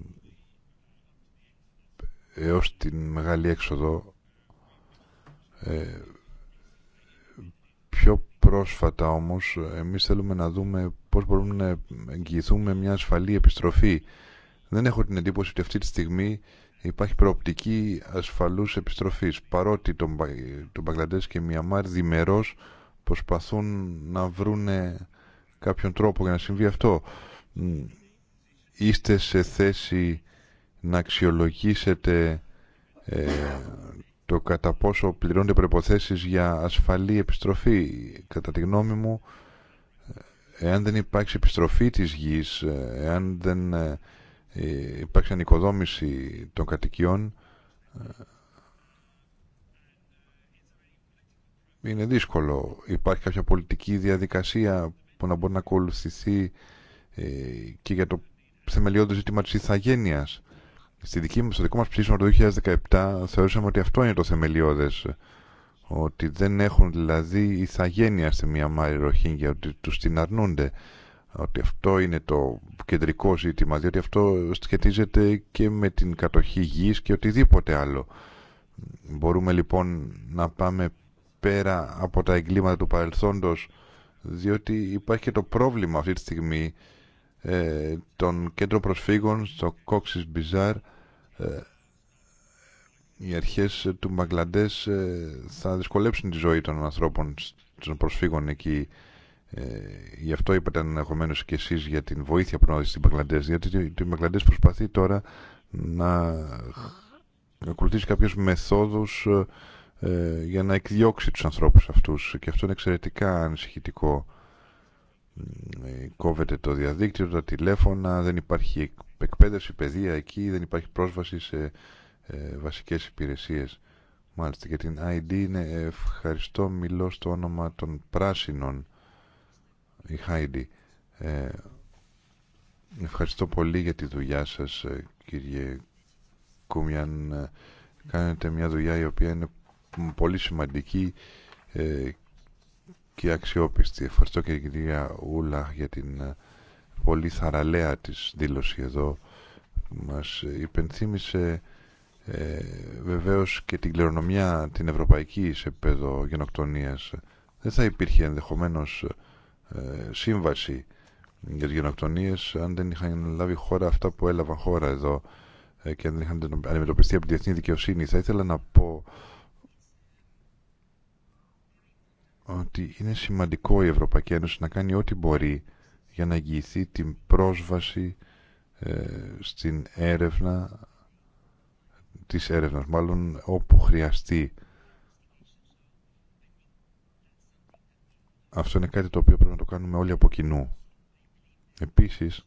έως την Μεγάλη Έξοδο ε, πιο πρόσφατα όμως εμείς θέλουμε να δούμε πώς μπορούμε να εγγυηθούμε μια ασφαλή επιστροφή δεν έχω την εντύπωση ότι αυτή τη στιγμή υπάρχει προοπτική ασφαλούς επιστροφής παρότι τον, τον Παγκλαντές και Μιαμάρ διμερός προσπαθούν να βρούνε κάποιον τρόπο για να συμβεί αυτό είστε σε θέση να αξιολογήσετε ε, το κατά πόσο πληρώνται προϋποθέσεις για ασφαλή επιστροφή. Κατά τη γνώμη μου, εάν δεν υπάρχει επιστροφή της γης, ε, εάν δεν ε, υπάρξει ανοικοδόμηση των κατοικιών, ε, είναι δύσκολο. Υπάρχει κάποια πολιτική διαδικασία που να μπορεί να ακολουθηθεί και για το θεμελιώδη ζήτημα τη ηθαγένεια. Στη δική μας, στο δικό μα ψήφισμα το 2017 θεωρούσαμε ότι αυτό είναι το θεμελιώδε, Ότι δεν έχουν δηλαδή ηθαγένεια σε μια Μάρη Ροχίνγκια, ότι του την αρνούνται. Ότι αυτό είναι το κεντρικό ζήτημα, διότι αυτό σχετίζεται και με την κατοχή γη και οτιδήποτε άλλο. Μπορούμε λοιπόν να πάμε πέρα από τα εγκλήματα του παρελθόντος, διότι υπάρχει και το πρόβλημα αυτή τη στιγμή ε, των κέντρο προσφύγων στο Κόξις Μπιζάρ ε, οι αρχές του Μπαγκλαντές ε, θα δυσκολέψουν τη ζωή των ανθρώπων των προσφύγων εκεί ε, γι' αυτό είπατε ενδεχομένω και εσείς για την βοήθεια που να στην Μπαγκλαντές γιατί το Μπαγκλαντές προσπαθεί τώρα να ακολουθήσει κάποιες μεθόδους ε, για να εκδιώξει τους ανθρώπους αυτούς και αυτό είναι εξαιρετικά ανησυχητικό ε, κόβεται το διαδίκτυο, τα τηλέφωνα, δεν υπάρχει εκπαίδευση, παιδεία εκεί, δεν υπάρχει πρόσβαση σε ε, βασικές υπηρεσίες. Μάλιστα και την ID είναι ευχαριστώ μιλώ στο όνομα των πράσινων η Heidi. Ε, ευχαριστώ πολύ για τη δουλειά σας ε, κύριε Κούμιαν. Ε, κάνετε μια δουλειά η οποία είναι πολύ σημαντική και αξιόπιστη. Ευχαριστώ και η κυρία Ούλα για την ε, πολύ θαραλέα της δήλωση εδώ. Μας υπενθύμησε ε, βεβαίως και την κληρονομιά την ευρωπαϊκή σε επίπεδο γενοκτονίας. Δεν θα υπήρχε ενδεχομένως ε, σύμβαση για τις γενοκτονίες αν δεν είχαν λάβει χώρα αυτά που έλαβαν χώρα εδώ ε, και αν δεν είχαν αντιμετωπιστεί από τη διεθνή δικαιοσύνη. Θα ήθελα να πω ότι είναι σημαντικό η Ευρωπαϊκή Ένωση να κάνει ό,τι μπορεί για να εγγυηθεί την πρόσβαση ε, στην έρευνα της έρευνας, μάλλον όπου χρειαστεί. Αυτό είναι κάτι το οποίο πρέπει να το κάνουμε όλοι από κοινού. Επίσης,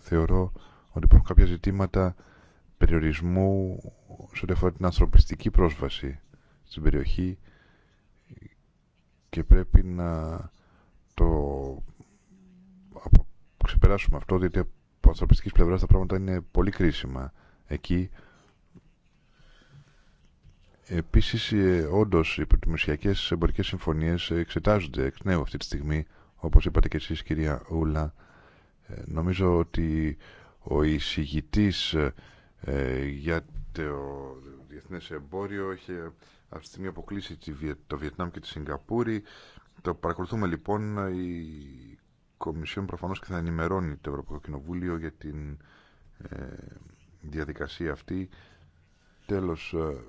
θεωρώ ότι υπάρχουν κάποια ζητήματα περιορισμού σε ό,τι αφορά την ανθρωπιστική πρόσβαση στην περιοχή και πρέπει να το ξεπεράσουμε αυτό, διότι από ανθρωπιστικής πλευράς τα πράγματα είναι πολύ κρίσιμα εκεί. Επίσης, ε, όντως, οι προτιμουσιακές εμπορικές συμφωνίες εξετάζονται εκ νέου αυτή τη στιγμή, όπως είπατε και εσείς κυρία Ούλα. Ε, νομίζω ότι ο εισηγητής ε, για το διεθνές εμπόριο έχει αυτή τη στιγμή αποκλείσει το Βιετνάμ και τη Σιγκαπούρη. Το παρακολουθούμε λοιπόν. Η Κομισιόν προφανώ και θα ενημερώνει το Ευρωπαϊκό Κοινοβούλιο για την ε, διαδικασία αυτή. Τέλος, ε,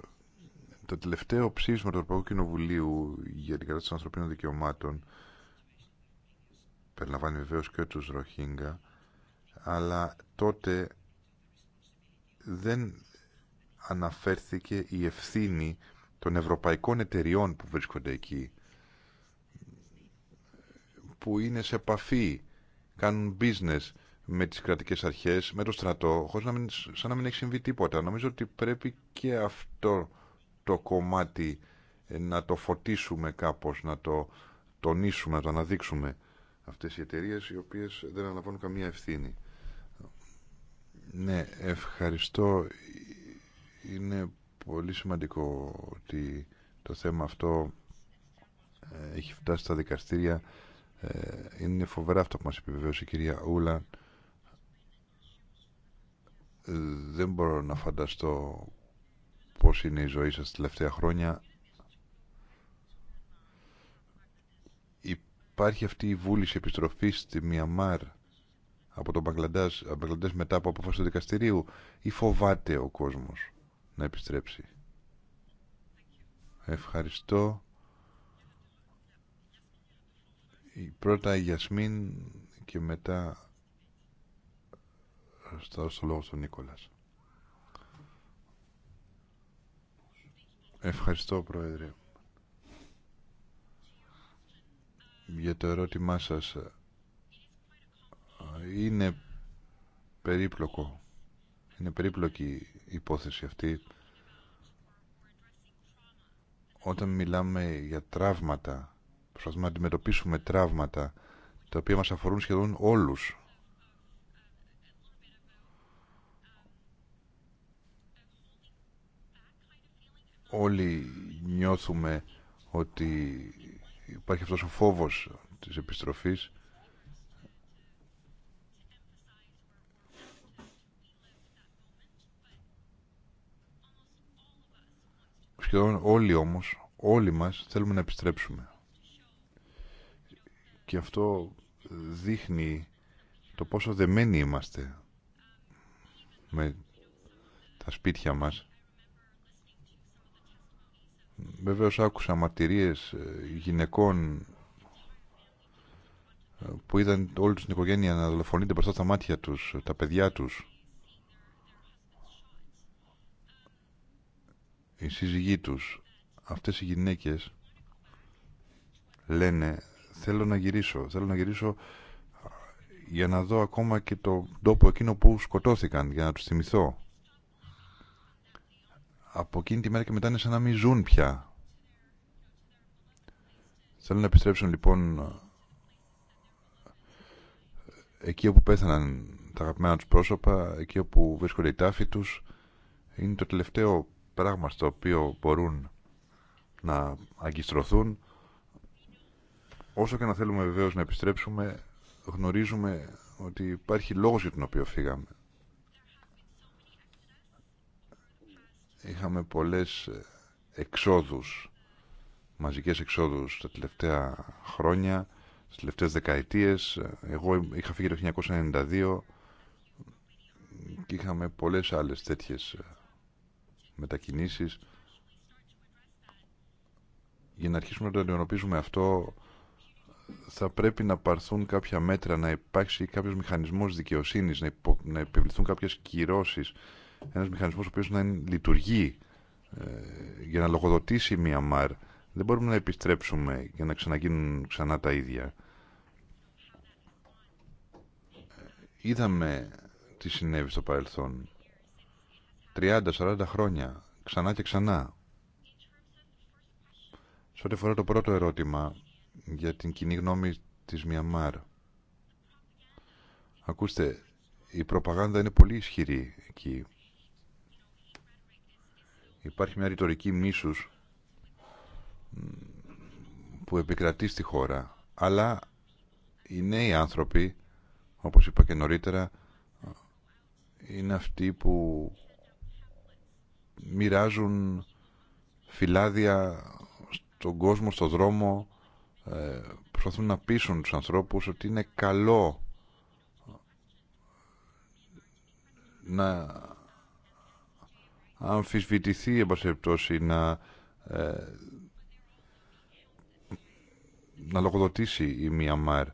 το τελευταίο ψήφισμα του Ευρωπαϊκού Κοινοβουλίου για την κατάσταση των ανθρωπίνων δικαιωμάτων περιλαμβάνει βεβαίω και του Ροχίνγκα, αλλά τότε δεν αναφέρθηκε η ευθύνη των ευρωπαϊκών εταιριών που βρίσκονται εκεί που είναι σε επαφή, κάνουν business με τις κρατικές αρχές, με το στρατό, χωρίς να μην, σαν να μην έχει συμβεί τίποτα. Νομίζω ότι πρέπει και αυτό το κομμάτι ε, να το φωτίσουμε κάπως, να το τονίσουμε, να το αναδείξουμε αυτές οι εταιρείε οι οποίες δεν αναλαμβάνουν καμία ευθύνη. Ναι, ευχαριστώ. Ε, είναι πολύ σημαντικό ότι το θέμα αυτό ε, έχει φτάσει στα δικαστήρια. Ε, είναι φοβερά αυτό που μας επιβεβαίωσε η κυρία Ούλα. Ε, δεν μπορώ να φανταστώ πώς είναι η ζωή σας τα τελευταία χρόνια. Υπάρχει αυτή η βούληση επιστροφής στη Μιαμάρ από τον Μπαγκλαντές μετά από απόφαση του δικαστηρίου ή φοβάται ο κόσμος να επιστρέψει. Ευχαριστώ. Η πρώτα η Γιασμίν και μετά θα δώσω λόγο στον Νίκολας. Ευχαριστώ Πρόεδρε για το ερώτημά σας. Είναι περίπλοκο. Είναι περίπλοκη υπόθεση αυτή. Όταν μιλάμε για τραύματα, προσπαθούμε να αντιμετωπίσουμε τραύματα τα οποία μας αφορούν σχεδόν όλους. Όλοι νιώθουμε ότι υπάρχει αυτός ο φόβος της επιστροφής σχεδόν όλοι όμως, όλοι μας θέλουμε να επιστρέψουμε. Και αυτό δείχνει το πόσο δεμένοι είμαστε με τα σπίτια μας. Βεβαίως άκουσα μαρτυρίες ε, γυναικών ε, που είδαν όλη την οικογένεια να δολοφονείται μπροστά στα μάτια τους, ε, τα παιδιά τους οι σύζυγοί τους, αυτές οι γυναίκες λένε θέλω να γυρίσω, θέλω να γυρίσω για να δω ακόμα και το τόπο εκείνο που σκοτώθηκαν, για να τους θυμηθώ. Από εκείνη τη μέρα και μετά είναι σαν να μην ζουν πια. Θέλω να επιστρέψουν λοιπόν εκεί όπου πέθαναν τα αγαπημένα τους πρόσωπα, εκεί όπου βρίσκονται οι τάφοι τους. Είναι το τελευταίο πράγμα στο οποίο μπορούν να αγκιστρωθούν. Όσο και να θέλουμε βεβαίως να επιστρέψουμε, γνωρίζουμε ότι υπάρχει λόγος για τον οποίο φύγαμε. Είχαμε πολλές εξόδους, μαζικές εξόδους τα τελευταία χρόνια, τις τελευταίες δεκαετίες. Εγώ είχα φύγει το 1992 και είχαμε πολλές άλλες τέτοιες μετακινήσεις για να αρχίσουμε να το αντιμετωπίζουμε αυτό θα πρέπει να πάρθουν κάποια μέτρα, να υπάρξει κάποιος μηχανισμός δικαιοσύνης, να, επιβληθούν κάποιες κυρώσεις, ένας μηχανισμός ο οποίος να λειτουργεί ε, για να λογοδοτήσει μια ΜΑΡ. Δεν μπορούμε να επιστρέψουμε για να ξαναγίνουν ξανά τα ίδια. Ε, είδαμε τι συνέβη στο παρελθόν. 30-40 χρόνια, ξανά και ξανά. Σε ό,τι αφορά το πρώτο ερώτημα για την κοινή γνώμη της Μιαμάρ. Ακούστε, η προπαγάνδα είναι πολύ ισχυρή εκεί. Υπάρχει μια ρητορική μίσους που επικρατεί στη χώρα, αλλά οι νέοι άνθρωποι, όπως είπα και νωρίτερα, ε, είναι αυτοί που μοιράζουν φυλάδια στον κόσμο, στον δρόμο, ε, προσπαθούν να πείσουν τους ανθρώπους ότι είναι καλό να αμφισβητηθεί η να, ε, να λογοδοτήσει η Μιαμάρ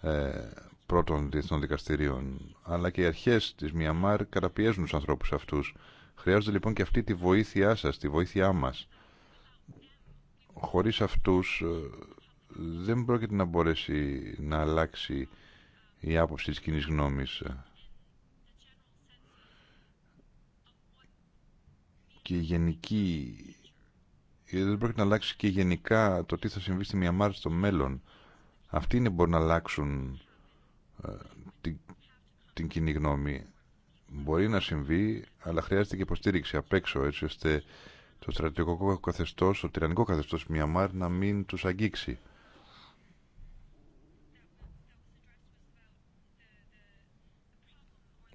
ε, πρώτων διεθνών δικαστηρίων, αλλά και οι αρχές της Μιαμάρ καταπιέζουν τους ανθρώπους αυτούς Χρειάζονται λοιπόν και αυτή τη βοήθειά σας, τη βοήθειά μας. Χωρίς αυτούς ε, δεν πρόκειται να μπορέσει να αλλάξει η άποψη της κοινή γνώμης. Και γενική... Ε, δεν πρόκειται να αλλάξει και γενικά το τι θα συμβεί στη Μιαμάρ στο μέλλον. Αυτοί είναι μπορούν να αλλάξουν ε, την κοινή γνώμη. Μπορεί να συμβεί, αλλά χρειάζεται και υποστήριξη απ' έξω, έτσι ώστε το στρατιωτικό καθεστώς, το τυραννικό καθεστώς Μιαμάρ να μην τους αγγίξει.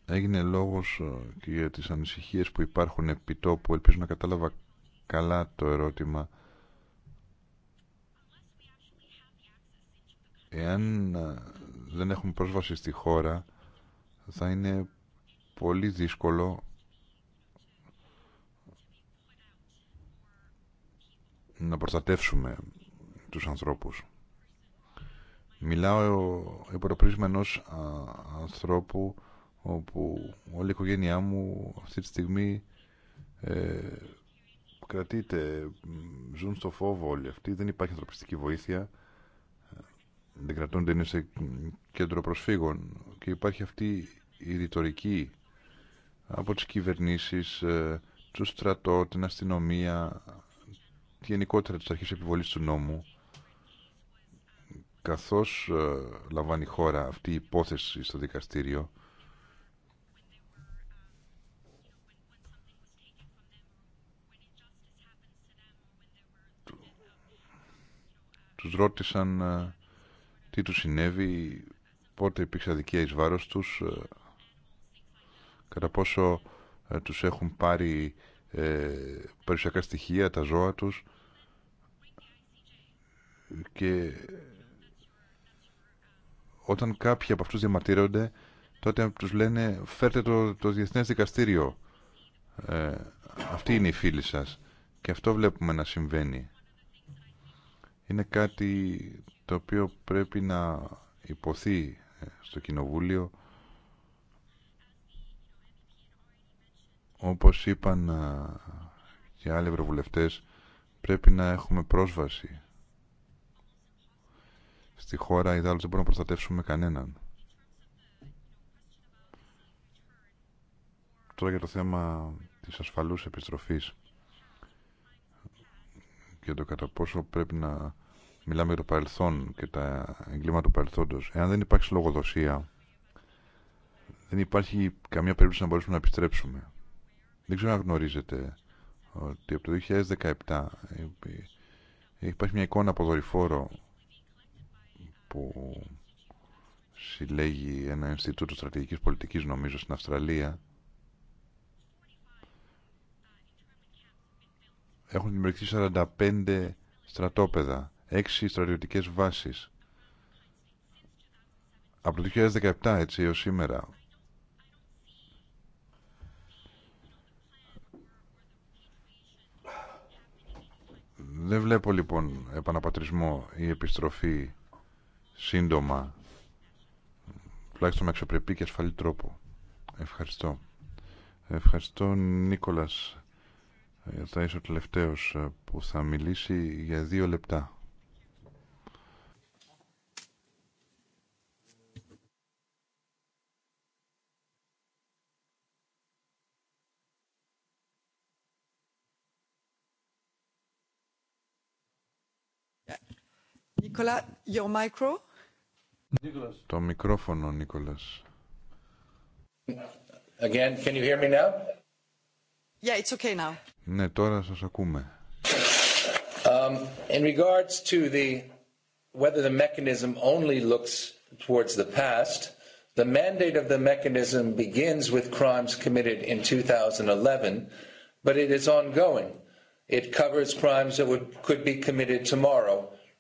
Έγινε λόγος ε, και για τις ανησυχίες που υπάρχουν επί τόπου. Ελπίζω να κατάλαβα καλά το ερώτημα. Εάν ε, δεν έχουμε πρόσβαση στη χώρα, θα είναι πολύ δύσκολο να προστατεύσουμε τους ανθρώπους. Μιλάω υπό το ανθρώπου όπου όλη η οικογένειά μου αυτή τη στιγμή ε, κρατείται, ζουν στο φόβο όλοι αυτοί, δεν υπάρχει ανθρωπιστική βοήθεια, ε, δεν κρατούνται, είναι σε κέντρο προσφύγων και υπάρχει αυτή η ρητορική από τις κυβερνήσεις, ε, του στρατό, την αστυνομία, γενικότερα τις αρχές επιβολής του νόμου. Καθώς ε, λαμβάνει η χώρα αυτή η υπόθεση στο δικαστήριο, τους ρώτησαν ε, τι του συνέβη, πότε υπήρξε αδικία εις βάρος τους, κατά πόσο ε, τους έχουν πάρει ε, περιουσιακά στοιχεία, τα ζώα τους και όταν κάποιοι από αυτούς διαμαρτύρονται τότε τους λένε φέρτε το, το Διεθνές Δικαστήριο ε, αυτή είναι η φίλη σας και αυτό βλέπουμε να συμβαίνει είναι κάτι το οποίο πρέπει να υποθεί ε, στο Κοινοβούλιο Όπως είπαν και άλλοι ευρωβουλευτέ, πρέπει να έχουμε πρόσβαση. Στη χώρα, ιδάλλως, δεν μπορούμε να προστατεύσουμε κανέναν. Τώρα για το θέμα της ασφαλούς επιστροφής και το κατά πόσο πρέπει να μιλάμε για το παρελθόν και τα εγκλήματα του παρελθόντος. Εάν δεν υπάρχει λογοδοσία, δεν υπάρχει καμία περίπτωση να μπορέσουμε να επιστρέψουμε. Δεν ξέρω αν γνωρίζετε ότι από το 2017 υπάρχει μια εικόνα από δορυφόρο που συλλέγει ένα Ινστιτούτο Στρατηγικής Πολιτικής νομίζω στην Αυστραλία έχουν δημιουργηθεί 45 στρατόπεδα, 6 στρατιωτικές βάσεις από το 2017 έτσι έως σήμερα Δεν βλέπω λοιπόν επαναπατρισμό ή επιστροφή σύντομα, τουλάχιστον με αξιοπρεπή και ασφαλή τρόπο. Ευχαριστώ. Ευχαριστώ Νίκολας, ε, θα είσαι ο τελευταίος ε, που θα μιλήσει για δύο λεπτά. Nicola, your micro. Το μικρόφωνο, Νίκολας. Again, can you hear me now? Yeah, it's okay now. Ναι, τώρα σας ακούμε. Um, in regards to the whether the mechanism only looks towards the past, the mandate of the mechanism begins with crimes committed in 2011, but it is ongoing. It covers crimes that would, could be committed tomorrow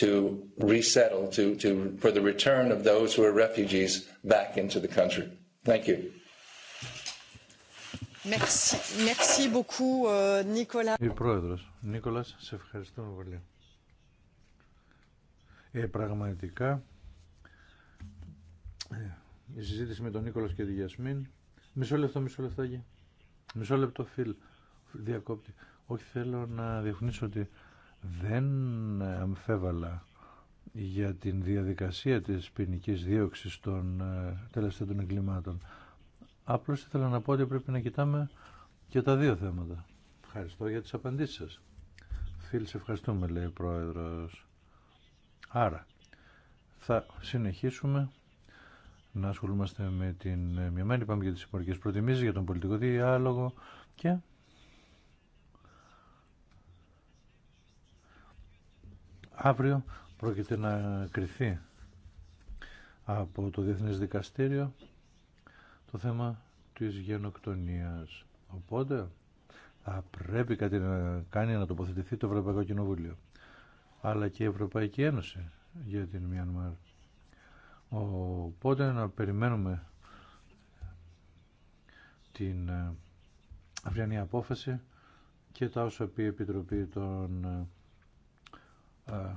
to resettle, to, to, for the return of those who are refugees back into the country. Thank you. Merci, merci beaucoup, euh, Nicolas. Η πρόεδρος, Νίκολας, σε ευχαριστούμε πολύ. Ε, πραγματικά, ε, η συζήτηση με τον Νίκολα και τη Γιασμίν. Μισό λεπτό, μισό λεπτάκι. Μισό λεπτό, Φιλ. Διακόπτη. Όχι, θέλω να διαφωνήσω ότι δεν αμφέβαλα για την διαδικασία της ποινική δίωξης των ε, τελευταίων των εγκλημάτων. Απλώς ήθελα να πω ότι πρέπει να κοιτάμε και τα δύο θέματα. Ευχαριστώ για τις απαντήσεις σας. Φίλοι, σε ευχαριστούμε, λέει ο Πρόεδρος. Άρα, θα συνεχίσουμε να ασχολούμαστε με την ε, μειωμένη, πάμε για τις υπορικές προτιμήσεις, για τον πολιτικό διάλογο και Αύριο πρόκειται να κριθεί από το Διεθνές Δικαστήριο το θέμα της γενοκτονίας. Οπότε θα πρέπει κάτι να κάνει να τοποθετηθεί το Ευρωπαϊκό Κοινοβούλιο αλλά και η Ευρωπαϊκή Ένωση για την Μιανμάρ. Οπότε να περιμένουμε την ε, αυριανή απόφαση και τα όσα πει η Επιτροπή των ε, α,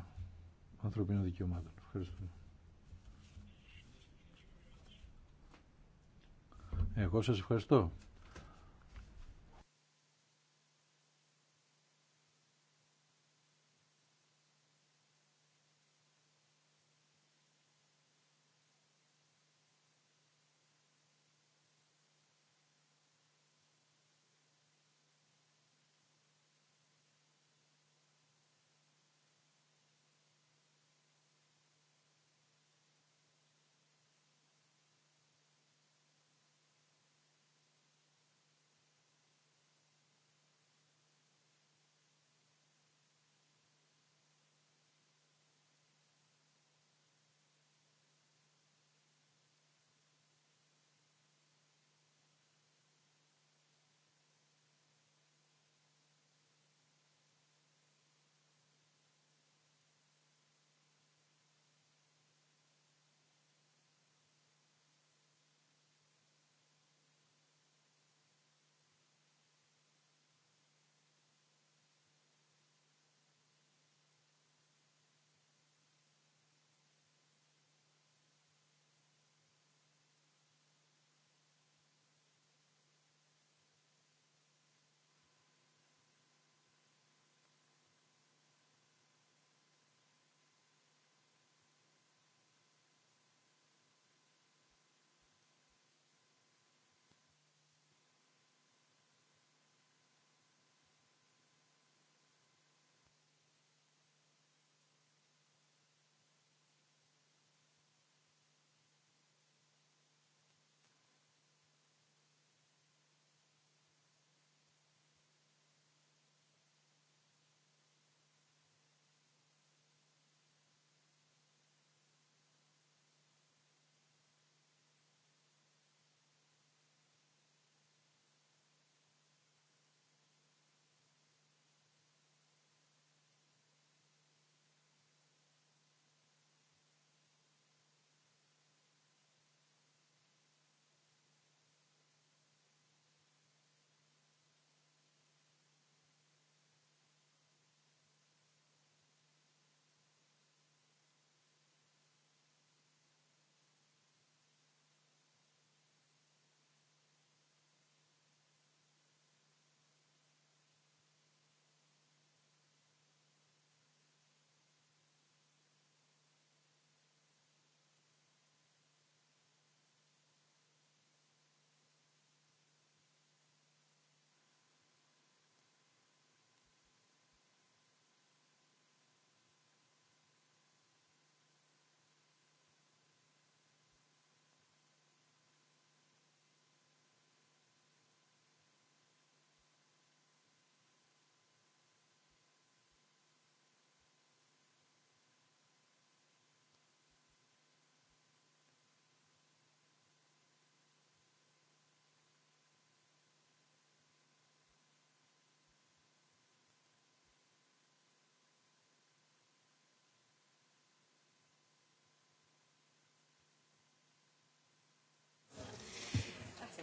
ανθρωπίνων δικαιωμάτων. Ευχαριστώ. Εγώ σας ευχαριστώ.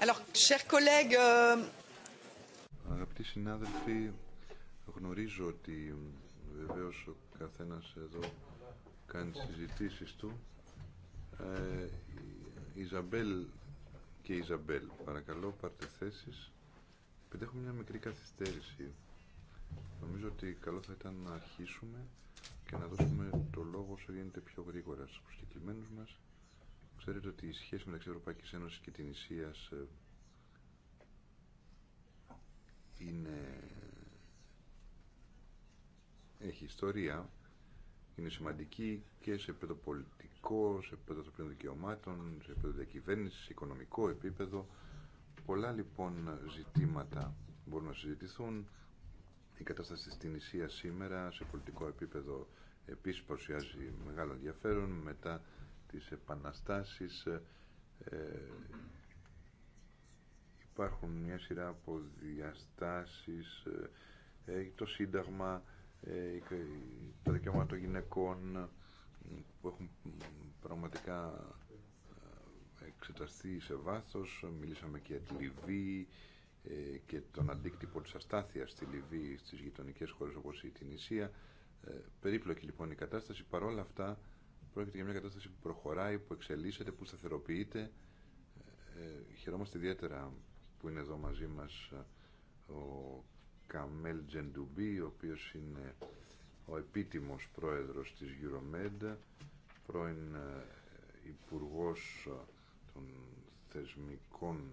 Euh, Αγαπητοί συνάδελφοι, γνωρίζω ότι βεβαίω ο καθένας εδώ κάνει συζητήσεις του. Ε, Ιζαμπέλ και Ιζαμπέλ, παρακαλώ πάρτε θέσεις. έχουμε μια μικρή καθυστέρηση, νομίζω ότι καλό θα ήταν να αρχίσουμε και να δώσουμε το λόγο όσο γίνεται πιο γρήγορα στους προσκεκλημένους μας Ξέρετε ότι η σχέση μεταξύ Ευρωπαϊκής Ένωσης και την Ισίας ε, είναι... έχει ιστορία, είναι σημαντική και σε επίπεδο πολιτικό, σε επίπεδο των δικαιωμάτων, σε επίπεδο διακυβέρνηση, σε οικονομικό επίπεδο. Πολλά λοιπόν ζητήματα μπορούν να συζητηθούν. Η κατάσταση στην Ισία σήμερα σε πολιτικό επίπεδο επίσης παρουσιάζει μεγάλο ενδιαφέρον μετά τις επαναστάσεις ε, ε, υπάρχουν μια σειρά από διαστάσεις ε, το σύνταγμα τα δικαιώματα των γυναικών που έχουν πραγματικά εξεταστεί σε βάθος μιλήσαμε και για τη Λιβύη και τον αντίκτυπο της αστάθειας στη Λιβύη στις γειτονικές χώρες όπως η Τινησία περίπλοκη λοιπόν η κατάσταση παρόλα αυτά Πρόκειται για μια κατάσταση που προχωράει, που εξελίσσεται, που σταθεροποιείται. Ε, χαιρόμαστε ιδιαίτερα που είναι εδώ μαζί μας ε, ο Καμέλ Τζεντουμπί, ο οποίος είναι ο επίτιμος πρόεδρος της Euromed, πρώην ε, υπουργός των θεσμικών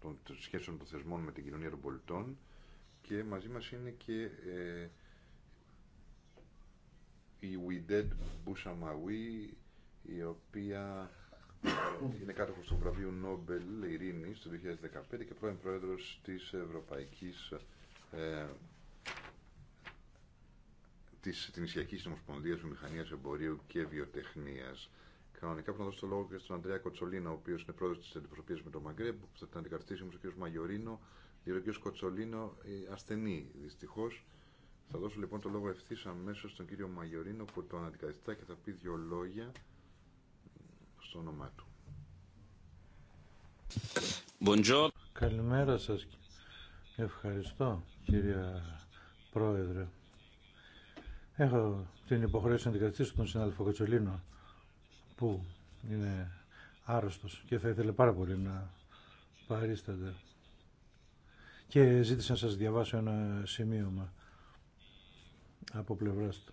των σχέσεων των θεσμών με την κοινωνία των πολιτών και μαζί μας είναι και η Widet Bouchamaoui η οποία ε, είναι κάτοχος του βραβείου Νόμπελ Ειρήνης το 2015 και πρώην πρόεδρος της Ευρωπαϊκής ε, της Ισιακή Μηχανίας Εμπορίου και Βιοτεχνίας. Κανονικά πρέπει να δώσω το λόγο και στον Αντρέα Κοτσολίνο, ο οποίο είναι πρόεδρο τη αντιπροσωπεία με το Μαγκρέμπ, που θα την αντικαταστήσει όμω ο κ. Μαγιορίνο, διότι ο κ. Κοτσολίνο ε, ασθενεί δυστυχώ θα δώσω λοιπόν το λόγο ευθύ αμέσω στον κύριο Μαγιορίνο που το αντικαθιστά και θα πει δύο λόγια στο όνομά του. Bonjour. Καλημέρα σας. Ευχαριστώ κύριε Πρόεδρε. Έχω την υποχρέωση να αντικαθιστήσω τον συνάδελφο Κατσολίνο που είναι άρρωστος και θα ήθελε πάρα πολύ να παρίσταται. Και ζήτησα να σας διαβάσω ένα σημείωμα από πλευράς του.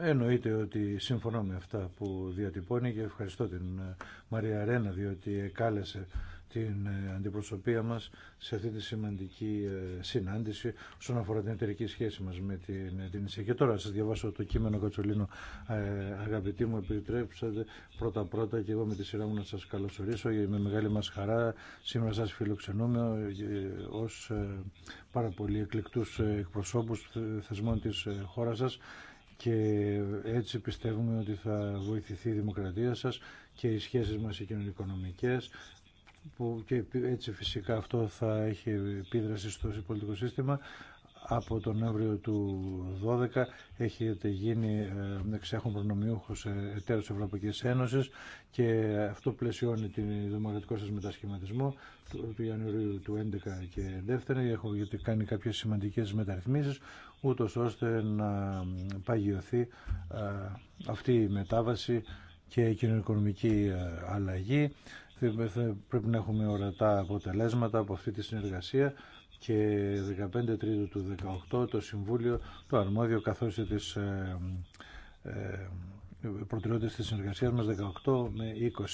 Εννοείται ότι συμφωνώ με αυτά που διατυπώνει και ευχαριστώ την ε, Μαρία Ρένα διότι κάλεσε την ε, αντιπροσωπεία μας σε αυτή τη σημαντική ε, συνάντηση όσον αφορά την εταιρική σχέση μας με την, ε, την Και τώρα σας διαβάσω το κείμενο Κατσολίνο. αγαπητοί μου, επιτρέψατε πρώτα-πρώτα και εγώ με τη σειρά μου να σας καλωσορίσω. Με μεγάλη μας χαρά σήμερα σας φιλοξενούμε ως πάρα πολύ εκλεκτούς εκπροσώπους θεσμών της χώρας σας και έτσι πιστεύουμε ότι θα βοηθηθεί η δημοκρατία σας και οι σχέσεις μας οι κοινωνικονομικές που και έτσι φυσικά αυτό θα έχει επίδραση στο πολιτικό σύστημα από τον Νοέμβριο του 2012 έχετε γίνει ε, εξέχον προνομιούχος ε, εταίρος Ευρωπαϊκής Ένωσης και αυτό πλαισιώνει την δημοκρατικό σας μετασχηματισμό του, Ιανουαρίου του 2011 και δεύτερα έχω κάνει κάποιες σημαντικές μεταρρυθμίσεις ούτω ώστε να παγιωθεί ε, αυτή η μετάβαση και η κοινωνικονομική αλλαγή Πρέπει να έχουμε ορατά αποτελέσματα από αυτή τη συνεργασία και 15 Τρίτου του 18 το Συμβούλιο, το αρμόδιο καθώς τις τι ε, ε, προτεραιότητε τη της συνεργασίας μας 18 με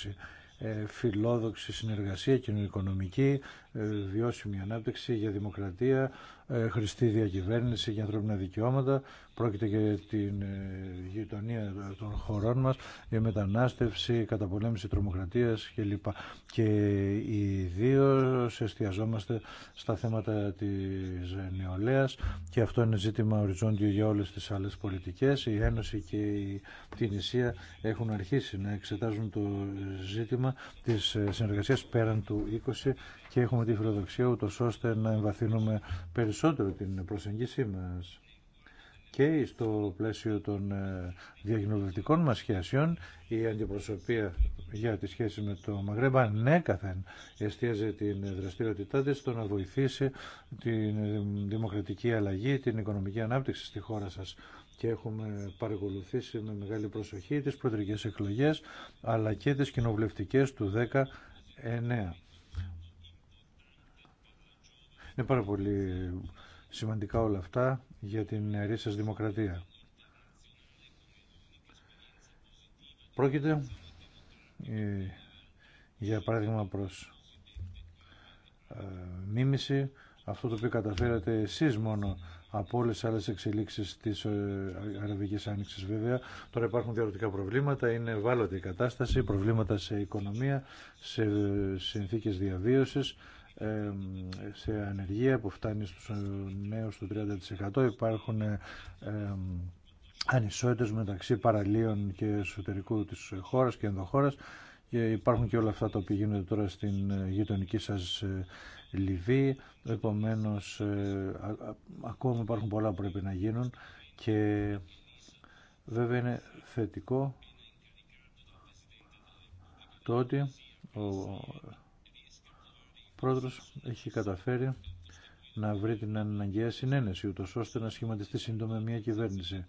20 ε, φιλόδοξη συνεργασία κοινωνικονομική ε, βιώσιμη ανάπτυξη, για δημοκρατία, ε, χρηστή διακυβέρνηση, για ανθρώπινα δικαιώματα. Πρόκειται για την ε, γειτονία των χωρών μας, για μετανάστευση, καταπολέμηση τρομοκρατίας κλπ. Και ιδίω εστιαζόμαστε στα θέματα της νεολαίας και αυτό είναι ζήτημα οριζόντιο για όλες τις άλλες πολιτικές. Η Ένωση και η Τινησία έχουν αρχίσει να εξετάζουν το ζήτημα της συνεργασίας πέραν του 20 και έχουμε τη φιλοδοξία ούτω ώστε να εμβαθύνουμε περισσότερο την προσεγγίσή μας και στο πλαίσιο των ε, διαγνωστικών μας σχέσεων η αντιπροσωπεία για τη σχέση με το Μαγρέμπα νέκαθεν εστίαζε την δραστηριότητά της στο να βοηθήσει την δημοκρατική αλλαγή, την οικονομική ανάπτυξη στη χώρα σας και έχουμε παρακολουθήσει με μεγάλη προσοχή τις προεδρικές εκλογές αλλά και τις κοινοβουλευτικές του 19. Είναι πάρα πολύ σημαντικά όλα αυτά για την νεαρή σας δημοκρατία. Πρόκειται ε, για παράδειγμα προς ε, μίμηση αυτό το οποίο καταφέρατε εσείς μόνο από όλες τις άλλες εξελίξεις της ε, Αραβικής Άνοιξης βέβαια. Τώρα υπάρχουν διαρροτικά προβλήματα, είναι ευάλωτη η κατάσταση, προβλήματα σε οικονομία, σε συνθήκες διαβίωσης, σε ανεργία που φτάνει στους νέους του 30%. Υπάρχουν ανισότητες μεταξύ παραλίων και εσωτερικού της χώρας και ενδοχώρας και υπάρχουν και όλα αυτά τα οποία γίνονται τώρα στην γειτονική σας ε, Λιβύη. Επομένως, ε, ακόμα υπάρχουν πολλά που πρέπει να γίνουν και βέβαια είναι θετικό το ότι πρόεδρος έχει καταφέρει να βρει την αναγκαία συνένεση, ούτως ώστε να σχηματιστεί σύντομα μια κυβέρνηση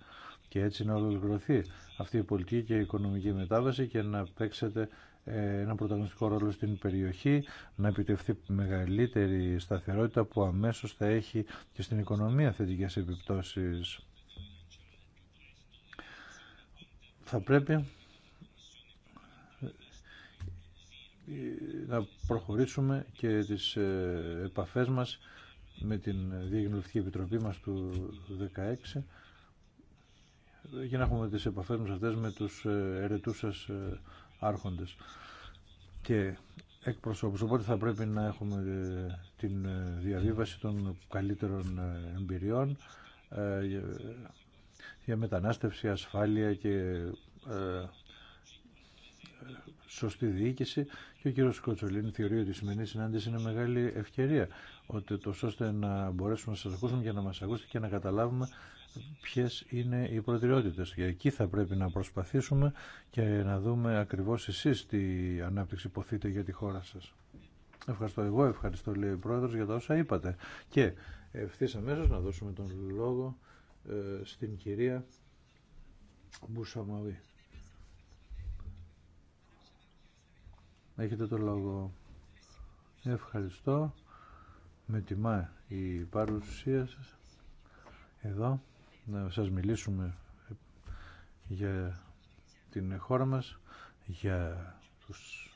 και έτσι να ολοκληρωθεί αυτή η πολιτική και η οικονομική μετάβαση και να παίξετε ε, ένα πρωταγωνιστικό ρόλο στην περιοχή, να επιτευχθεί μεγαλύτερη σταθερότητα που αμέσως θα έχει και στην οικονομία θετικές επιπτώσεις. Θα πρέπει να προχωρήσουμε και τις ε, επαφές μας με την Διεγνωτική Επιτροπή μας του 2016 για να έχουμε τις επαφές μας αυτές με τους ε, ερετούς σας ε, άρχοντες και εκπροσώπους. Οπότε θα πρέπει να έχουμε την διαβίβαση των καλύτερων εμπειριών για μετανάστευση, ασφάλεια και σωστή διοίκηση και ο κύριο Κοτσολίνη θεωρεί ότι η σημερινή συνάντηση είναι μεγάλη ευκαιρία, ότι τόσο ώστε να μπορέσουμε να σα ακούσουμε και να μα ακούσετε και να καταλάβουμε ποιε είναι οι προτεραιότητε. Και εκεί θα πρέπει να προσπαθήσουμε και να δούμε ακριβώ εσεί τι ανάπτυξη υποθείτε για τη χώρα σα. Ευχαριστώ εγώ, ευχαριστώ λέει ο πρόεδρο για τα όσα είπατε. Και ευθύ αμέσω να δώσουμε τον λόγο ε, στην κυρία Μπουσαμαβή. Έχετε το λόγο. Ευχαριστώ. Με τιμά η παρουσία σας εδώ να σας μιλήσουμε για την χώρα μας, για τους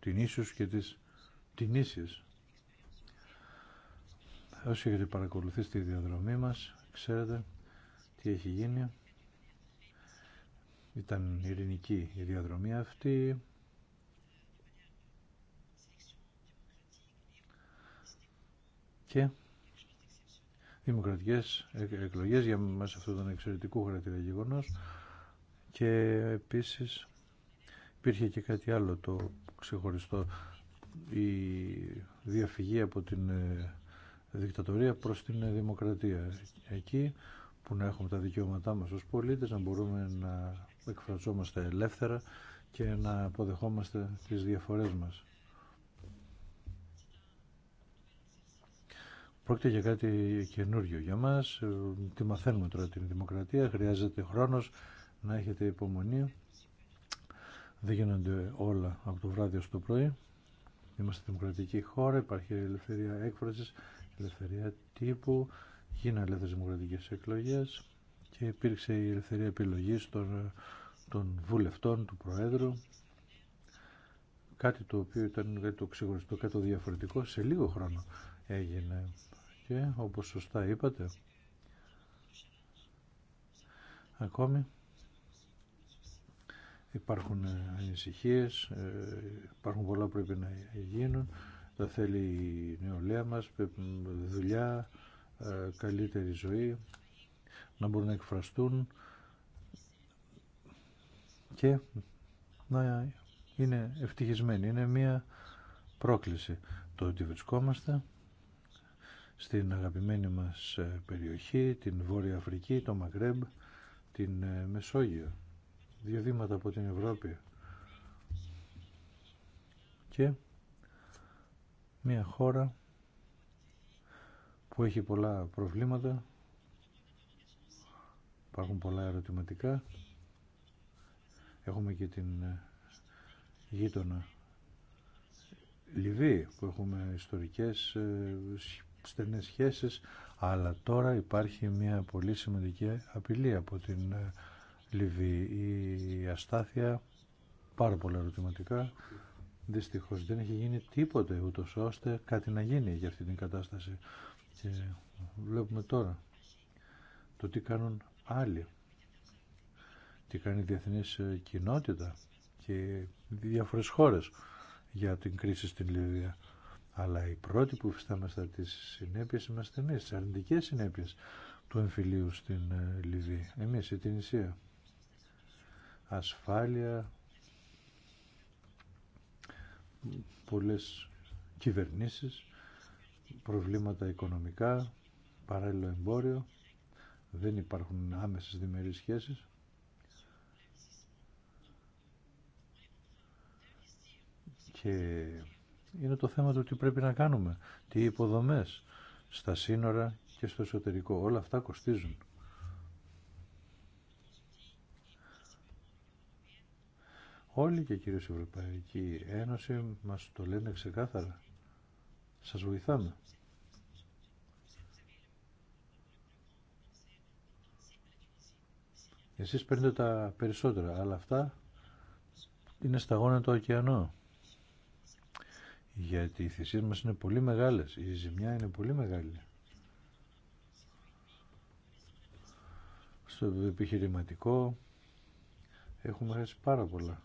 τινήσιους και τις τινήσεις. Όσοι έχετε παρακολουθήσει τη διαδρομή μας, ξέρετε τι έχει γίνει. Ήταν ειρηνική η διαδρομή αυτή, και δημοκρατικέ εκλογές για μας αυτό τον εξαιρετικό χαρακτήρα γεγονό και επίσης υπήρχε και κάτι άλλο το ξεχωριστό η διαφυγή από την ε, δικτατορία προς την ε, δημοκρατία εκεί που να έχουμε τα δικαιώματά μας ως πολίτες να μπορούμε να εκφραζόμαστε ελεύθερα και να αποδεχόμαστε τις διαφορές μας. Πρόκειται για κάτι καινούριο για μας. Ε, Τι μαθαίνουμε τώρα την δημοκρατία. Χρειάζεται χρόνος να έχετε υπομονή. Δεν γίνονται όλα από το βράδυ στο το πρωί. Είμαστε δημοκρατική χώρα, υπάρχει ελευθερία έκφρασης, ελευθερία τύπου, γίνανε ελεύθερε δημοκρατικές εκλογές και υπήρξε η ελευθερία επιλογής των, των βουλευτών, του Προέδρου. Κάτι το οποίο ήταν κάτι το ξεχωριστό, κάτι το διαφορετικό, σε λίγο χρόνο έγινε και όπως σωστά είπατε ακόμη υπάρχουν ανησυχίε, ε, υπάρχουν πολλά που πρέπει να γίνουν θα θέλει η νεολαία μας δουλειά ε, καλύτερη ζωή να μπορούν να εκφραστούν και να είναι ευτυχισμένοι είναι μια πρόκληση το ότι βρισκόμαστε στην αγαπημένη μας ε, περιοχή, την Βόρεια Αφρική, το Μαγκρέμπ, την ε, Μεσόγειο. Δύο βήματα από την Ευρώπη. Και μια χώρα που έχει πολλά προβλήματα, υπάρχουν πολλά ερωτηματικά. Έχουμε και την ε, γείτονα Λιβύη που έχουμε ιστορικές στενές σχέσεις, αλλά τώρα υπάρχει μια πολύ σημαντική απειλή από την ε, Λιβύη. Η αστάθεια, πάρα πολλά ερωτηματικά, δυστυχώς δεν έχει γίνει τίποτε ούτως ώστε κάτι να γίνει για αυτή την κατάσταση. Και βλέπουμε τώρα το τι κάνουν άλλοι, τι κάνει η διεθνής ε, κοινότητα και διάφορες χώρες για την κρίση στην Λιβύη αλλά οι πρώτοι που φυστάμαστε τι συνέπειε είμαστε εμείς, τι αρνητικές συνέπειες του εμφυλίου στην ε, Λιβύη. Εμείς, η Τινησία. Ασφάλεια, Πολλέ κυβερνήσεις, προβλήματα οικονομικά, παράλληλο εμπόριο, δεν υπάρχουν άμεσες διμερείς σχέσεις. Και είναι το θέμα του τι πρέπει να κάνουμε, τι υποδομές στα σύνορα και στο εσωτερικό. Όλα αυτά κοστίζουν. Όλοι και κυρίως η Ευρωπαϊκή Ένωση μας το λένε ξεκάθαρα. Σας βοηθάμε. Εσείς παίρνετε τα περισσότερα, αλλά αυτά είναι σταγόνα το ωκεανό γιατί οι θυσίες μας είναι πολύ μεγάλες, η ζημιά είναι πολύ μεγάλη. Στο επιχειρηματικό έχουμε χάσει πάρα πολλά.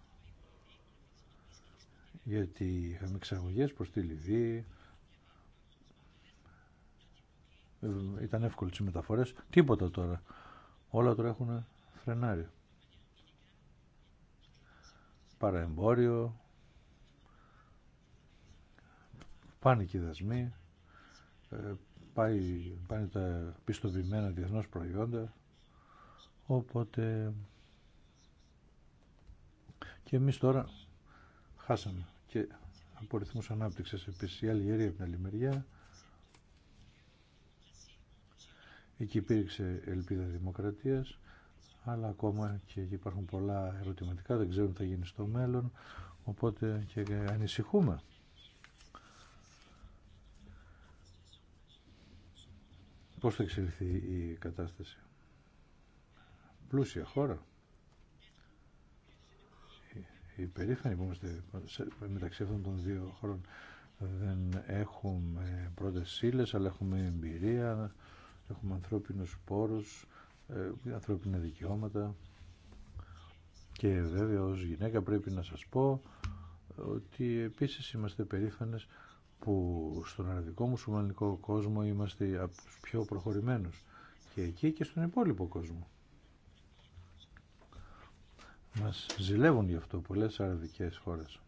Γιατί είχαμε εξαγωγές προς τη Λιβύη, ε, ήταν εύκολες οι μεταφορές, τίποτα τώρα. Όλα τώρα έχουν φρενάρει. Παραεμπόριο, Πάνε και οι δασμοί, ε, πάει, πάνε τα πιστοποιημένα διεθνώς προϊόντα, οπότε και εμείς τώρα χάσαμε και από ρυθμούς ανάπτυξης επίσης η Αλγερία από την άλλη μεριά εκεί υπήρξε ελπίδα δημοκρατίας αλλά ακόμα και υπάρχουν πολλά ερωτηματικά δεν ξέρουμε τι θα γίνει στο μέλλον οπότε και ανησυχούμε Πώς θα εξελιχθεί η κατάσταση. Πλούσια χώρα. Οι περήφανοι που είμαστε μεταξύ αυτών των δύο χωρών δεν έχουμε πρώτες σύλλες, αλλά έχουμε εμπειρία, έχουμε ανθρώπινους πόρους, ε, ανθρώπινα δικαιώματα και βέβαια ως γυναίκα πρέπει να σας πω ότι επίσης είμαστε περήφανες που στον αραβικό μουσουλμανικό κόσμο είμαστε από πιο προχωρημένους και εκεί και στον υπόλοιπο κόσμο. Μας ζηλεύουν γι' αυτό πολλές αραβικές χώρες.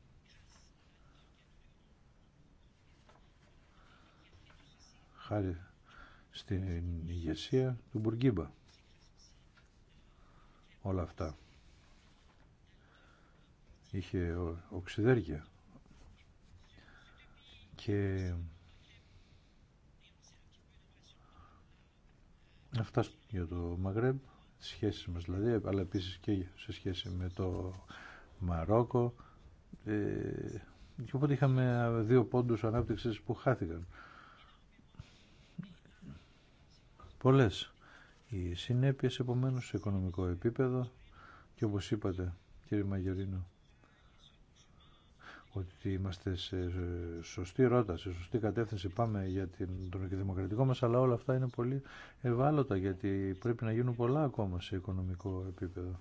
Χάρη στην ηγεσία του Μπουργκίμπα. Όλα αυτά. Είχε οξυδέργεια και αυτά για το τις σχέσεις μας δηλαδή αλλά επίσης και σε σχέση με το Μαρόκο ε, και οπότε είχαμε δύο πόντους ανάπτυξης που χάθηκαν πολλές οι συνέπειες επομένως σε οικονομικό επίπεδο και όπως είπατε κύριε Μαγερίνο ότι είμαστε σε σωστή ρότα, σε σωστή κατεύθυνση πάμε για την, τον δημοκρατικό μας, αλλά όλα αυτά είναι πολύ ευάλωτα γιατί πρέπει να γίνουν πολλά ακόμα σε οικονομικό επίπεδο.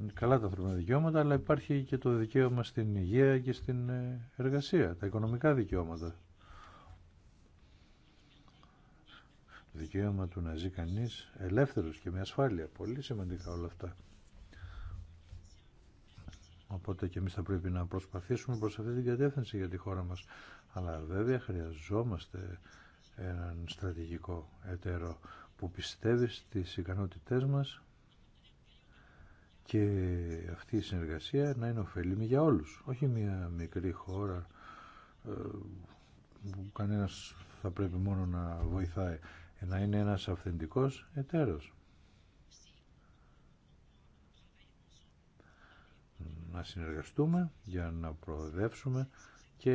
Είναι καλά τα ανθρώπινα δικαιώματα, αλλά υπάρχει και το δικαίωμα στην υγεία και στην ε, εργασία, τα οικονομικά δικαιώματα. Το δικαίωμα του να ζει κανείς ελεύθερος και με ασφάλεια. Πολύ σημαντικά όλα αυτά. Οπότε και εμεί θα πρέπει να προσπαθήσουμε προς αυτή την κατεύθυνση για τη χώρα μας. Αλλά βέβαια χρειαζόμαστε έναν στρατηγικό εταίρο που πιστεύει στις ικανότητές μας και αυτή η συνεργασία να είναι ωφέλιμη για όλους. Όχι μια μικρή χώρα ε, που κανένας θα πρέπει μόνο να βοηθάει. Ε, να είναι ένας αυθεντικός εταίρος. να συνεργαστούμε για να προοδεύσουμε και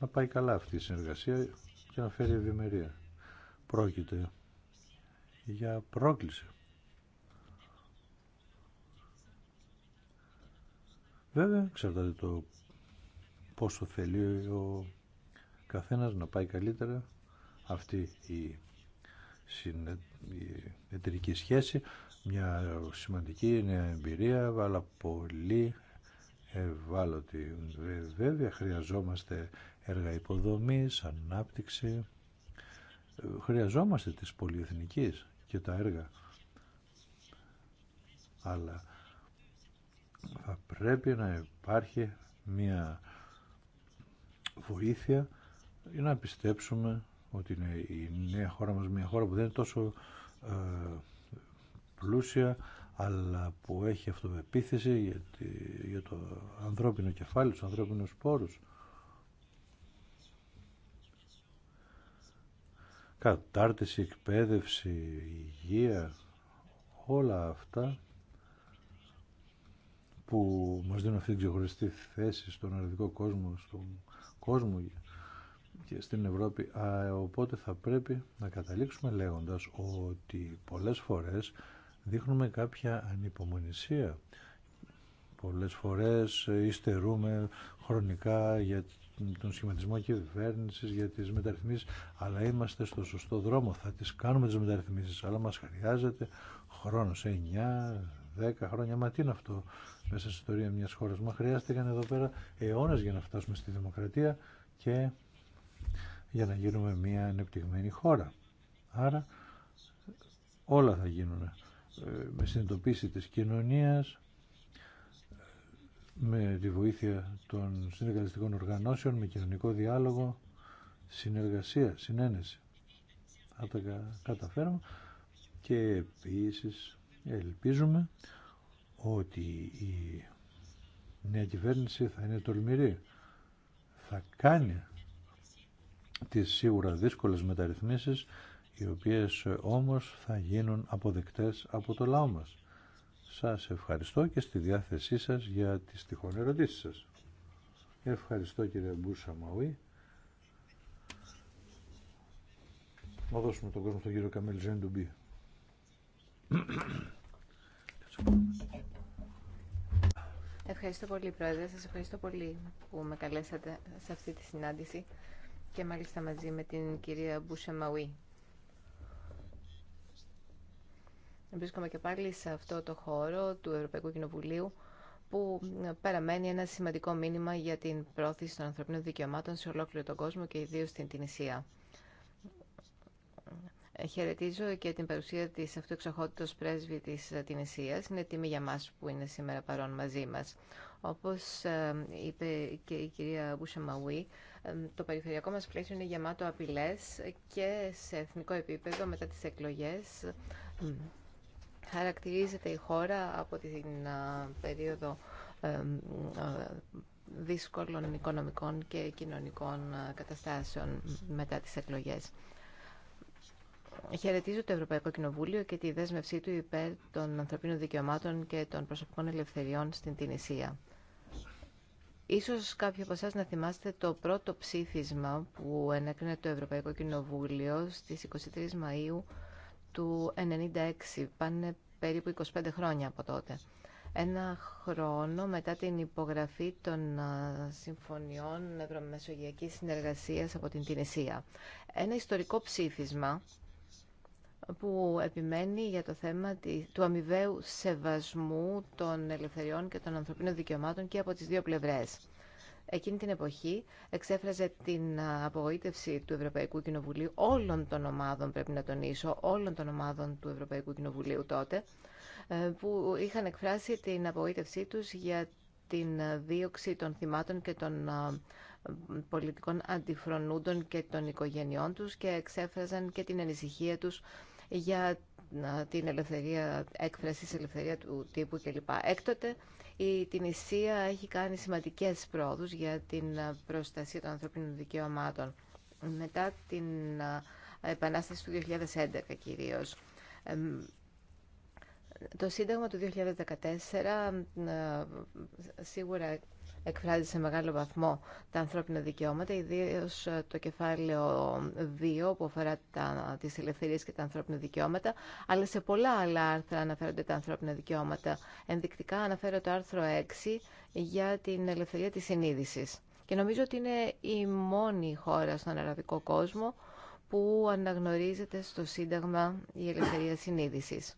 να πάει καλά αυτή η συνεργασία και να φέρει ευημερία. Πρόκειται για πρόκληση. Βέβαια, εξαρτάται το πόσο θέλει ο καθένας να πάει καλύτερα αυτή η, εταιρική σχέση. Μια σημαντική νέα εμπειρία, αλλά πολύ ευάλωτοι. Βέβαια χρειαζόμαστε έργα υποδομής, ανάπτυξη. Χρειαζόμαστε τις πολυεθνικής και τα έργα. Αλλά θα πρέπει να υπάρχει μια βοήθεια ή να πιστέψουμε ότι είναι η νέα χώρα μας μια χώρα που δεν είναι τόσο ε, πλούσια αλλά που έχει αυτοπεποίθηση για, για το ανθρώπινο κεφάλι, του ανθρώπινους πόρους. Κατάρτιση, εκπαίδευση, υγεία, όλα αυτά που μας δίνουν αυτή την ξεχωριστή θέση στον αραβικό κόσμο, στον κόσμο και στην Ευρώπη. οπότε θα πρέπει να καταλήξουμε λέγοντας ότι πολλές φορές δείχνουμε κάποια ανυπομονησία. Πολλές φορές υστερούμε χρονικά για τον σχηματισμό κυβέρνηση, για τις μεταρρυθμίσεις, αλλά είμαστε στο σωστό δρόμο. Θα τις κάνουμε τις μεταρρυθμίσεις, αλλά μας χρειάζεται χρόνος, 9, 10 χρόνια. Μα τι είναι αυτό μέσα στην ιστορία μιας χώρας. Μα χρειάστηκαν εδώ πέρα αιώνες για να φτάσουμε στη δημοκρατία και για να γίνουμε μια ανεπτυγμένη χώρα. Άρα όλα θα γίνουν με συνειδητοποίηση της κοινωνίας, με τη βοήθεια των συνεργαστικών οργανώσεων, με κοινωνικό διάλογο, συνεργασία, συνένεση. Θα τα καταφέρουμε και επίσης ελπίζουμε ότι η νέα κυβέρνηση θα είναι τολμηρή. Θα κάνει τις σίγουρα δύσκολες μεταρρυθμίσεις οι οποίες ε, όμως θα γίνουν αποδεκτές από το λαό μας. Σας ευχαριστώ και στη διάθεσή σας για τις τυχόν ερωτήσεις σας. Ευχαριστώ κύριε Μπούσα Μαουή. Να δώσουμε τον κόσμο στον κύριο Καμέλ Ευχαριστώ πολύ Πρόεδρε, σας ευχαριστώ πολύ που με καλέσατε σε αυτή τη συνάντηση και μάλιστα μαζί με την κυρία Μπούσα Μαουή. βρίσκομαι και πάλι σε αυτό το χώρο του Ευρωπαϊκού Κοινοβουλίου που ε, παραμένει ένα σημαντικό μήνυμα για την πρόθεση των ανθρωπίνων δικαιωμάτων σε ολόκληρο τον κόσμο και ιδίως στην Τινησία. Ε, χαιρετίζω και την παρουσία της αυτού πρέσβη της ε, Τινησίας. Είναι τιμή για μας που είναι σήμερα παρόν μαζί μας. Όπως είπε και η κυρία Μπουσαμαουή, το περιφερειακό μας πλαίσιο είναι γεμάτο απειλές και σε εθνικό επίπεδο μετά τις εκλογές Χαρακτηρίζεται η χώρα από την περίοδο ε, δύσκολων οικονομικών και κοινωνικών καταστάσεων μετά τις εκλογές. Χαιρετίζω το Ευρωπαϊκό Κοινοβούλιο και τη δέσμευσή του υπέρ των ανθρωπίνων δικαιωμάτων και των προσωπικών ελευθεριών στην Τινησία. Ίσως κάποιοι από εσά να θυμάστε το πρώτο ψήφισμα που ενέκρινε το Ευρωπαϊκό Κοινοβούλιο στις 23 Μαΐου του 1996. Πάνε περίπου 25 χρόνια από τότε. Ένα χρόνο μετά την υπογραφή των συμφωνιών ευρωμεσογειακής συνεργασίας από την Τινησία. Ένα ιστορικό ψήφισμα που επιμένει για το θέμα του αμοιβαίου σεβασμού των ελευθεριών και των ανθρωπίνων δικαιωμάτων και από τις δύο πλευρές. Εκείνη την εποχή εξέφραζε την απογοήτευση του Ευρωπαϊκού Κοινοβουλίου όλων των ομάδων, πρέπει να τονίσω, όλων των ομάδων του Ευρωπαϊκού Κοινοβουλίου τότε, ε, που είχαν εκφράσει την απογοήτευσή τους για την ε, δίωξη των θυμάτων και των πολιτικών αντιφρονούντων και των οικογενειών τους και εξέφραζαν και την ανησυχία τους για την ελευθερία έκφρασης, ελευθερία του τύπου κλπ. Έκτοτε η Τινησία έχει κάνει σημαντικές πρόοδους για την ε, προστασία των ανθρωπίνων δικαιωμάτων μετά την ε, επανάσταση του 2011 κυρίως. Το Σύνταγμα του 2014 ε, σίγουρα εκφράζει σε μεγάλο βαθμό τα ανθρώπινα δικαιώματα, ιδίω ε, το κεφάλαιο 2 που αφορά τα, τις και τα ανθρώπινα δικαιώματα, αλλά σε πολλά άλλα άρθρα αναφέρονται τα ανθρώπινα δικαιώματα. Ενδεικτικά αναφέρω το άρθρο 6 για την ελευθερία τη συνείδηση. Και νομίζω ότι είναι η μόνη χώρα στον αραβικό κόσμο που αναγνωρίζεται στο Σύνταγμα η ελευθερία συνείδησης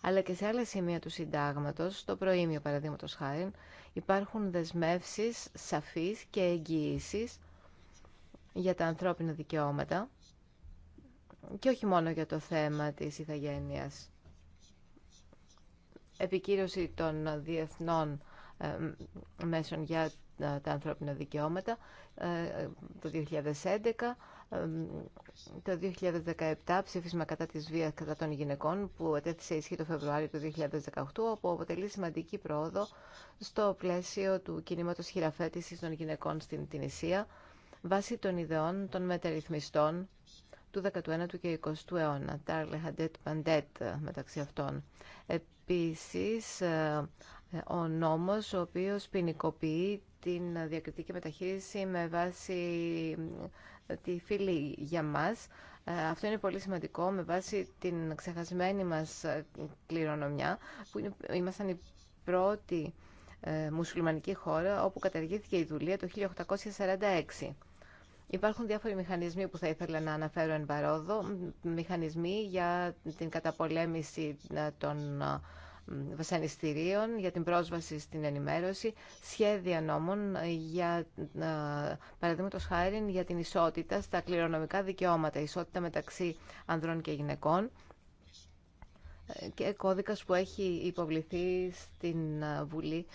αλλά και σε άλλα σημεία του συντάγματος, το προήμιο παραδείγματο χάρη, Υπάρχουν δεσμεύσεις σαφείς και εγγυήσει για τα ανθρώπινα δικαιώματα και όχι μόνο για το θέμα της ηθαγένειας. Επικύρωση των διεθνών μέσων για ε, τα ανθρώπινα δικαιώματα ε, ε, το 2011 το 2017 ψήφισμα κατά της βίας κατά των γυναικών που ετέθησε ισχύ το Φεβρουάριο του 2018 όπου αποτελεί σημαντική πρόοδο στο πλαίσιο του κινήματος χειραφέτησης των γυναικών στην Τινησία βάσει των ιδεών των μεταρρυθμιστών του 19ου και 20ου αιώνα, Τάρλε Χαντέτ Παντέτ μεταξύ αυτών. Επίσης, ε, ο νόμος ο οποίος ποινικοποιεί την διακριτική μεταχείριση με βάση τη φίλη για μας. Ε, αυτό είναι πολύ σημαντικό με βάση την ξεχασμένη μας ε, κληρονομιά που ήμασταν η πρώτη ε, μουσουλμανική χώρα όπου καταργήθηκε η δουλεία το 1846. Υπάρχουν διάφοροι μηχανισμοί που θα ήθελα να αναφέρω εν παρόδο. Μηχανισμοί για την καταπολέμηση των βασανιστήριων, για την πρόσβαση στην ενημέρωση, σχέδια νόμων για, ε, παραδείγματος χάρη, για την ισότητα στα κληρονομικά δικαιώματα, ισότητα μεταξύ ανδρών και γυναικών ε, και κώδικας που έχει υποβληθεί στην ε, Βουλή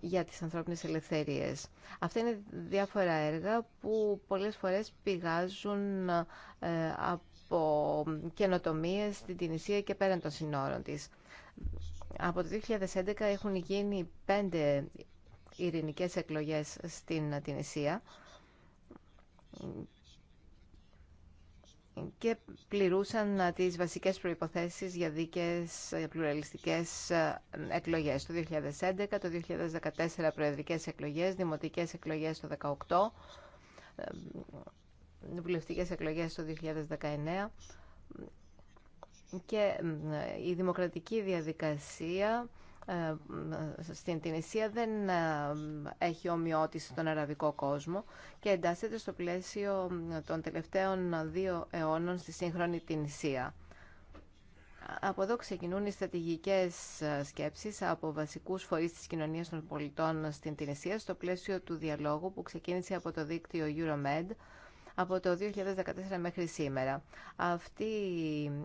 για τις ανθρώπινες ελευθερίες. Αυτά είναι διάφορα έργα που πολλές φορές πηγάζουν από καινοτομίες στην Τινησία και πέραν των συνόρων της. Από το 2011 έχουν γίνει πέντε ειρηνικές εκλογές στην Αττινησία και πληρούσαν τις βασικές προϋποθέσεις για δίκες πλουραλιστικές εκλογές. Το 2011, το 2014 προεδρικές εκλογές, δημοτικές εκλογές το 2018, ε, βουλευτικές εκλογές το 2019 και η δημοκρατική διαδικασία ε, στην Τινησία δεν ε, έχει ομοιότηση στον αραβικό κόσμο και εντάσσεται στο πλαίσιο των τελευταίων δύο αιώνων στη σύγχρονη Τινησία. Από εδώ ξεκινούν οι στρατηγικές ε, σκέψεις από βασικούς φορείς της κοινωνίας των πολιτών στην Τινησία στο πλαίσιο του διαλόγου που ξεκίνησε από το δίκτυο Euromed από το 2014 μέχρι σήμερα. Αυτή,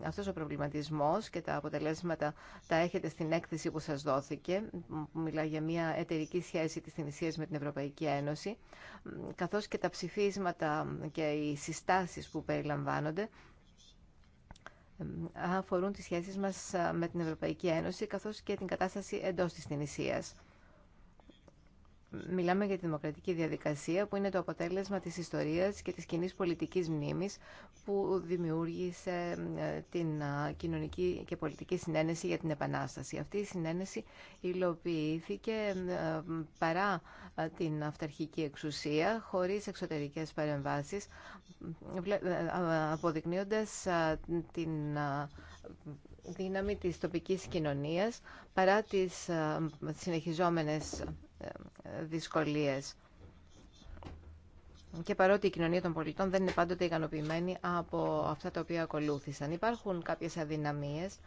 αυτός ο προβληματισμός και τα αποτελέσματα τα έχετε στην έκθεση που σας δόθηκε, που μιλά για μια εταιρική σχέση της Τινησίας με την Ευρωπαϊκή Ένωση, καθώς και τα ψηφίσματα και οι συστάσεις που περιλαμβάνονται, ε, αφορούν τις σχέσεις μας με την Ευρωπαϊκή Ένωση καθώς και την κατάσταση εντός της Τινησίας. Μιλάμε για τη δημοκρατική διαδικασία που είναι το αποτέλεσμα της ιστορίας και της κοινή πολιτικής μνήμης που δημιούργησε ε, την ε, κοινωνική και πολιτική συνένεση για την Επανάσταση. Αυτή η συνένεση υλοποιήθηκε ε, παρά την αυταρχική εξουσία, χωρίς εξωτερικές παρεμβάσεις, αποδεικνύοντας την δύναμη της τοπικής κοινωνίας παρά τις συνεχιζόμενες ε, δυσκολίες. Και παρότι η κοινωνία των πολιτών δεν είναι πάντοτε ικανοποιημένη από αυτά τα οποία ακολούθησαν. Υπάρχουν κάποιες αδυναμίες,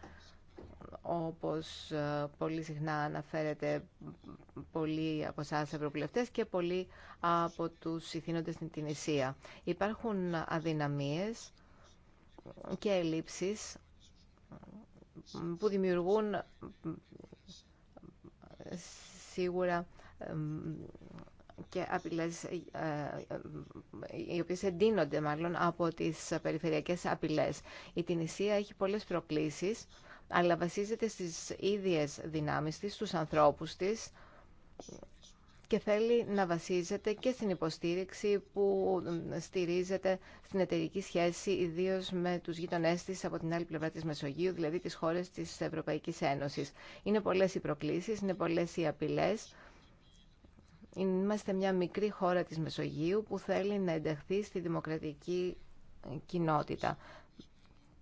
όπως ε, πολύ συχνά αναφέρεται πολλοί από εσάς ευρωβουλευτές και πολλοί από τους ηθήνοντες στην Τινησία. Υπάρχουν αδυναμίες και ελλείψεις που δημιουργούν ε, σίγουρα και απειλές ε, ε, οι οποίες εντείνονται μάλλον από τις περιφερειακές απειλές. Η Τινησία έχει πολλές προκλήσεις, αλλά βασίζεται στις ίδιες δυνάμεις της, στους ανθρώπους της και θέλει να βασίζεται και στην υποστήριξη που στηρίζεται στην εταιρική σχέση, ιδίω με του γείτονέ τη από την άλλη πλευρά τη Μεσογείου, δηλαδή τι χώρε τη Ευρωπαϊκή Ένωση. Είναι πολλέ οι προκλήσει, είναι πολλέ οι απειλέ Είμαστε μια μικρή χώρα της Μεσογείου που θέλει να ενταχθεί στη δημοκρατική κοινότητα.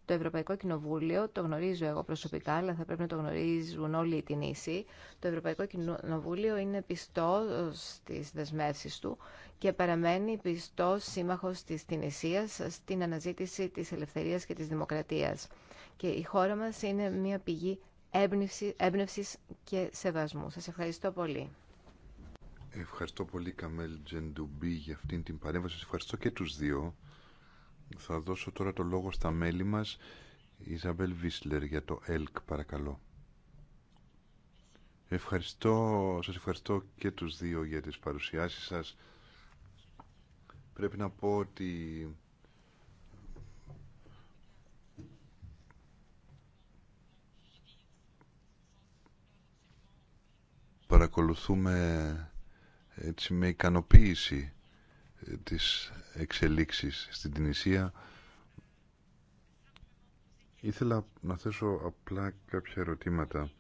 Το Ευρωπαϊκό Κοινοβούλιο, το γνωρίζω εγώ προσωπικά, αλλά θα πρέπει να το γνωρίζουν όλοι οι Τινήσοι. Το Ευρωπαϊκό Κοινοβούλιο είναι πιστό στις δεσμεύσεις του και παραμένει πιστό σύμμαχος της Τινησίας στην αναζήτηση της ελευθερίας και της δημοκρατίας. Και η χώρα μας είναι μια πηγή έμπνευσης και σεβασμού. Σας ευχαριστώ πολύ. Ευχαριστώ πολύ Καμέλ Τζεντουμπή για αυτήν την παρέμβαση. Σας ευχαριστώ και τους δύο. Θα δώσω τώρα το λόγο στα μέλη μας. Ιζαμπέλ Βίσλερ για το ΕΛΚ παρακαλώ. Ευχαριστώ, σας ευχαριστώ και τους δύο για τις παρουσιάσεις σας. Πρέπει να πω ότι παρακολουθούμε έτσι με ικανοποίηση ε, της εξελίξης στην Τινησία ήθελα να θέσω απλά κάποια ερωτήματα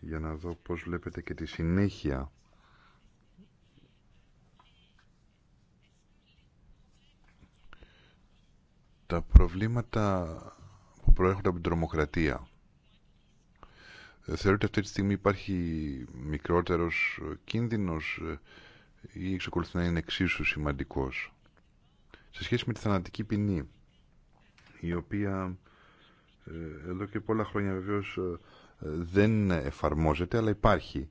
για να δω πώς βλέπετε και τη συνέχεια τα προβλήματα που προέρχονται από την τρομοκρατία ε, θεωρείτε αυτή τη στιγμή υπάρχει μικρότερος κίνδυνος ε, ή εξακολουθεί να είναι εξίσου σημαντικός. Σε σχέση με τη θανατική ποινή, η οποία ε, εδώ και πολλά χρόνια βεβαίως δεν εφαρμόζεται, αλλά υπάρχει.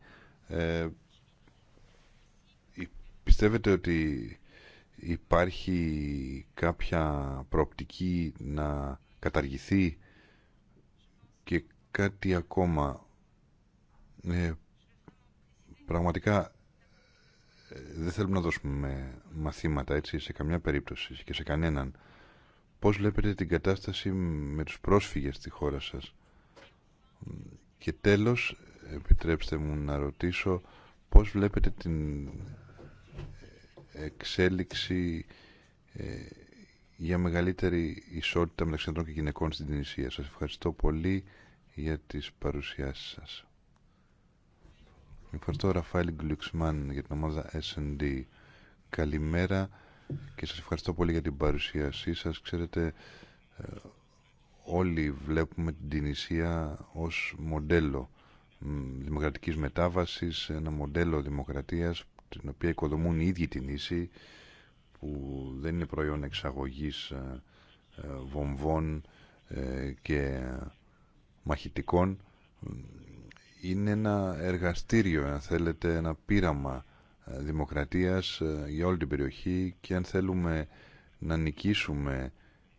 πιστεύετε ότι υπάρχει κάποια προοπτική να καταργηθεί και κάτι ακόμα ναι, πραγματικά ε, δεν θέλουμε να δώσουμε μαθήματα έτσι σε καμιά περίπτωση και σε κανέναν. Πώς βλέπετε την κατάσταση με τους πρόσφυγες στη χώρα σας. Και τέλος, επιτρέψτε μου να ρωτήσω, πώς βλέπετε την ε, εξέλιξη ε, για μεγαλύτερη ισότητα μεταξύ των και γυναικών στην Τινησία. Σας ευχαριστώ πολύ για τις παρουσιάσεις σας. Ευχαριστώ Ραφαήλ Γκλουξμάν για την ομάδα S&D. Καλημέρα και σας ευχαριστώ πολύ για την παρουσίασή σας. Ξέρετε, ε, όλοι βλέπουμε την Τινησία ως μοντέλο δημοκρατικής μετάβασης, ένα μοντέλο δημοκρατίας την οποία οικοδομούν οι ίδιοι την ίση που δεν είναι προϊόν εξαγωγής ε, ε, βομβών και μαχητικών είναι ένα εργαστήριο, αν θέλετε, ένα πείραμα ε, δημοκρατίας ε, για όλη την περιοχή και αν θέλουμε να νικήσουμε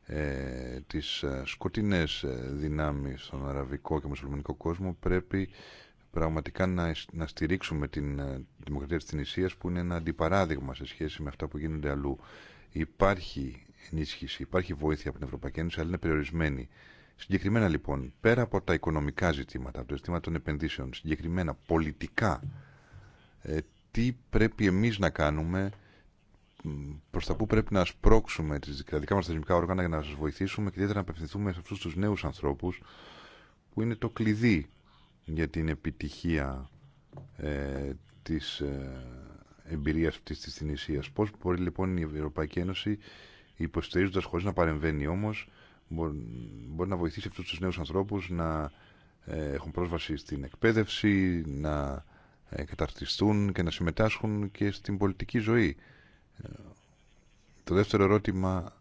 ε, τις ε, σκοτεινές δυνάμεις στον αραβικό και μουσουλμανικό κόσμο πρέπει πραγματικά να, να στηρίξουμε την δημοκρατία της Τινησίας που είναι ένα αντιπαράδειγμα σε σχέση με αυτά που γίνονται αλλού. Υπάρχει ενίσχυση, υπάρχει βοήθεια από την Ευρωπαϊκή Ένωση αλλά είναι περιορισμένη. Συγκεκριμένα λοιπόν, πέρα από τα οικονομικά ζητήματα, από το ζητήμα των επενδύσεων, συγκεκριμένα πολιτικά, ε, τι πρέπει εμείς να κάνουμε, προ τα που πρέπει να σπρώξουμε τις, τα δικά μας θεσμικά όργανα για να σας βοηθήσουμε και ιδιαίτερα να απευθυνθούμε σε αυτούς τους νέους ανθρώπους που είναι το κλειδί για την επιτυχία ε, της ε, εμπειρίας αυτής της θυνησίας. Πώς μπορεί λοιπόν η Ευρωπαϊκή Ένωση υποστηρίζοντας χωρίς να παρεμβαίνει όμως μπορεί να βοηθήσει αυτούς τους νέους ανθρώπους να ε, έχουν πρόσβαση στην εκπαίδευση, να ε, καταρτιστούν και να συμμετάσχουν και στην πολιτική ζωή. Ε, το δεύτερο ερώτημα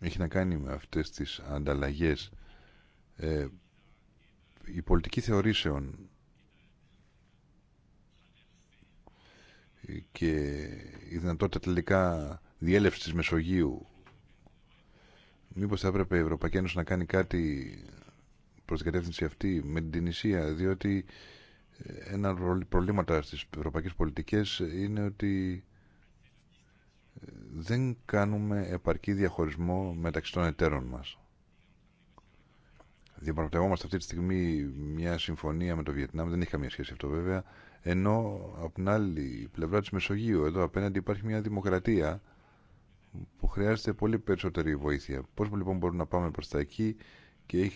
έχει να κάνει με αυτές τις ανταλλαγές. Η πολιτική θεωρήσεων και η δυνατότητα τελικά διέλευση της Μεσογείου. Μήπως θα έπρεπε η Ευρωπαϊκή Ένωση να κάνει κάτι προς την κατεύθυνση αυτή με την Τινησία, διότι ε, ένα προβλήματα στις ευρωπαϊκές πολιτικές είναι ότι ε, δεν κάνουμε επαρκή διαχωρισμό μεταξύ των εταίρων μας. Διαπραγματευόμαστε αυτή τη στιγμή μια συμφωνία με το Βιετνάμ, δεν είχα καμία σχέση αυτό βέβαια, ενώ από την άλλη πλευρά της Μεσογείου, εδώ απέναντι υπάρχει μια δημοκρατία που χρειάζεται πολύ περισσότερη βοήθεια. Πώς λοιπόν μπορούμε να πάμε προς τα εκεί και,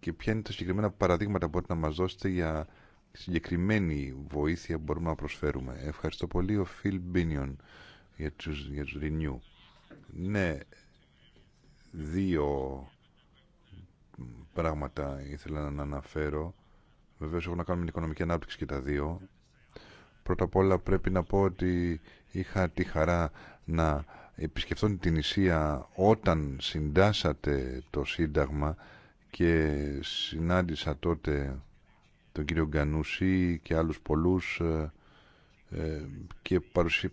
και ποια είναι τα συγκεκριμένα παραδείγματα που μπορείτε να μας δώσετε για συγκεκριμένη βοήθεια που μπορούμε να προσφέρουμε. Ευχαριστώ πολύ ο Phil Binion για τους, για τους Renew. Ναι, δύο πράγματα ήθελα να αναφέρω. Βεβαίως έχω να κάνω με την οικονομική ανάπτυξη και τα δύο. Πρώτα απ' όλα πρέπει να πω ότι είχα τη χαρά να επισκεφθούν την Ισία όταν συντάσατε το Σύνταγμα και συνάντησα τότε τον κύριο Γκανούση και άλλους πολλούς ε, ε, και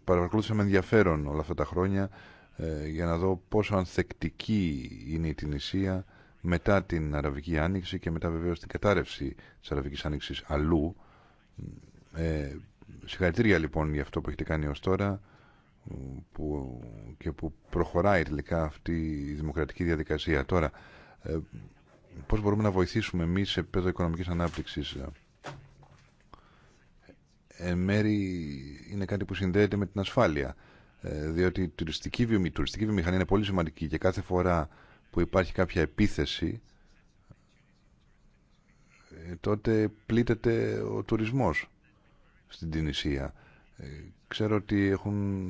παρακολούθησα με ενδιαφέρον όλα αυτά τα χρόνια ε, για να δω πόσο ανθεκτική είναι η Ισία μετά την Αραβική Άνοιξη και μετά βεβαίως την κατάρρευση της Αραβικής Άνοιξης αλλού. Ε, συγχαρητήρια λοιπόν για αυτό που έχετε κάνει ως τώρα που, και που προχωράει τελικά αυτή η δημοκρατική διαδικασία. Τώρα, ε, πώς μπορούμε να βοηθήσουμε εμεί σε επίπεδο οικονομικής ανάπτυξης. Ε? Ε, μέρη είναι κάτι που συνδέεται με την ασφάλεια, ε, διότι η τουριστική, βιομη, η τουριστική βιομηχανία είναι πολύ σημαντική και κάθε φορά που υπάρχει κάποια επίθεση, τότε πλήττεται ο τουρισμός στην Τινησία. Ε, ξέρω ότι έχουν,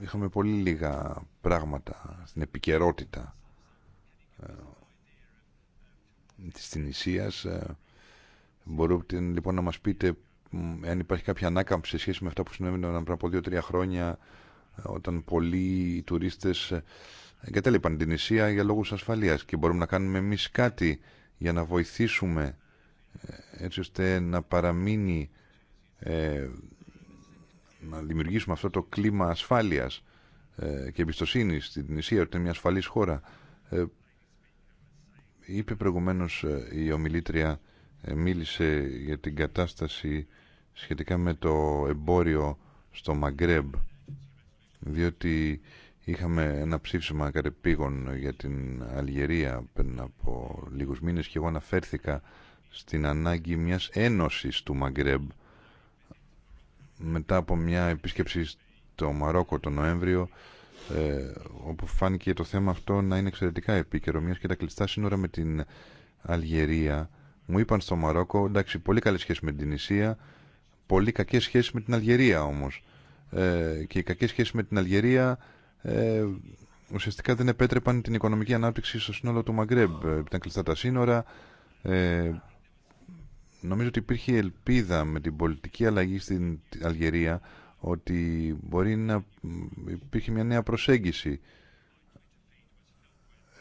είχαμε πολύ λίγα πράγματα στην επικαιρότητα ε, της Τινησίας. Ε. Μπορείτε λοιπόν να μας πείτε αν υπάρχει κάποια ανάκαμψη σε σχέση με αυτά που συνέβαιναν πριν από δύο-τρία χρόνια όταν πολλοί τουρίστες εγκατέλειπαν την νησία για λόγους ασφαλείας και μπορούμε να κάνουμε εμεί κάτι για να βοηθήσουμε έτσι ώστε να παραμείνει να δημιουργήσουμε αυτό το κλίμα ασφάλειας ε, και εμπιστοσύνη στην Ισία ότι είναι μια ασφαλής χώρα. Ε, είπε προηγουμένως ε, η ομιλήτρια, μίλησε για την κατάσταση σχετικά με το εμπόριο στο Μαγκρέμπ διότι είχαμε ένα ψήφισμα κατεπήγον για την Αλγερία πριν από λίγους μήνες και εγώ αναφέρθηκα στην ανάγκη μιας ένωσης του Μαγκρέμπ μετά από μια επίσκεψη στο Μαρόκο τον Νοέμβριο ε, όπου φάνηκε το θέμα αυτό να είναι εξαιρετικά επίκαιρο μιας και τα κλειστά σύνορα με την Αλγερία μου είπαν στο Μαρόκο εντάξει πολύ καλή σχέση με την Ισία πολύ κακές σχέσεις με την Αλγερία όμως ε, και οι κακές σχέσεις με την Αλγερία ε, ουσιαστικά δεν επέτρεπαν την οικονομική ανάπτυξη στο σύνολο του Μαγκρέμπ ε, ήταν κλειστά τα σύνορα ε, Νομίζω ότι υπήρχε ελπίδα με την πολιτική αλλαγή στην Αλγερία ότι μπορεί να υπήρχε μια νέα προσέγγιση.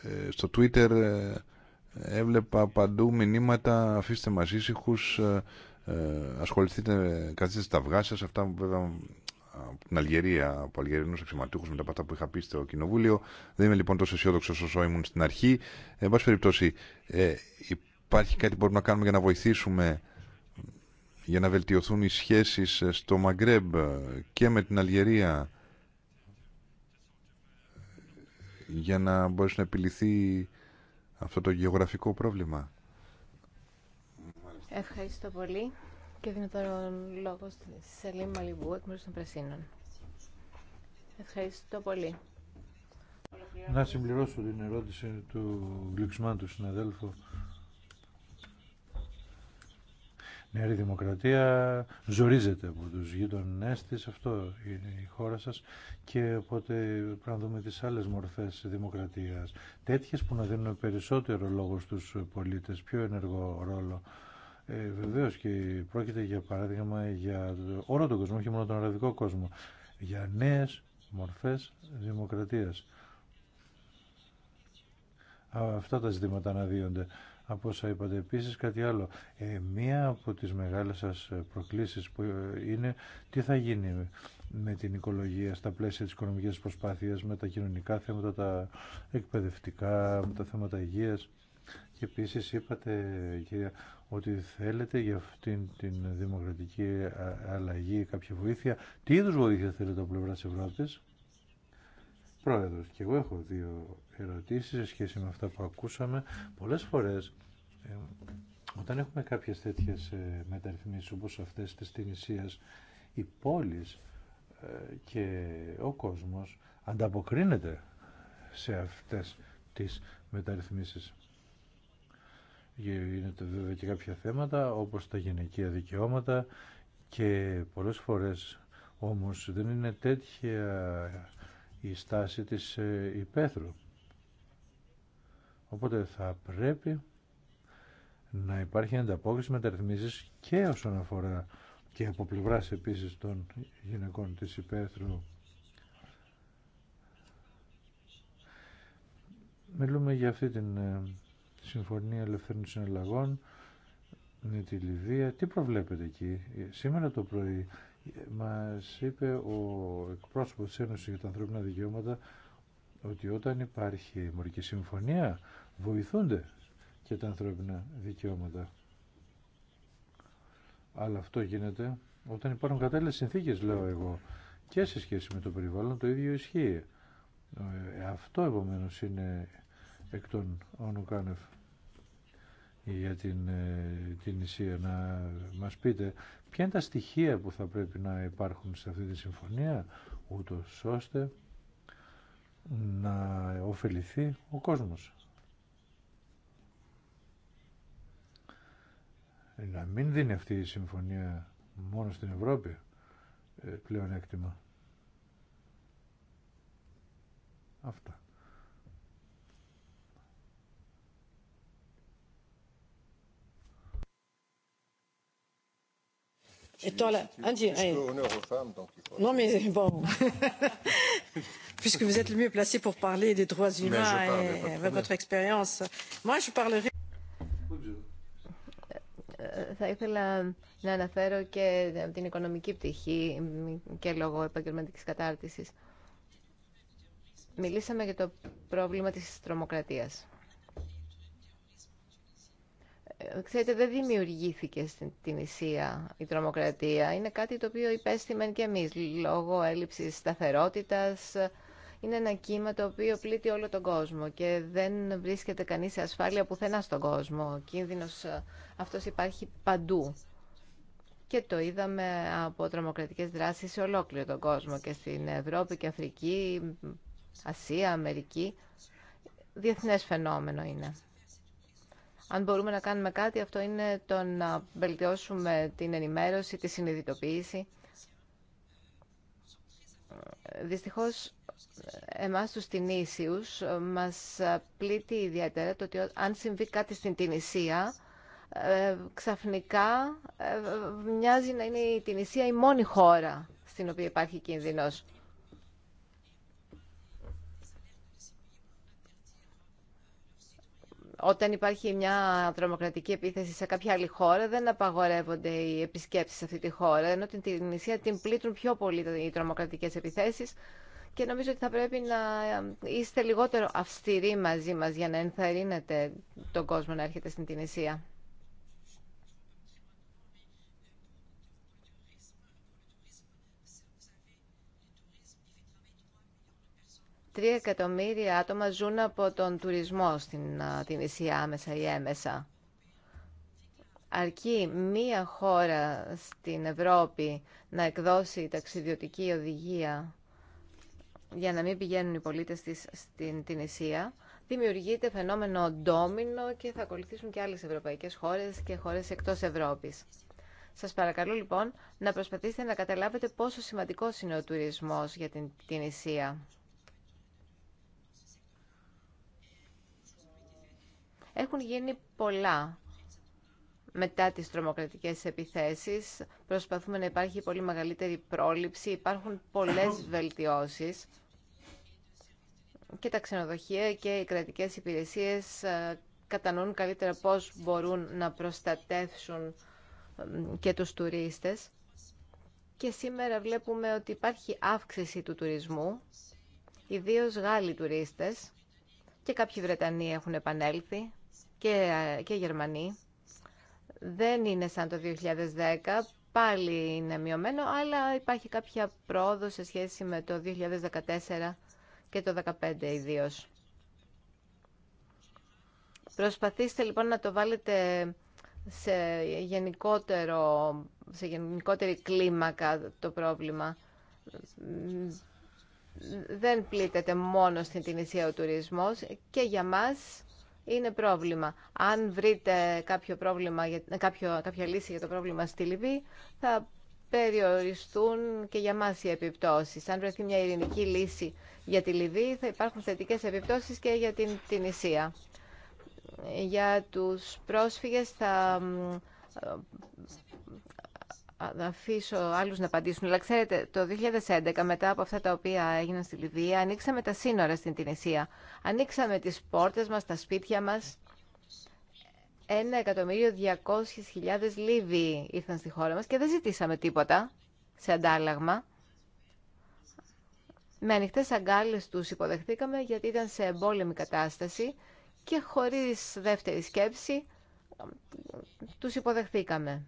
Ε, στο Twitter ε, έβλεπα παντού μηνύματα αφήστε μας ήσυχους ε, ασχοληθείτε, καθίστε στα αυγά σας αυτά βέβαια από την Αλγερία, από αλγερινούς αξιωματούχους μετά από αυτά που είχα πει στο Κοινοβούλιο. Δεν είμαι λοιπόν τόσο αισιόδοξο όσο ήμουν στην αρχή. Εν πάση περιπτώσει, ε, Υπάρχει κάτι που μπορούμε να κάνουμε για να βοηθήσουμε για να βελτιωθούν οι σχέσεις ε, στο Μαγκρέμπ ε, και με την Αλγερία για να μπορέσει να επιληθεί αυτό το γεωγραφικό πρόβλημα. Ευχαριστώ πολύ και δίνω τον λόγο στη Σελήμ Μαλιμπού εκ μέρους των Πρεσίνων. Ευχαριστώ πολύ. Να συμπληρώσω την ερώτηση του γλυξμάντου συναδέλφου Νέα Δημοκρατία ζορίζεται από τους γείτονέ τη αυτό είναι η χώρα σας και οπότε πρέπει να δούμε τι άλλες μορφές δημοκρατίας. Τέτοιες που να δίνουν περισσότερο λόγο στους πολίτες, πιο ενεργό ρόλο. Ε, Βεβαίω και πρόκειται για παράδειγμα για όλο τον κόσμο, όχι μόνο τον αραβικό κόσμο, για νέε μορφέ δημοκρατία. Αυτά τα ζητήματα αναδύονται από όσα είπατε. Επίσης κάτι άλλο. Ε, μία από τις μεγάλες σας προκλήσεις που ε, είναι τι θα γίνει με την οικολογία στα πλαίσια της οικονομικής προσπάθειας, με τα κοινωνικά θέματα, τα εκπαιδευτικά, με τα θέματα υγείας. Και επίσης είπατε, κυρία, ότι θέλετε για αυτήν την δημοκρατική ε, αλλαγή κάποια βοήθεια. Τι είδου βοήθεια θέλετε από πλευρά της Πρόεδρος, και εγώ έχω δύο ερωτήσεις σε σχέση με αυτά που ακούσαμε. Πολλές φορές, ε, όταν έχουμε κάποιες τέτοιες ε, μεταρρυθμίσεις όπως αυτές της Τινησίας, οι πόλεις ε, και ο κόσμος ανταποκρίνεται σε αυτές τις μεταρρυθμίσεις. Γίνεται βέβαια και κάποια θέματα όπως τα γυναικεία δικαιώματα και πολλές φορές όμως δεν είναι τέτοια η στάση της ε, υπαίθρου. Οπότε θα πρέπει να υπάρχει ανταπόκριση μεταρρυθμίσεις και όσον αφορά και από πλευράς επίσης των γυναικών της υπαίθρου. Μιλούμε για αυτή την ε, Συμφωνία Ελευθέρων Συναλλαγών με τη Λιβύα. Τι προβλέπετε εκεί. Ε, σήμερα το πρωί μα είπε ο εκπρόσωπος της Ένωσης για τα ανθρώπινα δικαιώματα ότι όταν υπάρχει μορική συμφωνία βοηθούνται και τα ανθρώπινα δικαιώματα. Αλλά αυτό γίνεται όταν υπάρχουν κατάλληλες συνθήκες, λέω εγώ, και σε σχέση με το περιβάλλον το ίδιο ισχύει. Ε, αυτό επομένως είναι εκ των όνου για την, ε, την Ισία να μας πείτε ποια είναι τα στοιχεία που θα πρέπει να υπάρχουν σε αυτή τη συμφωνία ούτω ώστε να ωφεληθεί ο κόσμος. Να μην δίνει αυτή η συμφωνία μόνο στην Ευρώπη ε, πλέον έκτημα. Αυτά. Et toi, là, honneur aux femmes, donc il faut... Non, mais bon. Puisque vous êtes le mieux placé pour parler des droits humains et avec votre expérience. Moi, je parlerai. Θα ήθελα να αναφέρω και την οικονομική πτυχή και λόγω επαγγελματικής κατάρτισης. Μιλήσαμε για το πρόβλημα της τρομοκρατίας. Ξέρετε, δεν δημιουργήθηκε στην Ισία η τρομοκρατία. Είναι κάτι το οποίο υπέστημεν και εμείς λόγω έλλειψης σταθερότητας. Είναι ένα κύμα το οποίο πλήττει όλο τον κόσμο και δεν βρίσκεται κανεί σε ασφάλεια πουθενά στον κόσμο. Ο κίνδυνο ε, αυτός υπάρχει παντού. Και το είδαμε από τρομοκρατικές δράσεις σε ολόκληρο τον κόσμο και στην Ευρώπη και Αφρική, Ασία, Αμερική. Διεθνές φαινόμενο είναι. Αν μπορούμε να κάνουμε κάτι, αυτό είναι το να βελτιώσουμε την ενημέρωση, τη συνειδητοποίηση. Δυστυχώς, εμάς τους Τινήσιους μας πλήττει ιδιαίτερα το ότι αν συμβεί κάτι στην Τινησία, ε, ξαφνικά ε, μοιάζει να είναι η Τινησία η μόνη χώρα στην οποία υπάρχει κίνδυνος. όταν υπάρχει μια τρομοκρατική επίθεση σε κάποια άλλη χώρα, δεν απαγορεύονται οι επισκέψει σε αυτή τη χώρα, ενώ την Τινησία την πλήττουν πιο πολύ οι τρομοκρατικέ επιθέσει και νομίζω ότι θα πρέπει να είστε λιγότερο αυστηροί μαζί μα για να ενθαρρύνετε τον κόσμο να έρχεται στην Τινησία. Τρία εκατομμύρια άτομα ζουν από τον τουρισμό στην την Ισία άμεσα ή έμεσα. Αρκεί μία χώρα στην Ευρώπη να εκδώσει ταξιδιωτική οδηγία για να μην πηγαίνουν οι πολίτες της στην την Ισία, δημιουργείται φαινόμενο ντόμινο και θα ακολουθήσουν και άλλες ευρωπαϊκές χώρες και χώρες εκτός Ευρώπης. Σας παρακαλώ λοιπόν να προσπαθήσετε να καταλάβετε πόσο σημαντικός είναι ο τουρισμός για την, την Έχουν γίνει πολλά μετά τις τρομοκρατικές επιθέσεις. Προσπαθούμε να υπάρχει πολύ μεγαλύτερη πρόληψη. Υπάρχουν πολλές βελτιώσεις. Και τα ξενοδοχεία και οι κρατικές υπηρεσίες ε, κατανοούν καλύτερα πώς μπορούν να προστατεύσουν ε, και τους τουρίστες. Και σήμερα βλέπουμε ότι υπάρχει αύξηση του τουρισμού, ιδίως Γάλλοι τουρίστες και κάποιοι Βρετανοί έχουν επανέλθει και, και Γερμανοί. Δεν είναι σαν το 2010, πάλι είναι μειωμένο, αλλά υπάρχει κάποια πρόοδο σε σχέση με το 2014 και το 2015 ιδίω. Προσπαθήστε λοιπόν να το βάλετε σε, γενικότερο, σε γενικότερη κλίμακα το πρόβλημα. Δεν πλήττεται μόνο στην Τινησία ο τουρισμός και για μας είναι πρόβλημα. Αν βρείτε κάποιο πρόβλημα, κάποιο, κάποια λύση για το πρόβλημα στη Λιβύη, θα περιοριστούν και για μας οι επιπτώσεις. Αν βρεθεί μια ειρηνική λύση για τη Λιβύη, θα υπάρχουν θετικές επιπτώσεις και για την, την Ισία. Για τους πρόσφυγες θα αφήσω άλλους να απαντήσουν. Αλλά ξέρετε, το 2011, μετά από αυτά τα οποία έγιναν στη Λιβύη, ανοίξαμε τα σύνορα στην Τινησία. Ανοίξαμε τις πόρτες μας, τα σπίτια μας. 1.200.000 Λίβοι ήρθαν στη χώρα μας και δεν ζητήσαμε τίποτα σε αντάλλαγμα. Με ανοιχτές αγκάλες τους υποδεχτήκαμε γιατί ήταν σε εμπόλεμη κατάσταση και χωρίς δεύτερη σκέψη τους υποδεχτήκαμε.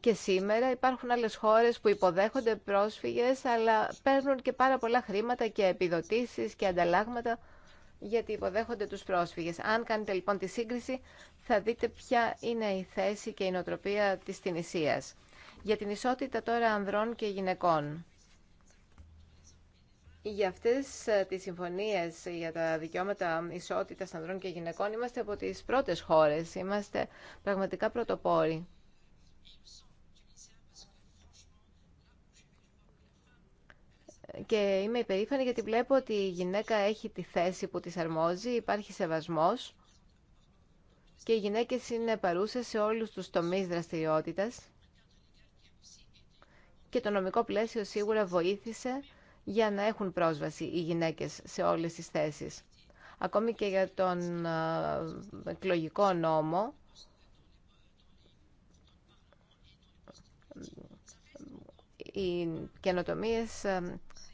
Και σήμερα υπάρχουν άλλες χώρες που υποδέχονται πρόσφυγες, αλλά παίρνουν και πάρα πολλά χρήματα και επιδοτήσεις και ανταλλάγματα γιατί υποδέχονται τους πρόσφυγες. Αν κάνετε λοιπόν τη σύγκριση, θα δείτε ποια είναι η θέση και η νοοτροπία της Τινησίας. Για την ισότητα τώρα ανδρών και γυναικών. Για αυτές ε, τις συμφωνίες για τα δικαιώματα ισότητας ανδρών και γυναικών είμαστε από τις πρώτες χώρες. Είμαστε πραγματικά πρωτοπόροι. και είμαι υπερήφανη γιατί βλέπω ότι η γυναίκα έχει τη θέση που της αρμόζει, υπάρχει σεβασμός και οι γυναίκες είναι παρούσες σε όλους τους τομείς δραστηριότητας και το νομικό πλαίσιο σίγουρα βοήθησε για να έχουν πρόσβαση οι γυναίκες σε όλες τις θέσεις. Ακόμη και για τον εκλογικό νόμο, οι καινοτομίες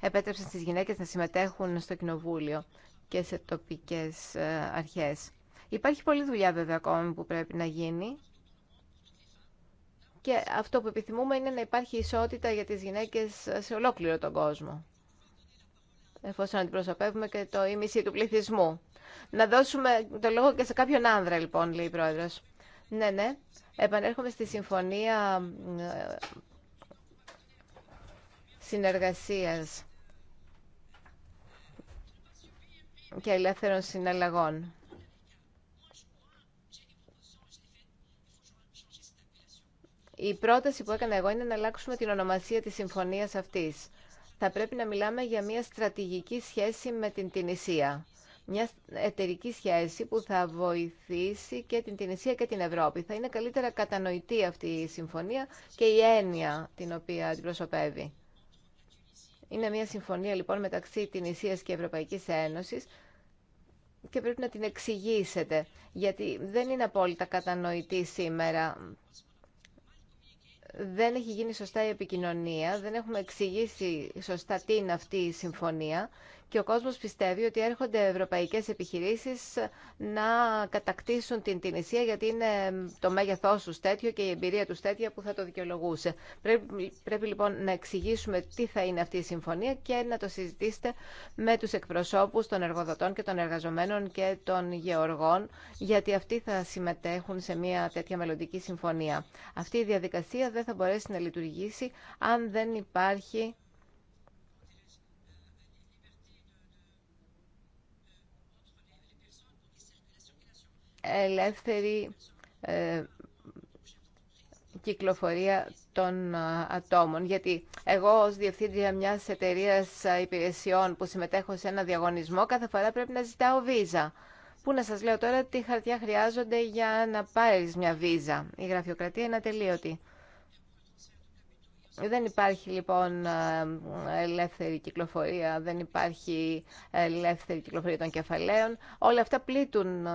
επέτρεψαν στις γυναίκες να συμμετέχουν στο κοινοβούλιο και σε τοπικές ε, αρχές. Υπάρχει πολλή δουλειά βέβαια ακόμη που πρέπει να γίνει και αυτό που επιθυμούμε είναι να υπάρχει ισότητα για τις γυναίκες σε ολόκληρο τον κόσμο εφόσον αντιπροσωπεύουμε και το ίμιση του πληθυσμού. Να δώσουμε το λόγο και σε κάποιον άνδρα, λοιπόν, λέει η πρόεδρος. Ναι, ναι. Επανέρχομαι στη συμφωνία ε, συνεργασίας. και ελεύθερων συναλλαγών. Η πρόταση που έκανα εγώ είναι να αλλάξουμε την ονομασία της συμφωνίας αυτής. Θα πρέπει να μιλάμε για μια στρατηγική σχέση με την Τινησία. Μια εταιρική σχέση που θα βοηθήσει και την Τινησία και την Ευρώπη. Θα είναι καλύτερα κατανοητή αυτή η συμφωνία και η έννοια την οποία αντιπροσωπεύει. Είναι μια συμφωνία λοιπόν μεταξύ Ισίας και Ευρωπαϊκής Ένωσης και πρέπει να την εξηγήσετε, γιατί δεν είναι απόλυτα κατανοητή σήμερα. Δεν έχει γίνει σωστά η επικοινωνία, δεν έχουμε εξηγήσει σωστά τι είναι αυτή η συμφωνία και ο κόσμος πιστεύει ότι έρχονται ευρωπαϊκές επιχειρήσεις να κατακτήσουν την Τινησία γιατί είναι το μέγεθός του τέτοιο και η εμπειρία του τέτοια που θα το δικαιολογούσε. Πρέπει, πρέπει λοιπόν να εξηγήσουμε τι θα είναι αυτή η συμφωνία και να το συζητήσετε με τους εκπροσώπους των εργοδοτών και των εργαζομένων και των γεωργών γιατί αυτοί θα συμμετέχουν σε μια τέτοια μελλοντική συμφωνία. Αυτή η διαδικασία δεν θα μπορέσει να λειτουργήσει αν δεν υπάρχει ελεύθερη ε, κυκλοφορία των ε, ατόμων. Γιατί εγώ ως διευθύντρια μιας εταιρείας ε, υπηρεσιών που συμμετέχω σε ένα διαγωνισμό κάθε φορά πρέπει να ζητάω βίζα. Πού να σας λέω τώρα τι χαρτιά χρειάζονται για να πάρεις μια βίζα. Η γραφειοκρατία είναι ατελείωτη. Δεν υπάρχει λοιπόν ελεύθερη κυκλοφορία, δεν υπάρχει ελεύθερη κυκλοφορία των κεφαλαίων. Όλα αυτά πλήττουν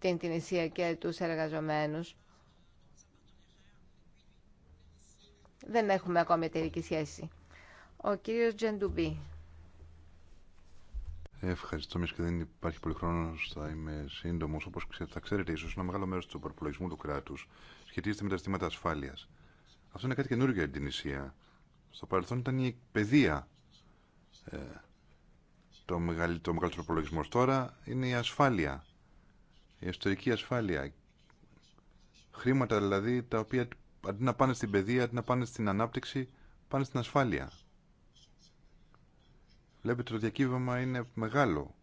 την Τινησία και τους εργαζομένους. Δεν έχουμε ακόμη εταιρική σχέση. Ο κύριος Τζεντουμπή. Ευχαριστώ, μια και δεν υπάρχει πολύ χρόνο, θα είμαι σύντομο. Όπω θα ξέρετε, ίσω ένα μεγάλο μέρο του προπολογισμού του κράτου σχετίζεται με τα ζητήματα ασφάλεια. Αυτό είναι κάτι καινούργιο για την Ισία. Στο παρελθόν ήταν η παιδεία ε, το, το προπολογισμό. Τώρα είναι η ασφάλεια η εσωτερική ασφάλεια. Χρήματα δηλαδή τα οποία αντί να πάνε στην παιδεία, αντί να πάνε στην ανάπτυξη, πάνε στην ασφάλεια. Βλέπετε το διακύβευμα είναι μεγάλο.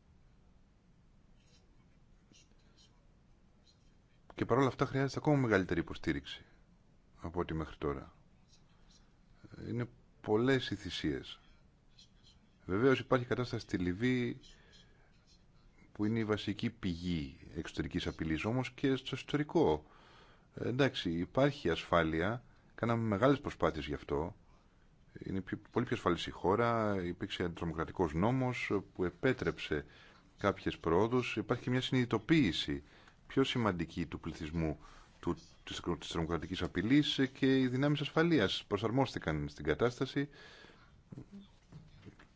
Και παρόλα αυτά χρειάζεται ακόμα μεγαλύτερη υποστήριξη από ό,τι μέχρι τώρα. Είναι πολλές οι θυσίες. Βεβαίως υπάρχει κατάσταση στη Λιβύη που είναι η βασική πηγή εξωτερικής απειλής όμως και στο ιστορικό. Ε, εντάξει, υπάρχει ασφάλεια, κάναμε μεγάλες προσπάθειες γι' αυτό. Είναι πολύ πιο ασφαλής η χώρα, υπήρξε αντιτρομοκρατικός νόμος που επέτρεψε κάποιες πρόοδους. Υπάρχει και μια συνειδητοποίηση πιο σημαντική του πληθυσμού του, της, της τρομοκρατικής απειλής και οι δυνάμεις ασφαλείας προσαρμόστηκαν στην κατάσταση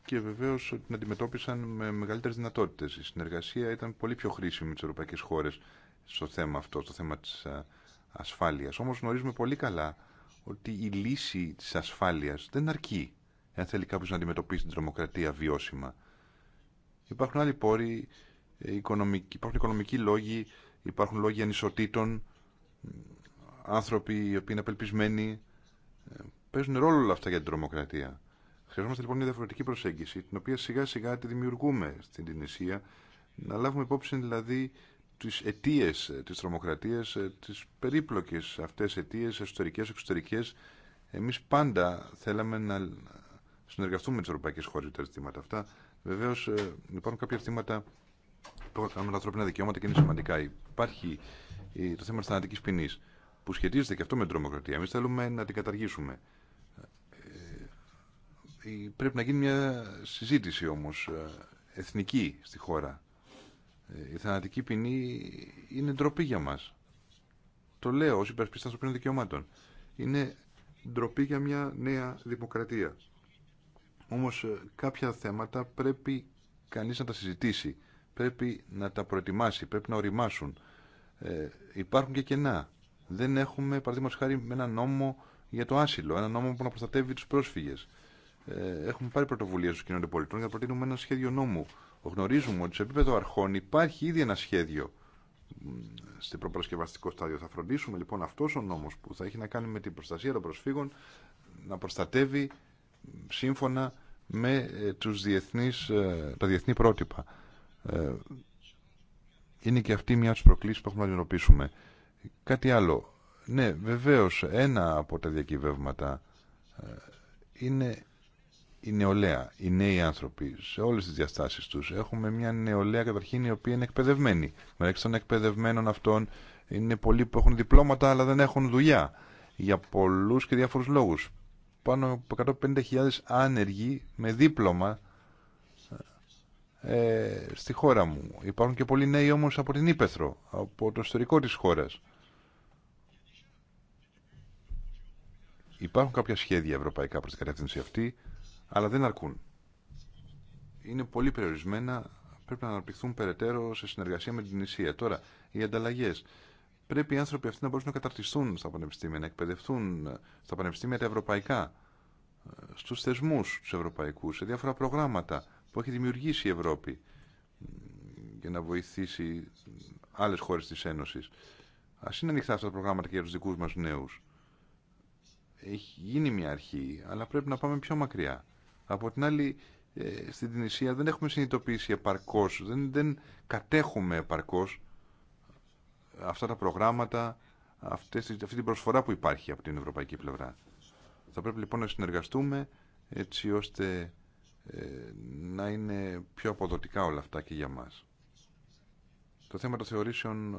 και βεβαίω την αντιμετώπισαν με μεγαλύτερε δυνατότητε. Η συνεργασία ήταν πολύ πιο χρήσιμη με τι ευρωπαϊκέ χώρε στο θέμα αυτό, στο θέμα τη ε, ασφάλεια. Όμω γνωρίζουμε πολύ καλά ότι η λύση τη ασφάλεια δεν αρκεί αν θέλει κάποιο να αντιμετωπίσει την τρομοκρατία βιώσιμα. Υπάρχουν άλλοι πόροι, ε, οικονομικοί, υπάρχουν οικονομικοί λόγοι, υπάρχουν λόγοι ανισοτήτων, άνθρωποι οι οποίοι είναι απελπισμένοι. Ε, παίζουν ρόλο όλα αυτά για την τρομοκρατία. Χρειαζόμαστε λοιπόν μια διαφορετική προσέγγιση, την οποία σιγά σιγά τη δημιουργούμε στην Τινησία, να λάβουμε υπόψη δηλαδή τις αιτίες της τρομοκρατία, τις περίπλοκες αυτές αιτίε, εσωτερικέ, εξωτερικέ, εμεί πάντα θέλαμε να συνεργαστούμε με τις ευρωπαϊκές χώρες για τα ζητήματα αυτά. Βεβαίω ε, υπάρχουν κάποια θέματα που έχουν τα ανθρώπινα δικαιώματα και είναι σημαντικά. Υπάρχει το θέμα τη θανατική ποινή που σχετίζεται και αυτό με την τρομοκρατία. Εμεί θέλουμε να την καταργήσουμε πρέπει να γίνει μια συζήτηση όμως ε, εθνική στη χώρα. Ε, η θανατική ποινή είναι ντροπή για μας. Το λέω ως υπερασπιστάς δικαιωμάτων. Είναι ντροπή για μια νέα δημοκρατία. Όμως ε, κάποια θέματα πρέπει κανείς να τα συζητήσει. Πρέπει να τα προετοιμάσει, πρέπει να οριμάσουν. Ε, υπάρχουν και κενά. Δεν έχουμε, παραδείγματος χάρη, ένα νόμο για το άσυλο, ένα νόμο που να προστατεύει τους πρόσφυγες. Ε, έχουμε πάρει πρωτοβουλία στου κοινωνικού πολιτών για να προτείνουμε ένα σχέδιο νόμου. Γνωρίζουμε ότι σε επίπεδο αρχών υπάρχει ήδη ένα σχέδιο στην προπαρασκευαστικό στάδιο. Θα φροντίσουμε λοιπόν αυτό ο νόμο που θα έχει να κάνει με την προστασία των προσφύγων να προστατεύει σύμφωνα με ε, τους διεθνείς, ε, τα διεθνή πρότυπα. Είναι και αυτή μια από τι που έχουμε να αντιμετωπίσουμε. Κάτι άλλο. Ναι, βεβαίω, ένα από τα διακυβεύματα είναι η νεολαία, οι νέοι άνθρωποι, σε όλε τι διαστάσει του. Έχουμε μια νεολαία καταρχήν η οποία είναι εκπαιδευμένη. Μεταξύ των εκπαιδευμένων αυτών είναι πολλοί που έχουν διπλώματα αλλά δεν έχουν δουλειά. Για πολλού και διάφορου λόγου. Πάνω από 150.000 άνεργοι με δίπλωμα ε, στη χώρα μου. Υπάρχουν και πολλοί νέοι όμω από την Ήπεθρο, από το ιστορικό τη χώρα. Υπάρχουν κάποια σχέδια ευρωπαϊκά προς την κατεύθυνση αυτή αλλά δεν αρκούν. Είναι πολύ περιορισμένα, πρέπει να αναπτυχθούν περαιτέρω σε συνεργασία με την Ισία. Τώρα, οι ανταλλαγέ. Πρέπει οι άνθρωποι αυτοί να μπορούν να καταρτιστούν στα πανεπιστήμια, να εκπαιδευτούν στα πανεπιστήμια τα ευρωπαϊκά, στου θεσμού του ευρωπαϊκού, σε διάφορα προγράμματα που έχει δημιουργήσει η Ευρώπη για να βοηθήσει άλλε χώρε τη Ένωση. Α είναι ανοιχτά αυτά τα προγράμματα και για του δικού μα νέου. Έχει γίνει μια αρχή, αλλά πρέπει να πάμε πιο μακριά. Από την άλλη, ε, στην Τινησία δεν έχουμε συνειδητοποιήσει επαρκώς, δεν, δεν κατέχουμε επαρκώς αυτά τα προγράμματα, αυτές, αυτή την προσφορά που υπάρχει από την ευρωπαϊκή πλευρά. Θα πρέπει λοιπόν να συνεργαστούμε έτσι ώστε ε, να είναι πιο αποδοτικά όλα αυτά και για μας. Το θέμα των θεωρήσεων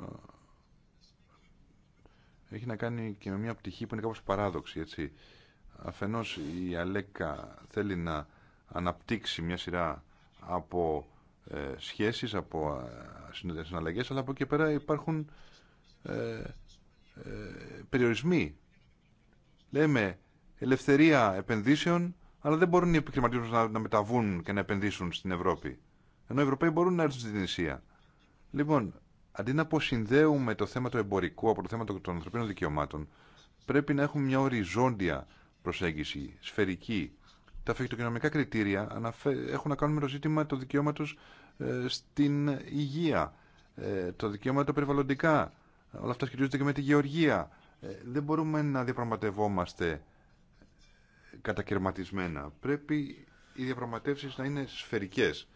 ε, έχει να κάνει και με μια πτυχή που είναι κάπως παράδοξη, έτσι. Αφενός η Αλέκα θέλει να αναπτύξει μια σειρά από ε, σχέσεις, από ε, συναλλαγές, αλλά από εκεί πέρα υπάρχουν ε, ε, περιορισμοί. Λέμε ελευθερία επενδύσεων, αλλά δεν μπορούν οι επιχειρηματίες να, να μεταβούν και να επενδύσουν στην Ευρώπη. Ενώ οι Ευρωπαίοι μπορούν να έρθουν στην Ισία. Λοιπόν, αντί να αποσυνδέουμε το θέμα του εμπορικού από το θέμα των ανθρωπίνων δικαιωμάτων, πρέπει να έχουμε μια οριζόντια προσέγγιση, σφαιρική. Τα φυτοκοινωνικά κριτήρια έχουν να κάνουν με το ζήτημα του δικαιώματο ε, στην υγεία, ε, το δικαίωμα το περιβαλλοντικά. Όλα αυτά σχετίζονται και με τη γεωργία. Ε, δεν μπορούμε να διαπραγματευόμαστε κατακαιρματισμένα. Πρέπει οι διαπραγματεύσεις να είναι σφαιρικές.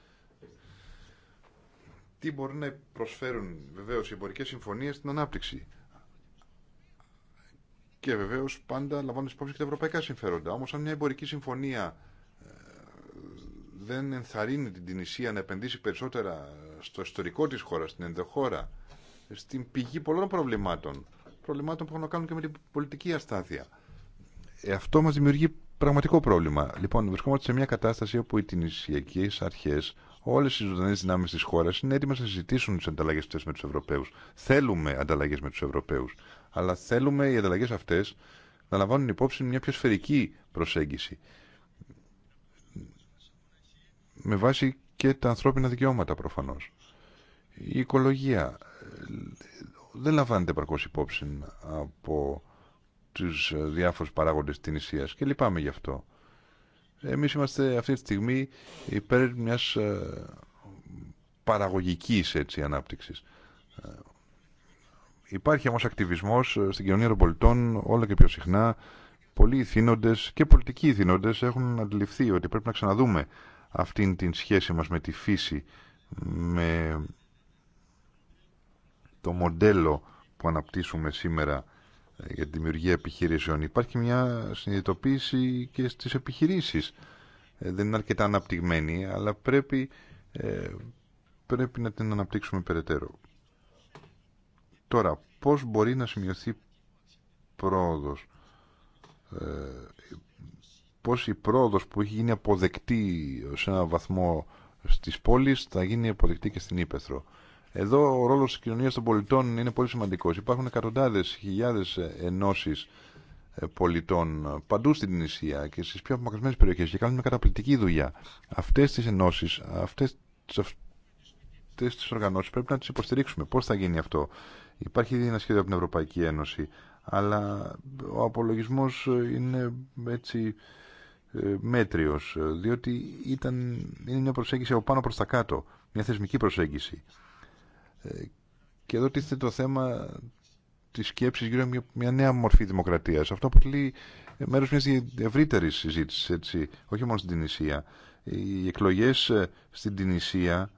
Τι μπορεί να προσφέρουν βεβαίως οι εμπορικές συμφωνίες στην ανάπτυξη. Και βεβαίω πάντα λαμβάνοντα υπόψη και τα ευρωπαϊκά συμφέροντα. Όμω, αν μια εμπορική συμφωνία ε, δεν ενθαρρύνει την Τινησία να επενδύσει περισσότερα στο ιστορικό τη χώρα, στην ενδοχώρα, στην πηγή πολλών προβλημάτων, προβλημάτων που έχουν να κάνουν και με την πολιτική αστάθεια. Ε, αυτό μα δημιουργεί πραγματικό πρόβλημα. Λοιπόν, βρισκόμαστε σε μια κατάσταση όπου οι Τινησιακέ αρχέ, όλε οι ζωντανέ δυνάμει της χώρα, είναι έτοιμε να συζητήσουν τι ανταλλαγέ με του Ευρωπαίου. Θέλουμε ανταλλαγέ με του Ευρωπαίου αλλά θέλουμε οι ανταλλαγέ αυτέ να λαμβάνουν υπόψη μια πιο σφαιρική προσέγγιση. Με βάση και τα ανθρώπινα δικαιώματα προφανώς. Η οικολογία ε, δεν λαμβάνεται παρκώς υπόψη από τους διάφορους παράγοντες της νησίας και λυπάμαι γι' αυτό. Εμείς είμαστε αυτή τη στιγμή υπέρ μιας ε, παραγωγικής έτσι, ε, Υπάρχει όμως ακτιβισμός ε, στην κοινωνία των πολιτών όλο και πιο συχνά. Πολλοί ηθήνοντες και πολιτικοί ηθήνοντες έχουν αντιληφθεί ότι πρέπει να ξαναδούμε αυτήν την σχέση μας με τη φύση, με το μοντέλο που αναπτύσσουμε σήμερα ε, για τη δημιουργία επιχειρήσεων. Υπάρχει μια συνειδητοποίηση και στις επιχειρήσεις. Ε, δεν είναι αρκετά αναπτυγμένη, αλλά πρέπει, πρέπει να την αναπτύξουμε περαιτέρω. Τώρα, πώς μπορεί να σημειωθεί πρόοδος. Ε, πώς η πρόοδος που έχει γίνει αποδεκτή σε έναν βαθμό στις πόλεις θα γίνει αποδεκτή και στην Ήπεθρο. Εδώ ο ρόλος της κοινωνίας των πολιτών είναι πολύ σημαντικός. Υπάρχουν εκατοντάδες, χιλιάδες ενώσεις ε, πολιτών παντού στην νησία και στις πιο απομακρυσμένες περιοχές και κάνουν μια καταπληκτική δουλειά. Αυτές τις ενώσεις, αυτές, αυτές τις οργανώσεις πρέπει να τις υποστηρίξουμε. Πώς θα γίνει αυτό. Υπάρχει ήδη ένα σχέδιο από την Ευρωπαϊκή Ένωση, αλλά ο απολογισμός είναι έτσι ε, μέτριος, διότι ήταν, είναι μια προσέγγιση από πάνω προς τα κάτω, μια θεσμική προσέγγιση. Ε, και εδώ τίθεται το θέμα της σκέψη γύρω μια, μια νέα μορφή δημοκρατίας. Αυτό αποτελεί μέρος μια ευρύτερη συζήτηση, όχι μόνο στην Τινησία. Οι εκλογές ε, στην Τινησία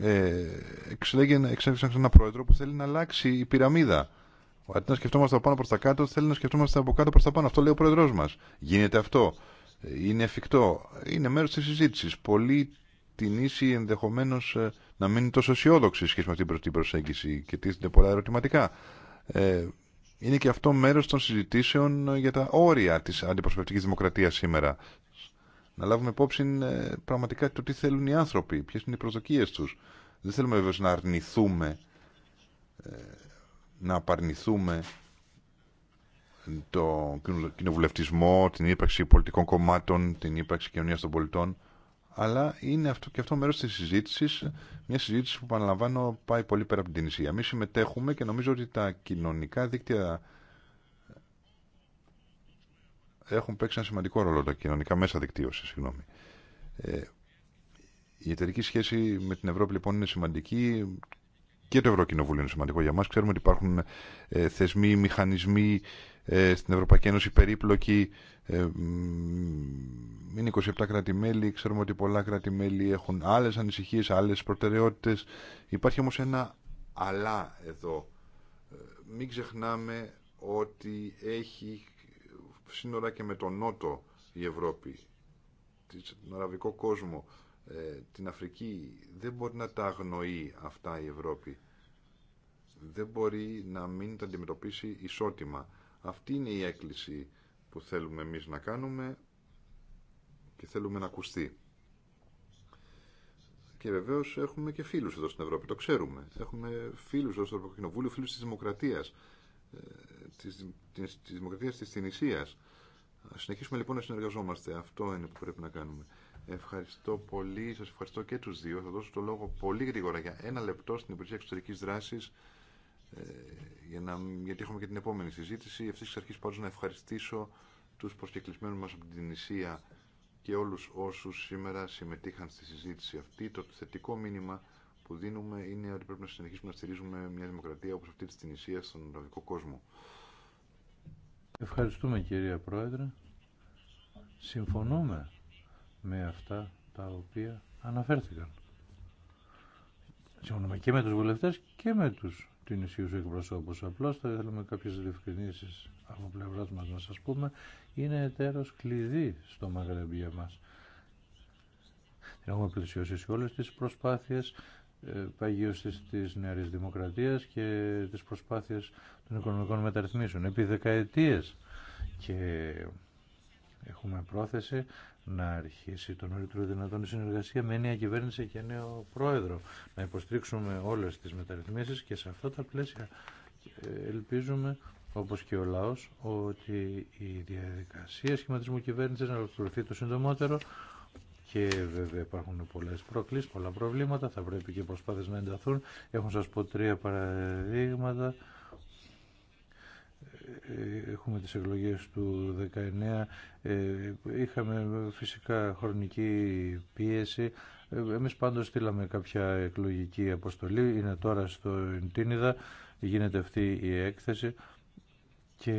ε, εξέλιξαν έναν πρόεδρο που θέλει να αλλάξει η πυραμίδα. Αντί να σκεφτόμαστε από πάνω προ τα κάτω, θέλει να σκεφτόμαστε από κάτω προ τα πάνω. Αυτό λέει ο πρόεδρό μα. Γίνεται αυτό. Ε, είναι εφικτό. Είναι μέρο τη συζήτηση. Πολύ την ίση ενδεχομένω ε, να μην είναι τόσο αισιόδοξοι σχέση με αυτή την προσέγγιση και τίθενται πολλά ερωτηματικά. είναι και αυτό μέρο των συζητήσεων για τα όρια τη αντιπροσωπευτική δημοκρατία σήμερα να λάβουμε υπόψη ε, πραγματικά το τι θέλουν οι άνθρωποι, ποιε είναι οι προσδοκίε του. Δεν θέλουμε βέβαια να αρνηθούμε, ε, να απαρνηθούμε το κοινοβουλευτισμό, την ύπαρξη πολιτικών κομμάτων, την ύπαρξη κοινωνία των πολιτών. Αλλά είναι αυτό και αυτό μέρο τη συζήτηση, μια συζήτηση που, παραλαμβάνω, πάει πολύ πέρα από την Τινησία. Εμεί συμμετέχουμε και νομίζω ότι τα κοινωνικά δίκτυα έχουν παίξει ένα σημαντικό ρόλο τα κοινωνικά μέσα δικτύωση. Συγγνώμη. Ε, η εταιρική σχέση με την Ευρώπη λοιπόν είναι σημαντική και το Ευρωκοινοβούλιο είναι σημαντικό για μας. Ξέρουμε ότι υπάρχουν ε, θεσμοί, μηχανισμοί ε, στην Ευρωπαϊκή Ένωση περίπλοκοι. Ε, είναι 27 κράτη-μέλη. Ξέρουμε ότι πολλά κράτη-μέλη έχουν άλλες άλλε ανησυχίε, άλλε προτεραιότητε. Υπάρχει όμω ένα αλλά εδώ. Ε, μην ξεχνάμε ότι έχει σύνορα και με τον Νότο η Ευρώπη, τον αραβικό κόσμο, ε, την Αφρική. Δεν μπορεί να τα αγνοεί αυτά η Ευρώπη. Δεν μπορεί να μην τα αντιμετωπίσει ισότιμα. Αυτή είναι η έκκληση που θέλουμε εμείς να κάνουμε και θέλουμε να ακουστεί. Και βεβαίως έχουμε και φίλους εδώ στην Ευρώπη, το ξέρουμε. Έχουμε φίλους εδώ στο Ευρωπαϊκό Κοινοβούλιο, φίλου τη Δημοκρατία της, της, της δημοκρατίας της Τινησίας. Συνεχίσουμε λοιπόν να συνεργαζόμαστε. Αυτό είναι που πρέπει να κάνουμε. Ευχαριστώ πολύ. Σας ευχαριστώ και τους δύο. Θα δώσω το λόγο πολύ γρήγορα για ένα λεπτό στην Υπηρεσία Εξωτερικής Δράσης ε, για να, γιατί έχουμε και την επόμενη συζήτηση. Ευθύς εξ αρχής πάντως να ευχαριστήσω τους προσκεκλισμένους μας από την Τινησία και όλους όσους σήμερα συμμετείχαν στη συζήτηση αυτή. Το θετικό μήνυμα που δίνουμε είναι ότι πρέπει να συνεχίσουμε να στηρίζουμε μια δημοκρατία όπως αυτή της Ισία στον αραβικό κόσμο. Ευχαριστούμε κυρία Πρόεδρε. Συμφωνούμε με αυτά τα οποία αναφέρθηκαν. Συμφωνούμε και με τους βουλευτές και με τους την ισχύουσα εκπροσώπους. Απλώς θα θέλουμε κάποιες διευκρινήσεις από πλευράς μας να σας πούμε. Είναι εταίρος κλειδί στο Μαγρέμπ για μας. Την έχουμε πλησιώσει σε όλες τις προσπάθειες παγίωσης της νεαρής δημοκρατίας και της προσπάθειας των οικονομικών μεταρρυθμίσεων. Επί δεκαετίες και έχουμε πρόθεση να αρχίσει το νωρίτερο δυνατόν η συνεργασία με νέα κυβέρνηση και νέο πρόεδρο. Να υποστρίξουμε όλες τις μεταρρυθμίσεις και σε αυτά τα πλαίσια ελπίζουμε όπως και ο λαός ότι η διαδικασία σχηματισμού κυβέρνησης να ολοκληρωθεί το συντομότερο και βέβαια υπάρχουν πολλέ προκλήσεις, πολλά προβλήματα, θα πρέπει και οι προσπάθειες να ενταθούν. Έχω σας πω τρία παραδείγματα. Έχουμε τις εκλογές του 19, ε, είχαμε φυσικά χρονική πίεση. Εμείς πάντως στείλαμε κάποια εκλογική αποστολή, είναι τώρα στο Τίνιδα, γίνεται αυτή η έκθεση και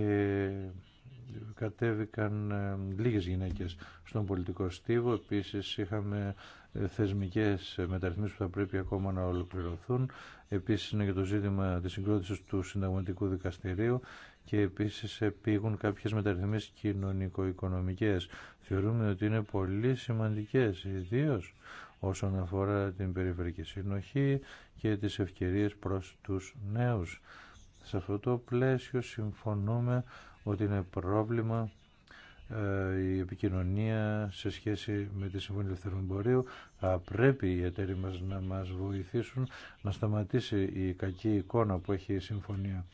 κατέβηκαν ε, λίγες γυναίκες στον πολιτικό στίβο. Επίσης είχαμε ε, θεσμικές ε, μεταρρυθμίσεις που θα πρέπει ακόμα να ολοκληρωθούν. Επίσης είναι και το ζήτημα της συγκρότησης του συνταγματικού δικαστηρίου και επισης επίγουν επήγουν κάποιες μεταρρυθμίσεις κοινωνικο-οικονομικές. Θεωρούμε ότι είναι πολύ σημαντικές, ιδίω όσον αφορά την περιφερειακή συνοχή και τις ευκαιρίες προς τους νέους. Σε αυτό το πλαίσιο συμφωνούμε ότι είναι πρόβλημα ε, η επικοινωνία σε σχέση με τη Συμφωνία Ελευθερών Εμπορίου. Θα πρέπει οι εταίροι μας να μας βοηθήσουν να σταματήσει η κακή εικόνα που έχει η Συμφωνία.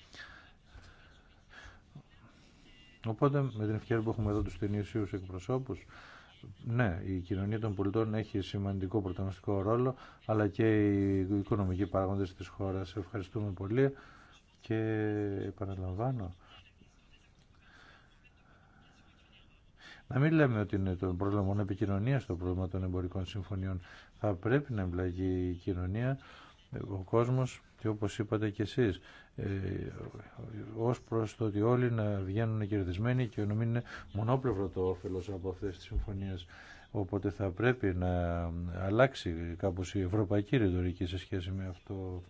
Οπότε με την ευκαιρία που έχουμε εδώ τους ταινιουσίους εκπροσώπους, ναι, η κοινωνία των πολιτών έχει σημαντικό πρωταγωνιστικό ρόλο, αλλά και οι οικονομικοί παράγοντες της χώρας. Ευχαριστούμε πολύ και επαναλαμβάνω Να μην λέμε ότι είναι το πρόβλημα μόνο επικοινωνία στο πρόβλημα των εμπορικών συμφωνιών. Θα πρέπει να εμπλαγεί η κοινωνία, ο κόσμο και όπως είπατε και εσείς, ε, ως προς το ότι όλοι να βγαίνουν κερδισμένοι και να μην είναι μονόπλευρο το όφελος από αυτές τις συμφωνίες. Οπότε θα πρέπει να αλλάξει κάπως η ευρωπαϊκή ρητορική σε σχέση με αυτό.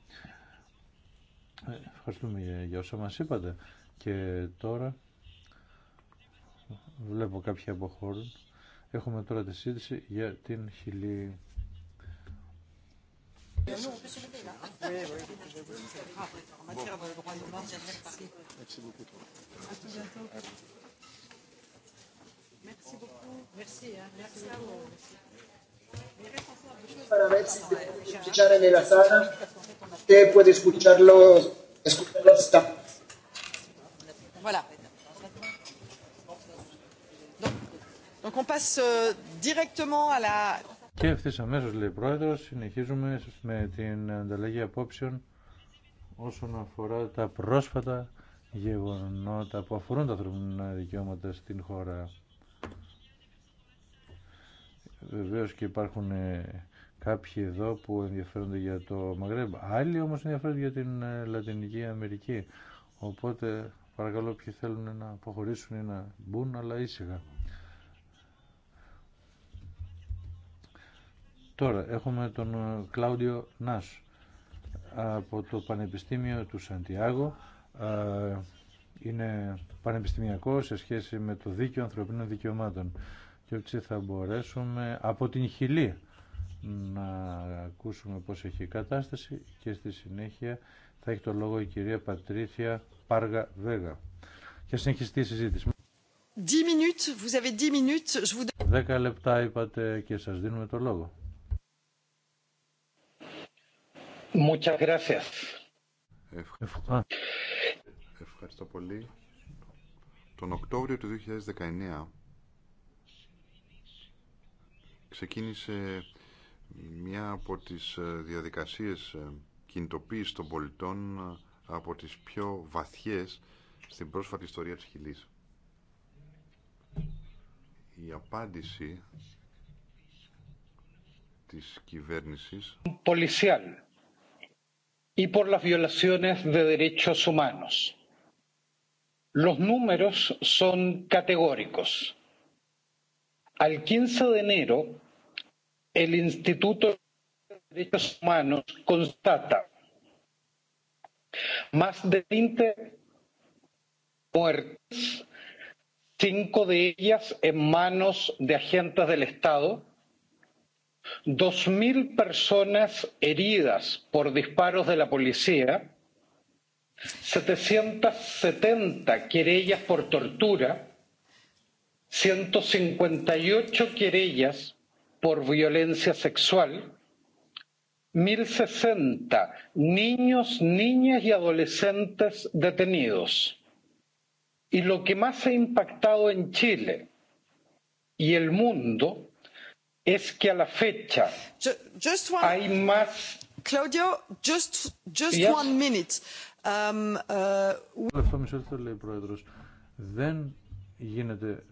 Ε, ευχαριστούμε όσα μας είπατε. Και τώρα... Βλέπω κάποια αποχώρουν. Έχουμε τώρα τη σύντηση για την χιλή. Para ver si te escuchar en la sala, te puede escucharlo, escucharlo también. Euh, και ευθύ αμέσω, λέει πρόεδρο, συνεχίζουμε με την ανταλλαγή απόψεων όσον αφορά τα πρόσφατα γεγονότα που αφορούν τα ανθρωπινά δικαιώματα στην χώρα. Βεβαίω και υπάρχουν ε, κάποιοι εδώ που ενδιαφέρονται για το Μαγρέμπ, άλλοι όμως ενδιαφέρονται για την ε, Λατινική Αμερική. Οπότε παρακαλώ ποιοι θέλουν να αποχωρήσουν ή να μπουν, αλλά ήσυχα. Τώρα έχουμε τον ε, Κλάουδιο Νάς από το Πανεπιστήμιο του Σαντιάγο. Ε, είναι πανεπιστημιακό σε σχέση με το δίκαιο ανθρωπίνων δικαιωμάτων. Και έτσι θα μπορέσουμε από την χιλή να ακούσουμε πώς έχει η κατάσταση και στη συνέχεια θα έχει το λόγο η κυρία Πατρίθια Πάργα Βέγα. Και συνεχιστεί η συζήτηση. 10 10 λεπτά είπατε και σας δίνουμε το λόγο. Muchas gracias. Ευχαριστώ. πολύ. Τον Οκτώβριο του 2019 ξεκίνησε μια από τις ε, διαδικασίες ε, κινητοποίησης των πολιτών ε, από τις πιο βαθιές στην πρόσφατη ιστορία της Χιλής. Η απάντηση της κυβέρνησης Πολιτικά y por las violaciones de derechos humanos. Los números son categóricos. Al 15 de enero, el Instituto de Derechos Humanos constata más de 20 muertes, cinco de ellas en manos de agentes del Estado, dos mil personas heridas por disparos de la policía 770 setenta querellas por tortura ciento y ocho querellas por violencia sexual mil sesenta niños niñas y adolescentes detenidos. y lo que más ha impactado en chile y el mundo es que a la fecha just one, hay más. Claudio, just, just one minute. Um, uh, Αυτό μισό λεπτό λέει πρόεδρος. Δεν γίνεται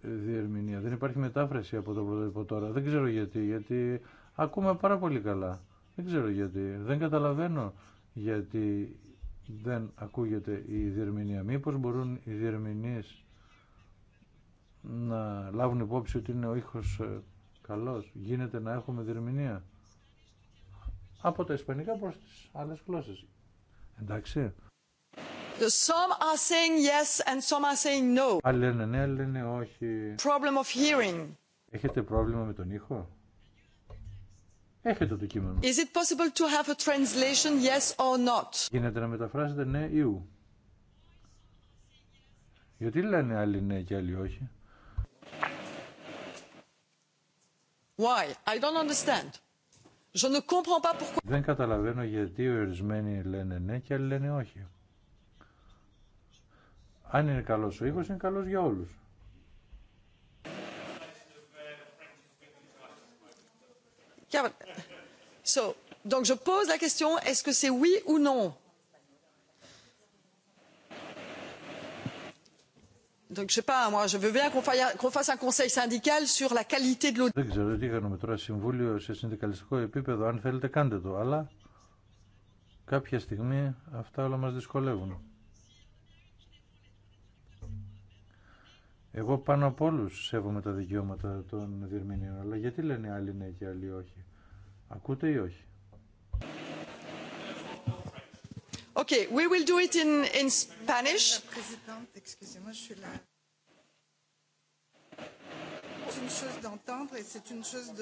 διερμηνία. Δεν υπάρχει μετάφραση από το πρωτότυπο τώρα. Δεν ξέρω γιατί. Γιατί ακούμε πάρα πολύ καλά. Δεν ξέρω γιατί. Δεν καταλαβαίνω γιατί δεν ακούγεται η διερμηνία. Μήπως μπορούν οι διερμηνείς να λάβουν υπόψη ότι είναι ο ήχος ε, καλώς. Γίνεται να έχουμε διερμηνία από τα ισπανικά προς τις άλλες γλώσσες. Εντάξει. Some are saying yes and some are saying no. Άλλοι λένε ναι, άλλοι λένε όχι. Problem of hearing. Έχετε πρόβλημα με τον ήχο. Έχετε το κείμενο. Is it possible to have a translation yes or not? Γίνεται να μεταφράσετε ναι ή ου. Γιατί λένε άλλοι ναι και άλλοι όχι. Δεν καταλαβαίνω γιατί ορισμένοι λένε ναι και άλλοι λένε όχι. Αν είναι καλός ο ήχος, είναι καλός για όλους. την Donc, je sais pas, moi, je sur la qualité de Δεν ξέρω τι κάνουμε τώρα συμβούλιο σε συνδικαλιστικό επίπεδο. Αν θέλετε κάντε το, αλλά κάποια στιγμή αυτά όλα μας δυσκολεύουν. Εγώ πάνω από όλου σέβομαι τα δικαιώματα των διερμηνίων, αλλά γιατί λένε άλλοι ναι και άλλοι όχι. Ακούτε ή όχι. Okay, we will do it in, in Spanish. Excusez-moi, je suis là. C'est une chose d'entendre et c'est une chose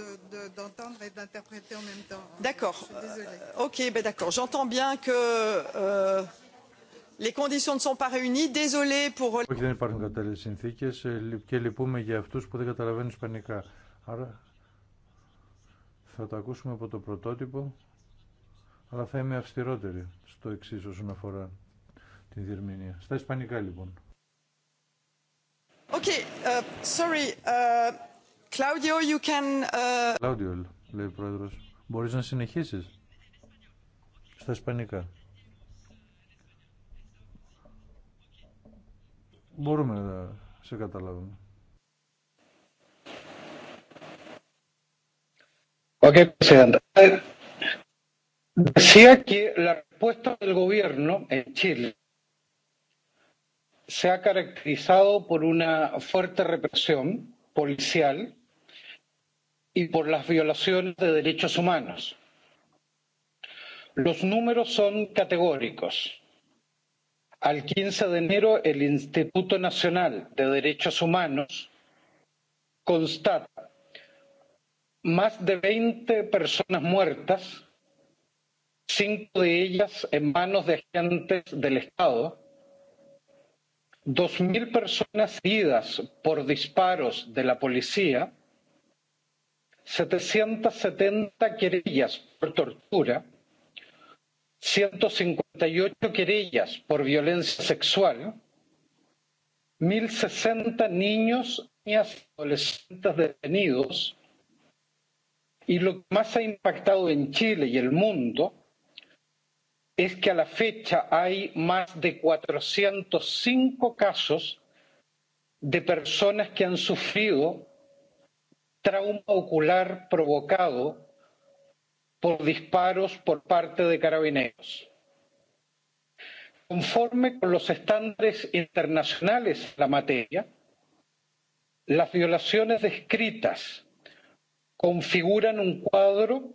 d'entendre de, et d'interpréter en même temps. D'accord. Ok, ben d'accord. J'entends bien que euh, les conditions ne sont pas réunies. Désolé pour. Όχι, δεν υπάρχουν κατάλληλε συνθήκε και λυπούμε για αυτού που δεν καταλαβαίνουν Ισπανικά. Άρα θα το ακούσουμε από το πρωτότυπο αλλά θα είμαι αυστηρότερη στο εξή όσον αφορά την διερμηνία. Στα ισπανικά λοιπόν. Okay, uh, sorry, uh, Claudio, you can... Uh, Claudio, λέει ο πρόεδρος, μπορείς να συνεχίσεις στα ισπανικά. Μπορούμε να σε καταλάβουμε. Okay, Decía que la respuesta del gobierno en Chile se ha caracterizado por una fuerte represión policial y por las violaciones de derechos humanos. Los números son categóricos. Al 15 de enero, el Instituto Nacional de Derechos Humanos constata más de 20 personas muertas cinco de ellas en manos de agentes del Estado, dos mil personas heridas por disparos de la policía, 770 querellas por tortura, 158 querellas por violencia sexual, 1.060 niños, niñas y adolescentes detenidos. Y lo que más ha impactado en Chile y el mundo es que a la fecha hay más de 405 casos de personas que han sufrido trauma ocular provocado por disparos por parte de carabineros. Conforme con los estándares internacionales en la materia, las violaciones descritas configuran un cuadro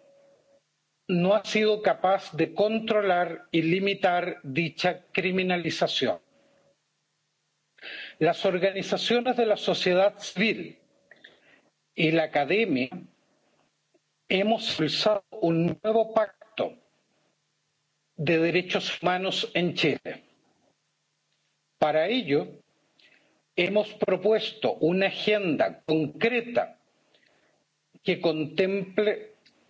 no ha sido capaz de controlar y limitar dicha criminalización. Las organizaciones de la sociedad civil y la academia hemos impulsado un nuevo pacto de derechos humanos en Chile. Para ello, hemos propuesto una agenda concreta que contemple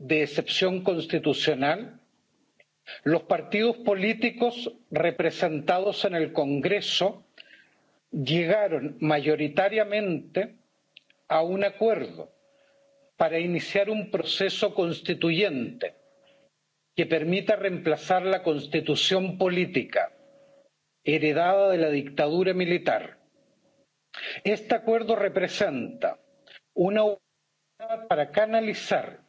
de excepción constitucional los partidos políticos representados en el congreso llegaron mayoritariamente a un acuerdo para iniciar un proceso constituyente que permita reemplazar la constitución política heredada de la dictadura militar. este acuerdo representa una oportunidad para canalizar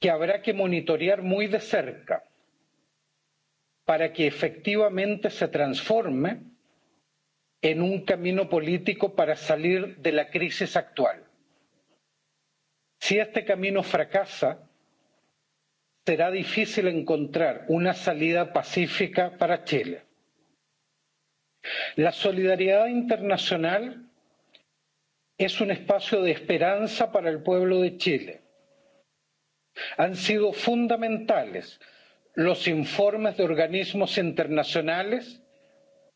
que habrá que monitorear muy de cerca para que efectivamente se transforme en un camino político para salir de la crisis actual. Si este camino fracasa, será difícil encontrar una salida pacífica para Chile. La solidaridad internacional es un espacio de esperanza para el pueblo de Chile han sido fundamentales los informes de organismos internacionales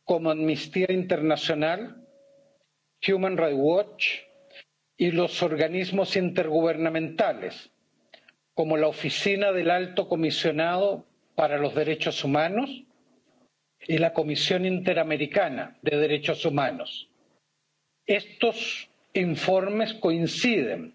como amnistía internacional human rights watch y los organismos intergubernamentales como la oficina del alto comisionado para los derechos humanos y la comisión interamericana de derechos humanos. estos informes coinciden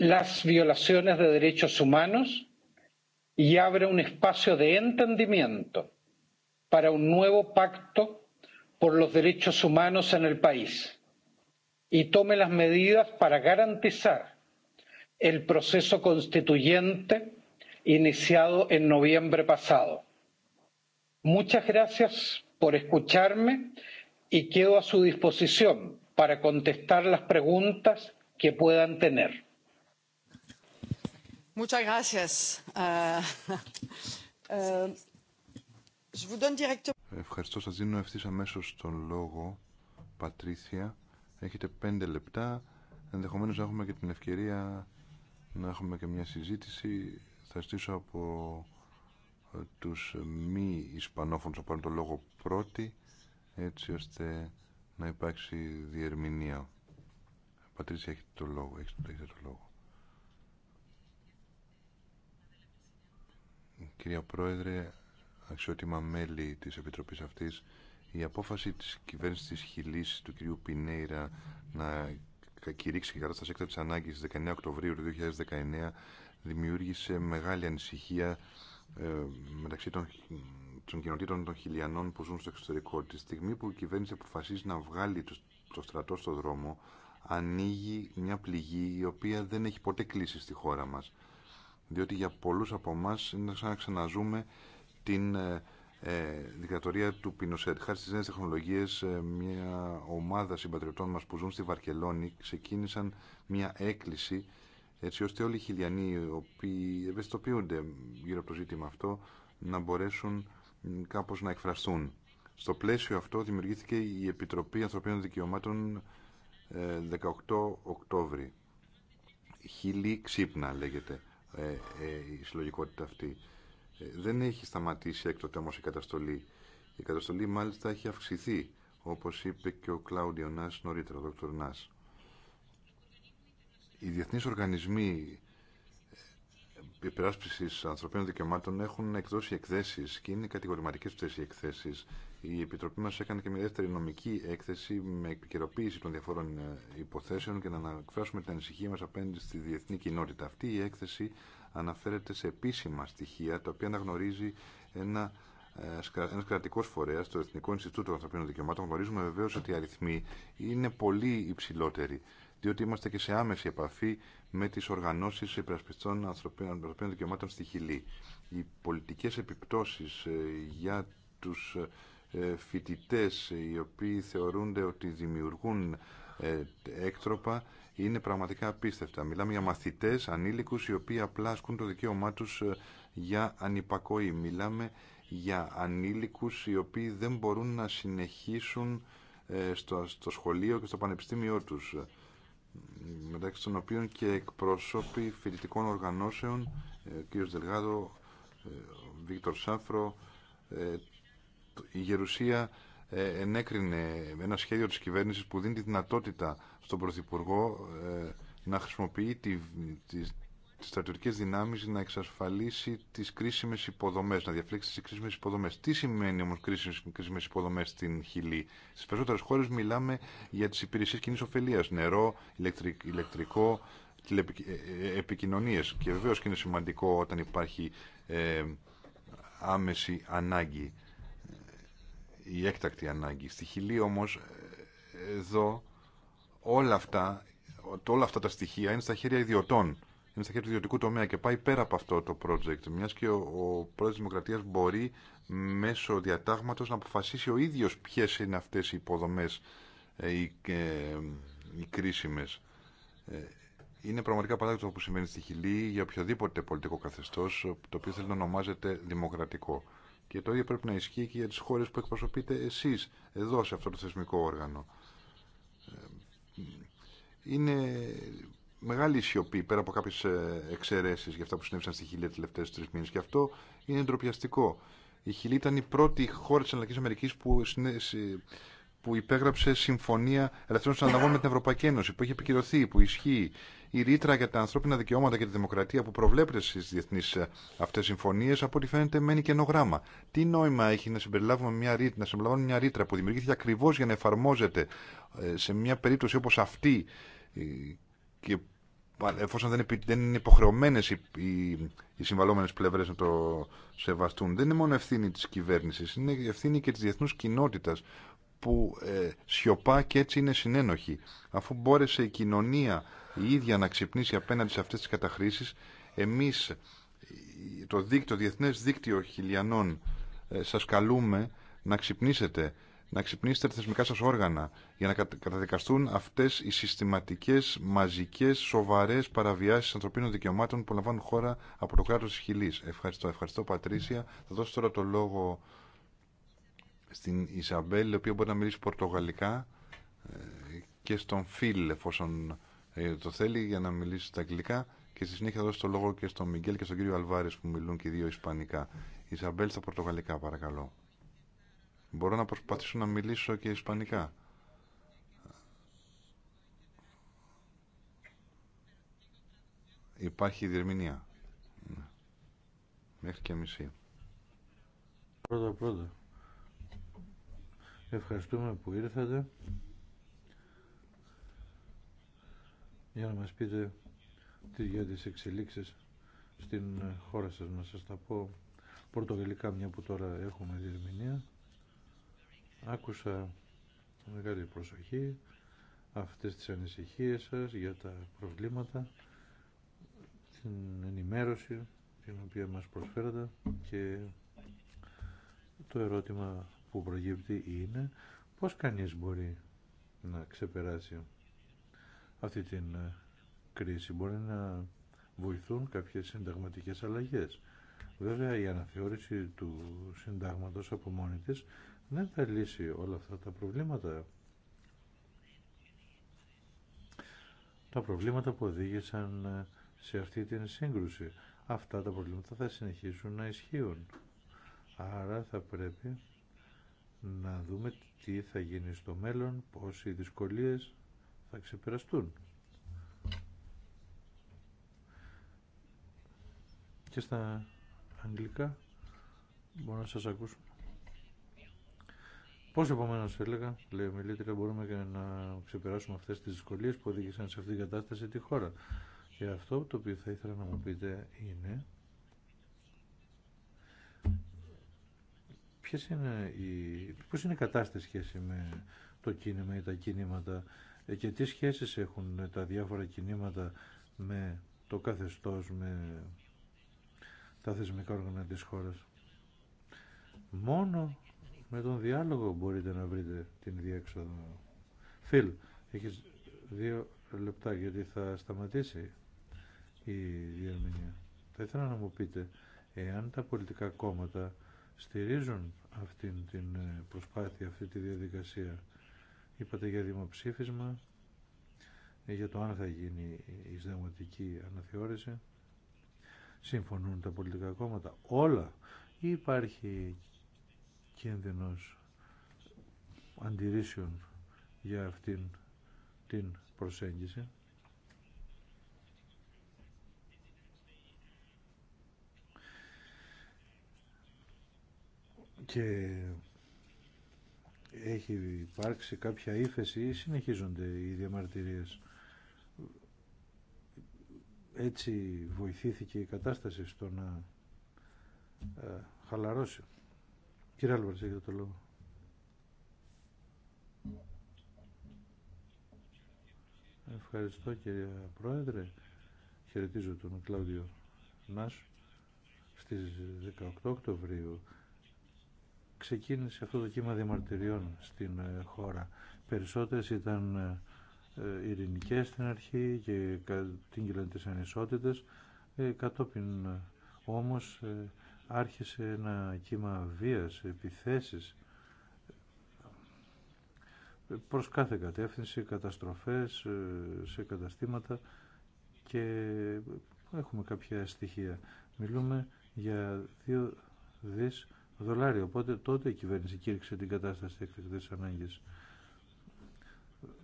las violaciones de derechos humanos y abre un espacio de entendimiento para un nuevo pacto por los derechos humanos en el país y tome las medidas para garantizar el proceso constituyente iniciado en noviembre pasado. Muchas gracias por escucharme y quedo a su disposición para contestar las preguntas que puedan tener. Eh, eh, Ευχαριστώ. Σας δίνω ευθύς αμέσως τον λόγο, Πατρίθια. Έχετε πέντε λεπτά. Ενδεχομένως να έχουμε και την ευκαιρία να έχουμε και μια συζήτηση. Θα στήσω από ε, τους μη Ισπανόφωνους να πάρουν τον λόγο πρώτη, έτσι ώστε να υπάρξει διερμηνία. Πατρίθια, έχετε τον λόγο. Έχετε, έχετε το λόγο. Κυρία Πρόεδρε, αξιότιμα μέλη της Επιτροπής αυτής, η απόφαση της κυβέρνησης της Χιλής του κυρίου Πινέιρα να κηρύξει και κατάσταση έκτακτης ανάγκης 19 Οκτωβρίου 2019 δημιούργησε μεγάλη ανησυχία ε, μεταξύ των, των κοινοτήτων των χιλιανών που ζουν στο εξωτερικό. Τη στιγμή που η κυβέρνηση αποφασίζει να βγάλει το, το στρατό στο δρόμο, ανοίγει μια πληγή η οποία δεν έχει ποτέ κλείσει στη χώρα μας διότι για πολλούς από εμά είναι σαν να ξαναζούμε την ε, ε, δικτατορία του Πινοσέτ. Χάρη στις νέες τεχνολογίες, ε, μια ομάδα συμπατριωτών μας που ζουν στη Βαρκελόνη ξεκίνησαν μια έκκληση έτσι ώστε όλοι οι χιλιανοί οι οποίοι ευαισθητοποιούνται γύρω από το ζήτημα αυτό να μπορέσουν κάπως να εκφραστούν. Στο πλαίσιο αυτό δημιουργήθηκε η Επιτροπή Ανθρωπίνων Δικαιωμάτων 18 ε, Οκτώβρη. Χίλι ξύπνα λέγεται. Ε, ε, η συλλογικότητα αυτή. Ε, δεν έχει σταματήσει έκτοτε όμω η καταστολή. Η καταστολή μάλιστα έχει αυξηθεί, όπως είπε και ο Κλάουντιο Νάς νωρίτερα, ο Δόκτωρ Νάς. Οι διεθνείς οργανισμοί υπεράσπισης ανθρωπίνων δικαιωμάτων έχουν εκδώσει εκθέσεις και είναι κατηγορηματικές αυτές οι εκθέσεις η Επιτροπή μας έκανε και μια δεύτερη νομική έκθεση με επικαιροποίηση των διαφορών ε, υποθέσεων και να ανακφράσουμε την ανησυχία μας απέναντι στη διεθνή κοινότητα. Αυτή η έκθεση αναφέρεται σε επίσημα στοιχεία τα οποία αναγνωρίζει ένα ε, ένα κρατικό φορέα, το Εθνικό Ινστιτούτο Ανθρωπίνων Δικαιωμάτων, γνωρίζουμε βεβαίω ότι οι αριθμοί είναι πολύ υψηλότεροι, διότι είμαστε και σε άμεση επαφή με τι οργανώσει υπερασπιστών ανθρωπίνων δικαιωμάτων στη Χιλή. Οι πολιτικέ επιπτώσει ε, για του. Ε, φοιτητές οι οποίοι θεωρούνται ότι δημιουργούν ε, έκτροπα είναι πραγματικά απίστευτα. Μιλάμε για μαθητές, ανήλικους, οι οποίοι απλά ασκούν το δικαίωμά τους ε, για ανυπακοή. Μιλάμε για ανήλικους οι οποίοι δεν μπορούν να συνεχίσουν στο, στο σχολείο και στο πανεπιστήμιό τους μεταξύ των οποίων και εκπρόσωποι φοιτητικών οργανώσεων, ο Δελγάδο, ο Βίκτορ Σάφρο, η Γερουσία ε, ενέκρινε ένα σχέδιο της κυβέρνησης που δίνει τη δυνατότητα στον Πρωθυπουργό ε, να χρησιμοποιεί τη, τις, τις στρατιωτικές δυνάμεις να εξασφαλίσει τις κρίσιμες υποδομές, να διαφλέξει τις κρίσιμες υποδομές. Τι σημαίνει όμως κρίσιμες, υποδομέ υποδομές στην Χιλή. Στις περισσότερες χώρες μιλάμε για τις υπηρεσίες κοινής ωφελίας, νερό, ηλεκτρικό, ε, επικοινωνίες και βεβαίως και είναι σημαντικό όταν υπάρχει άμεση ανάγκη η έκτακτη ανάγκη. Στη Χιλή όμως ε, εδώ όλα αυτά, όλα αυτά τα στοιχεία είναι στα χέρια ιδιωτών. Είναι στα χέρια του ιδιωτικού τομέα και πάει πέρα από αυτό το project. Μιας και ο, ο πρόεδρος Δημοκρατίας μπορεί μέσω διατάγματος να αποφασίσει ο ίδιος ποιε είναι αυτές οι υποδομές ε, οι, ε, οι κρίσιμες. Είναι πραγματικά παράδειγμα που συμβαίνει στη Χιλή για οποιοδήποτε πολιτικό καθεστώς το οποίο θέλει να ονομάζεται δημοκρατικό. Και το ίδιο πρέπει να ισχύει και για τις χώρες που εκπροσωπείτε εσείς εδώ σε αυτό το θεσμικό όργανο. Ε, είναι μεγάλη σιωπή πέρα από κάποιες ε, εξαιρέσεις για αυτά που συνέβησαν στη Χιλή τελευταίες τρεις μήνες και αυτό είναι ντροπιαστικό. Η Χιλή ήταν η πρώτη χώρα της Αναλλακής Αμερικής που, που υπέγραψε συμφωνία ελευθερών συναλλαγών με την Ευρωπαϊκή Ένωση, που έχει επικυρωθεί, που ισχύει η ρήτρα για τα ανθρώπινα δικαιώματα και τη δημοκρατία που προβλέπεται στι διεθνεί ε, αυτέ συμφωνίε, από ό,τι φαίνεται, μένει κενό γράμμα. Τι νόημα έχει να συμπεριλάβουμε μια ρήτρα, να συμπεριλάβουμε μια ρήτρα που δημιουργήθηκε ακριβώ για να εφαρμόζεται ε, σε μια περίπτωση όπω αυτή ε, και εφόσον δεν, είναι υποχρεωμένε οι, οι, πλευρέ να το σεβαστούν. Δεν είναι μόνο ευθύνη τη κυβέρνηση, είναι ευθύνη και τη διεθνού κοινότητα που ε, σιωπά και έτσι είναι συνένοχη. Αφού μπόρεσε η κοινωνία η ίδια να ξυπνήσει απέναντι σε αυτές τις καταχρήσεις. Εμείς, το, δίκτυο, Διεθνές Δίκτυο Χιλιανών, ε, σας καλούμε να ξυπνήσετε, να ξυπνήσετε τα θεσμικά σας όργανα για να καταδικαστούν αυτές οι συστηματικές, μαζικές, σοβαρές παραβιάσεις ανθρωπίνων δικαιωμάτων που λαμβάνουν χώρα από το κράτος της Χιλής. Ευχαριστώ, ευχαριστώ Πατρίσια. Θα δώσω τώρα το λόγο στην Ισαμπέλ, η οποία μπορεί να μιλήσει πορτογαλικά ε, και στον Φιλ, εφόσον ε, το θέλει για να μιλήσει στα αγγλικά και στη συνέχεια θα το λόγο και στον Μιγγέλ και στον κύριο Αλβάρη που μιλούν και οι δύο ισπανικά. Ισαμπέλ στα πορτογαλικά παρακαλώ. Μπορώ να προσπαθήσω να μιλήσω και ισπανικά. Υπάρχει διερμηνία. Ναι. Μέχρι και μισή. Πρώτα πρώτα. Ευχαριστούμε που ήρθατε. για να μας πείτε τι για τις εξελίξεις στην χώρα σας. Να σας τα πω πορτογαλικά μια που τώρα έχουμε διερμηνία. Άκουσα μεγάλη προσοχή αυτές τις ανησυχίες σας για τα προβλήματα, την ενημέρωση την οποία μας προσφέρατε και το ερώτημα που προγύπτει είναι πώς κανείς μπορεί να ξεπεράσει αυτή την ε, κρίση. Μπορεί να βοηθούν κάποιες συνταγματικές αλλαγές. Βέβαια η αναθεώρηση του συντάγματος από μόνη της δεν θα λύσει όλα αυτά τα προβλήματα. Τα προβλήματα που οδήγησαν ε, σε αυτή την σύγκρουση. Αυτά τα προβλήματα θα συνεχίσουν να ισχύουν. Άρα θα πρέπει να δούμε τι θα γίνει στο μέλλον, πόσοι δυσκολίες θα ξεπεραστούν. Και στα αγγλικά μπορώ να σας ακούσω. Πώς επομένω έλεγα, λέει ο Μιλήτρια, μπορούμε και να ξεπεράσουμε αυτές τις δυσκολίες που οδήγησαν σε αυτήν την κατάσταση τη χώρα. Και αυτό το οποίο θα ήθελα να μου πείτε είναι ποιες είναι η, πώς είναι η κατάσταση σχέση με το κίνημα ή τα κίνηματα ε, και τι σχέσεις έχουν τα διάφορα κινήματα με το καθεστώς, με τα θεσμικά όργανα της χώρας. Μόνο με τον διάλογο μπορείτε να βρείτε την διέξοδο. Φιλ, έχεις δύο λεπτά γιατί θα σταματήσει η διερμηνία. Θα ήθελα να μου πείτε εάν τα πολιτικά κόμματα στηρίζουν αυτή την ε, προσπάθεια, αυτή τη διαδικασία Είπατε για δημοψήφισμα, για το αν θα γίνει η δημοτική αναθεώρηση. Συμφωνούν τα πολιτικά κόμματα. Όλα. Ή υπάρχει κίνδυνος αντιρρήσεων για αυτήν την προσέγγιση. Και έχει υπάρξει κάποια ύφεση ή συνεχίζονται οι διαμαρτυρίες. Έτσι βοηθήθηκε η κατάσταση στο να ε, χαλαρώσει. Κύριε Άλβαρτς, έχετε το λόγο. Ευχαριστώ κύριε Πρόεδρε. Χαιρετίζω τον Κλάουδιο Νάσου. Στις 18 Οκτωβρίου ξεκίνησε αυτό το κύμα διαμαρτυριών στην ε, χώρα. Περισσότερες ήταν ε, ε, ειρηνικές στην αρχή και κατήγγυλαν τις ανισότητες. Κατόπιν όμως άρχισε ένα κύμα βίας, επιθέσεις προς κάθε κατεύθυνση, καταστροφές σε καταστήματα και έχουμε κάποια στοιχεία. Μιλούμε για δύο δις δολάριο. Οπότε τότε η κυβέρνηση κήρυξε την κατάσταση εκτεκτή ανάγκης.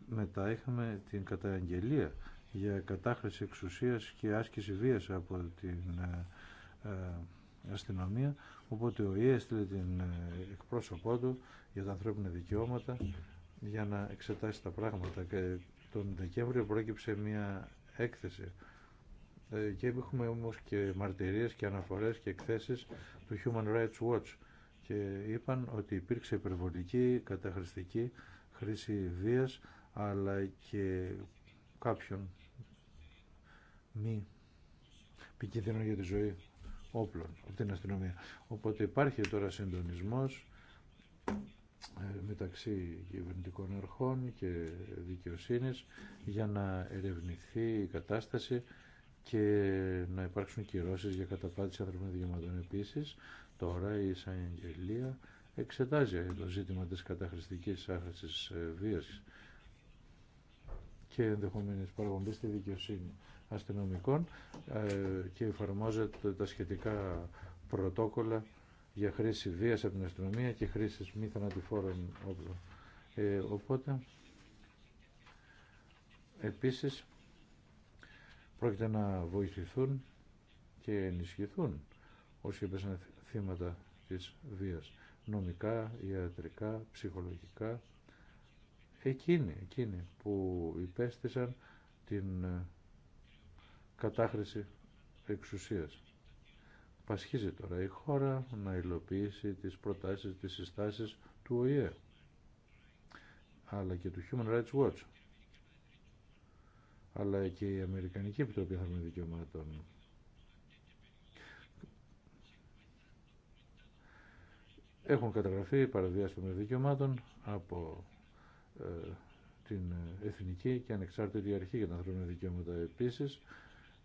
Μετά είχαμε την καταγγελία για κατάχρηση εξουσίας και άσκηση βίας από την ε, ε, αστυνομία. Οπότε ο ΙΕ έστειλε την ε, εκπρόσωπό του για τα ανθρώπινα δικαιώματα για να εξετάσει τα πράγματα. Και τον Δεκέμβριο πρόκειψε μια έκθεση και έχουμε όμως και μαρτυρίες και αναφορές και εκθέσεις του Human Rights Watch και είπαν ότι υπήρξε υπερβολική καταχρηστική χρήση βίας αλλά και κάποιον μη επικίνδυνο για τη ζωή όπλων από την αστυνομία. Οπότε υπάρχει τώρα συντονισμός ε, μεταξύ κυβερνητικών αρχών και δικαιοσύνης για να ερευνηθεί η κατάσταση και να υπάρξουν κυρώσεις για καταπάτηση ανθρωπίνων δικαιωμάτων. Επίσης, Τώρα η εισαγγελία εξετάζει το ζήτημα της καταχρηστικής άχρησης ε, βίας και ενδεχομένης παραγωγή στη δικαιοσύνη αστυνομικών ε, και εφαρμόζεται τα σχετικά πρωτόκολλα για χρήση βίας από την αστυνομία και χρήση μη θανατηφόρων όπλων. Ε, οπότε, επίσης, πρόκειται να βοηθηθούν και ενισχυθούν όσοι θύματα της βίας. Νομικά, ιατρικά, ψυχολογικά. Εκείνοι, εκείνοι που υπέστησαν την ε, κατάχρηση εξουσίας. Πασχίζει τώρα η χώρα να υλοποιήσει τις προτάσεις, τις συστάσεις του ΟΗΕ αλλά και του Human Rights Watch αλλά και η Αμερικανική Επιτροπή Ανθρωπίνων Δικαιωμάτων Έχουν καταγραφεί παραδιάστημα δικαιωμάτων από ε, την Εθνική και Ανεξάρτητη Αρχή για τα Ανθρώπινα Δικαιώματα επίσης,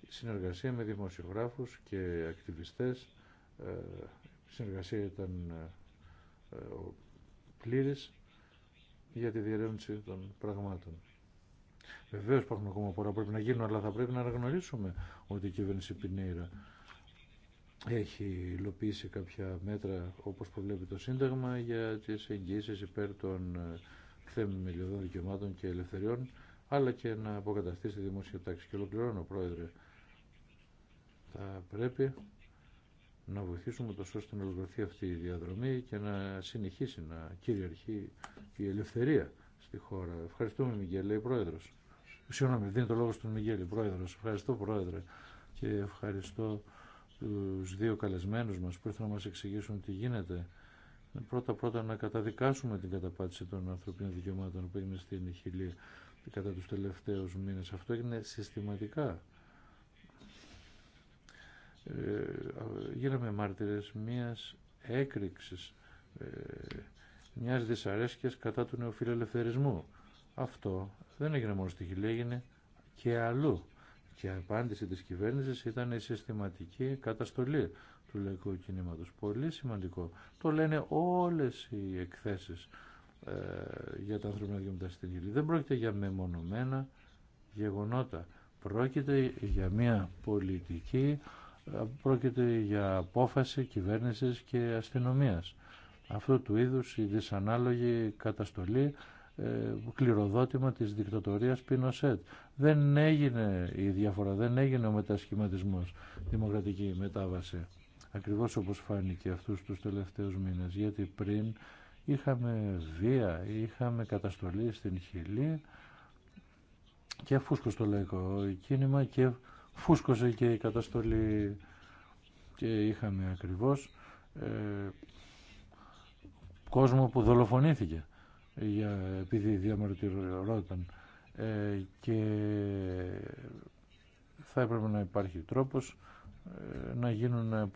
συνεργασία με δημοσιογράφους και ακτιβιστές, ε, συνεργασία ήταν ε, για τη διερεύνηση των πραγμάτων. Βεβαίω υπάρχουν ακόμα πολλά που πρέπει να γίνουν, αλλά θα πρέπει να αναγνωρίσουμε ότι η κυβέρνηση Πινέιρα έχει υλοποιήσει κάποια μέτρα όπως προβλέπει το Σύνταγμα για τις εγγύησεις υπέρ των ε, θεμελιωδών δικαιωμάτων και ελευθεριών αλλά και να αποκαταστήσει τη δημόσια τάξη. Και ολοκληρώνω, Πρόεδρε, θα πρέπει να βοηθήσουμε το ώστε να ολοκληρωθεί αυτή η διαδρομή και να συνεχίσει να κυριαρχεί η ελευθερία στη χώρα. Ευχαριστούμε, Μιγγέλη, Πρόεδρος. Συγγνώμη, δίνει το λόγο στον Μιγγέλη, Πρόεδρο. Ευχαριστώ, Πρόεδρε, και ευχαριστώ τους δύο καλεσμένους μας που ήρθαν να μας εξηγήσουν τι γίνεται. Πρώτα πρώτα να καταδικάσουμε την καταπάτηση των ανθρωπίνων δικαιωμάτων που έγινε στην Χιλή κατά τους τελευταίους μήνες. Αυτό έγινε συστηματικά. Ε, γίναμε μάρτυρες μιας έκρηξης, ε, μιας δυσαρέσκειας κατά του νεοφιλελευθερισμού. Αυτό δεν έγινε μόνο στη Χιλή, έγινε και αλλού. Και η απάντηση της κυβέρνησης ήταν η συστηματική καταστολή του λαϊκού κινήματος. Πολύ σημαντικό. Το λένε όλες οι εκθέσεις ε, για τα ανθρώπινα δικαιώματα στην Δεν πρόκειται για μεμονωμένα γεγονότα. Πρόκειται για μια πολιτική, ε, πρόκειται για απόφαση κυβέρνησης και αστυνομίας. Αυτό του είδους η δυσανάλογη καταστολή ε, κληροδότημα της δικτατορίας Πινοσέτ. Δεν έγινε η διαφορά, δεν έγινε ο μετασχηματισμός, δημοκρατική μετάβαση. Ακριβώς όπως φάνηκε αυτούς τους τελευταίους μήνες, γιατί πριν είχαμε βία, είχαμε καταστολή στην Χιλή και φούσκωσε το λαϊκό κίνημα και φούσκωσε και η καταστολή και είχαμε ακριβώς ε, κόσμο που δολοφονήθηκε για, επειδή διαμαρτυρόταν ε, και θα έπρεπε να υπάρχει τρόπος ε, να γίνουν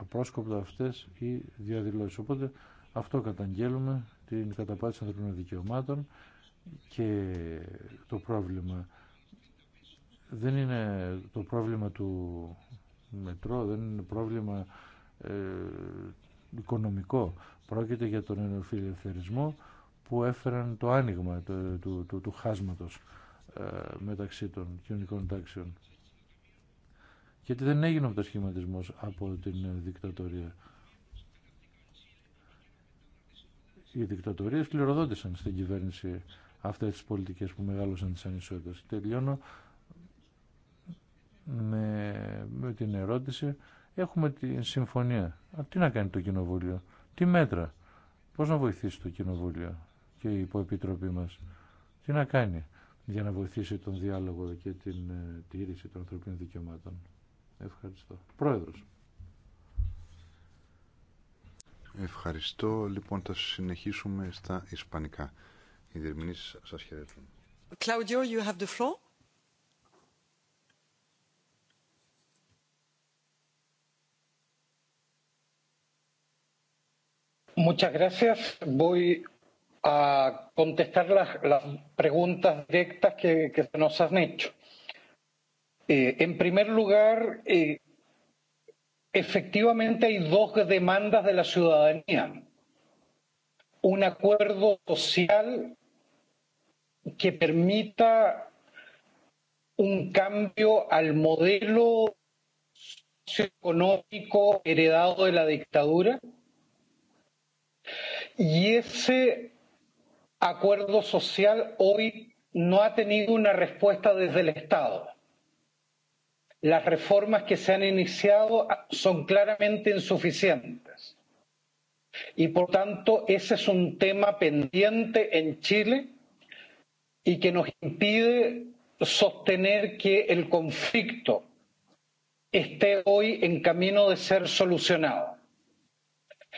απρόσκοπτα αυτές οι διαδηλώσεις. Οπότε αυτό καταγγέλουμε την καταπάτηση ανθρωπίνων δικαιωμάτων και το πρόβλημα δεν είναι το πρόβλημα του μετρό, δεν είναι πρόβλημα ε, οικονομικό. Πρόκειται για τον ελευθερισμό που έφεραν το άνοιγμα του, του, του, χάσματος ε, μεταξύ των κοινωνικών τάξεων. Γιατί δεν έγινε ο σχηματισμός από την δικτατορία. Οι δικτατορίες κληροδότησαν στην κυβέρνηση αυτές τις πολιτικές που μεγάλωσαν τις ανισότητες. Τελειώνω με, την ερώτηση έχουμε τη συμφωνία. Α, τι να κάνει το κοινοβούλιο, τι μέτρα, πώς να βοηθήσει το κοινοβούλιο και η υποεπιτροπή μας τι να κάνει για να βοηθήσει τον διάλογο και την ε, τήρηση των ανθρωπίνων δικαιωμάτων. Ευχαριστώ. Πρόεδρος. Ευχαριστώ. Λοιπόν, θα συνεχίσουμε στα ισπανικά. Οι διερμηνείς σας χαιρετούν. Claudio, you have the floor. Muchas gracias. Voy a contestar las, las preguntas directas que, que se nos han hecho. Eh, en primer lugar, eh, efectivamente hay dos demandas de la ciudadanía. Un acuerdo social que permita un cambio al modelo socioeconómico heredado de la dictadura. Y ese acuerdo social hoy no ha tenido una respuesta desde el Estado. Las reformas que se han iniciado son claramente insuficientes. Y por tanto, ese es un tema pendiente en Chile y que nos impide sostener que el conflicto esté hoy en camino de ser solucionado.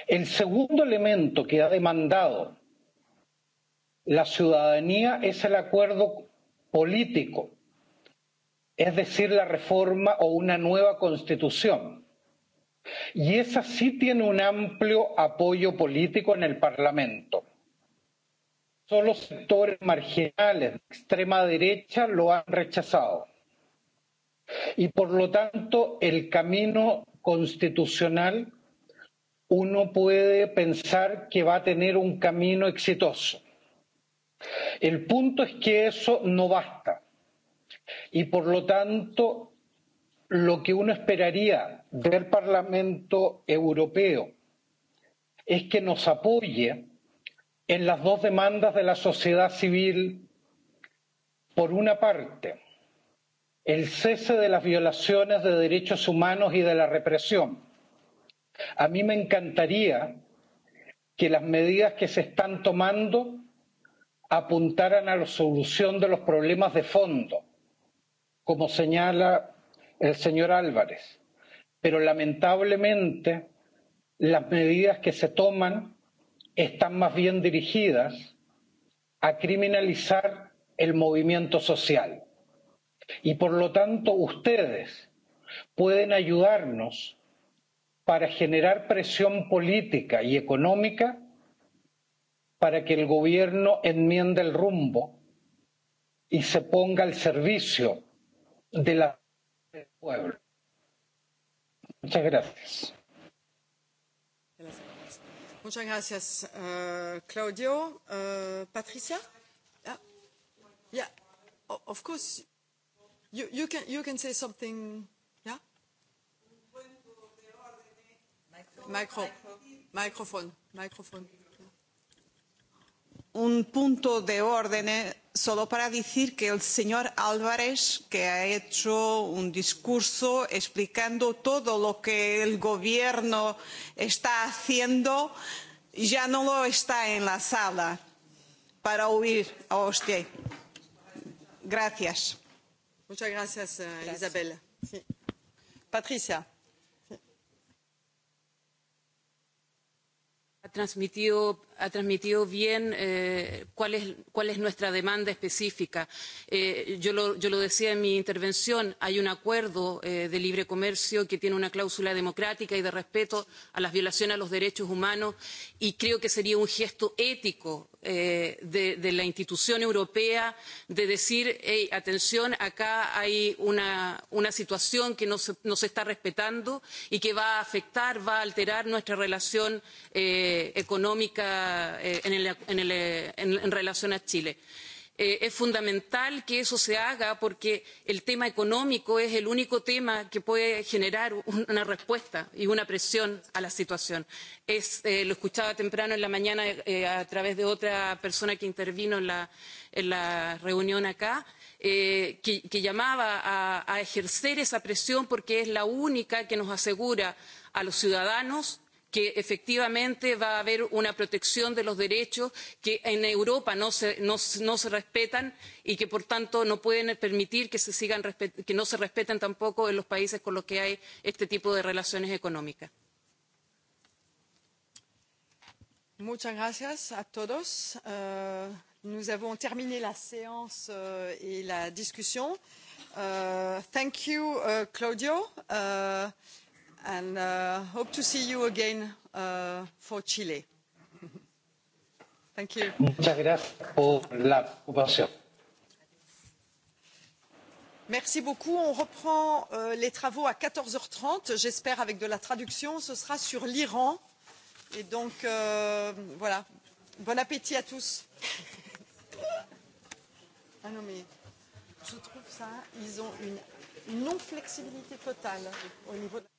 El segundo elemento que ha demandado la ciudadanía es el acuerdo político, es decir, la reforma o una nueva constitución. Y esa sí tiene un amplio apoyo político en el Parlamento. Solo sectores marginales de extrema derecha lo han rechazado. Y por lo tanto, el camino constitucional uno puede pensar que va a tener un camino exitoso El punto es que eso no basta. Y por lo tanto, lo que uno esperaría del Parlamento Europeo es que nos apoye en las dos demandas de la sociedad civil, por una parte, el cese de las violaciones de derechos humanos y de la represión. A mí me encantaría que las medidas que se están tomando apuntaran a la solución de los problemas de fondo como señala el señor álvarez pero lamentablemente las medidas que se toman están más bien dirigidas a criminalizar el movimiento social y por lo tanto ustedes pueden ayudarnos para generar presión política y económica para que el gobierno enmiende el rumbo y se ponga al servicio de la del pueblo. Muchas gracias. Muchas gracias, uh, Claudio. Uh, Patricia? Yeah. yeah, of course. You, you, can, you can say something. Yeah? Micro. Microphone. Microphone un punto de orden solo para decir que el señor Álvarez, que ha hecho un discurso explicando todo lo que el gobierno está haciendo, ya no lo está en la sala para oír a usted. Gracias. Muchas gracias, Isabel. Patricia. Ha transmitido ha transmitido bien cuál es nuestra demanda específica. Yo lo decía en mi intervención, hay un acuerdo de libre comercio que tiene una cláusula democrática y de respeto a las violaciones a los derechos humanos y creo que sería un gesto ético de la institución europea de decir, atención, acá hay una situación que no se está respetando y que va a afectar, va a alterar nuestra relación económica en relación a Chile. Es fundamental que eso se haga porque el tema económico es el único tema que puede generar una respuesta y una presión a la situación. Lo escuchaba temprano en la mañana a través de otra persona que intervino en la reunión acá que llamaba a ejercer esa presión porque es la única que nos asegura a los ciudadanos que efectivamente va a haber una protección de los derechos que en Europa no se, respetan y que por tanto no pueden permitir que, no se respeten tampoco en los países con los que hay este tipo de relaciones económicas. Muchas gracias a todos. Nous avons terminé la séance et la discussion. Thank you, Claudio and hope to see you again for Chile. Thank you. Muchas gracias la Merci beaucoup. On reprend les travaux à 14h30, j'espère avec de la traduction. Ce sera sur l'Iran. Et donc, voilà. Bon appétit à tous. Ah non, mais je trouve ça, ils ont une non-flexibilité totale au niveau de...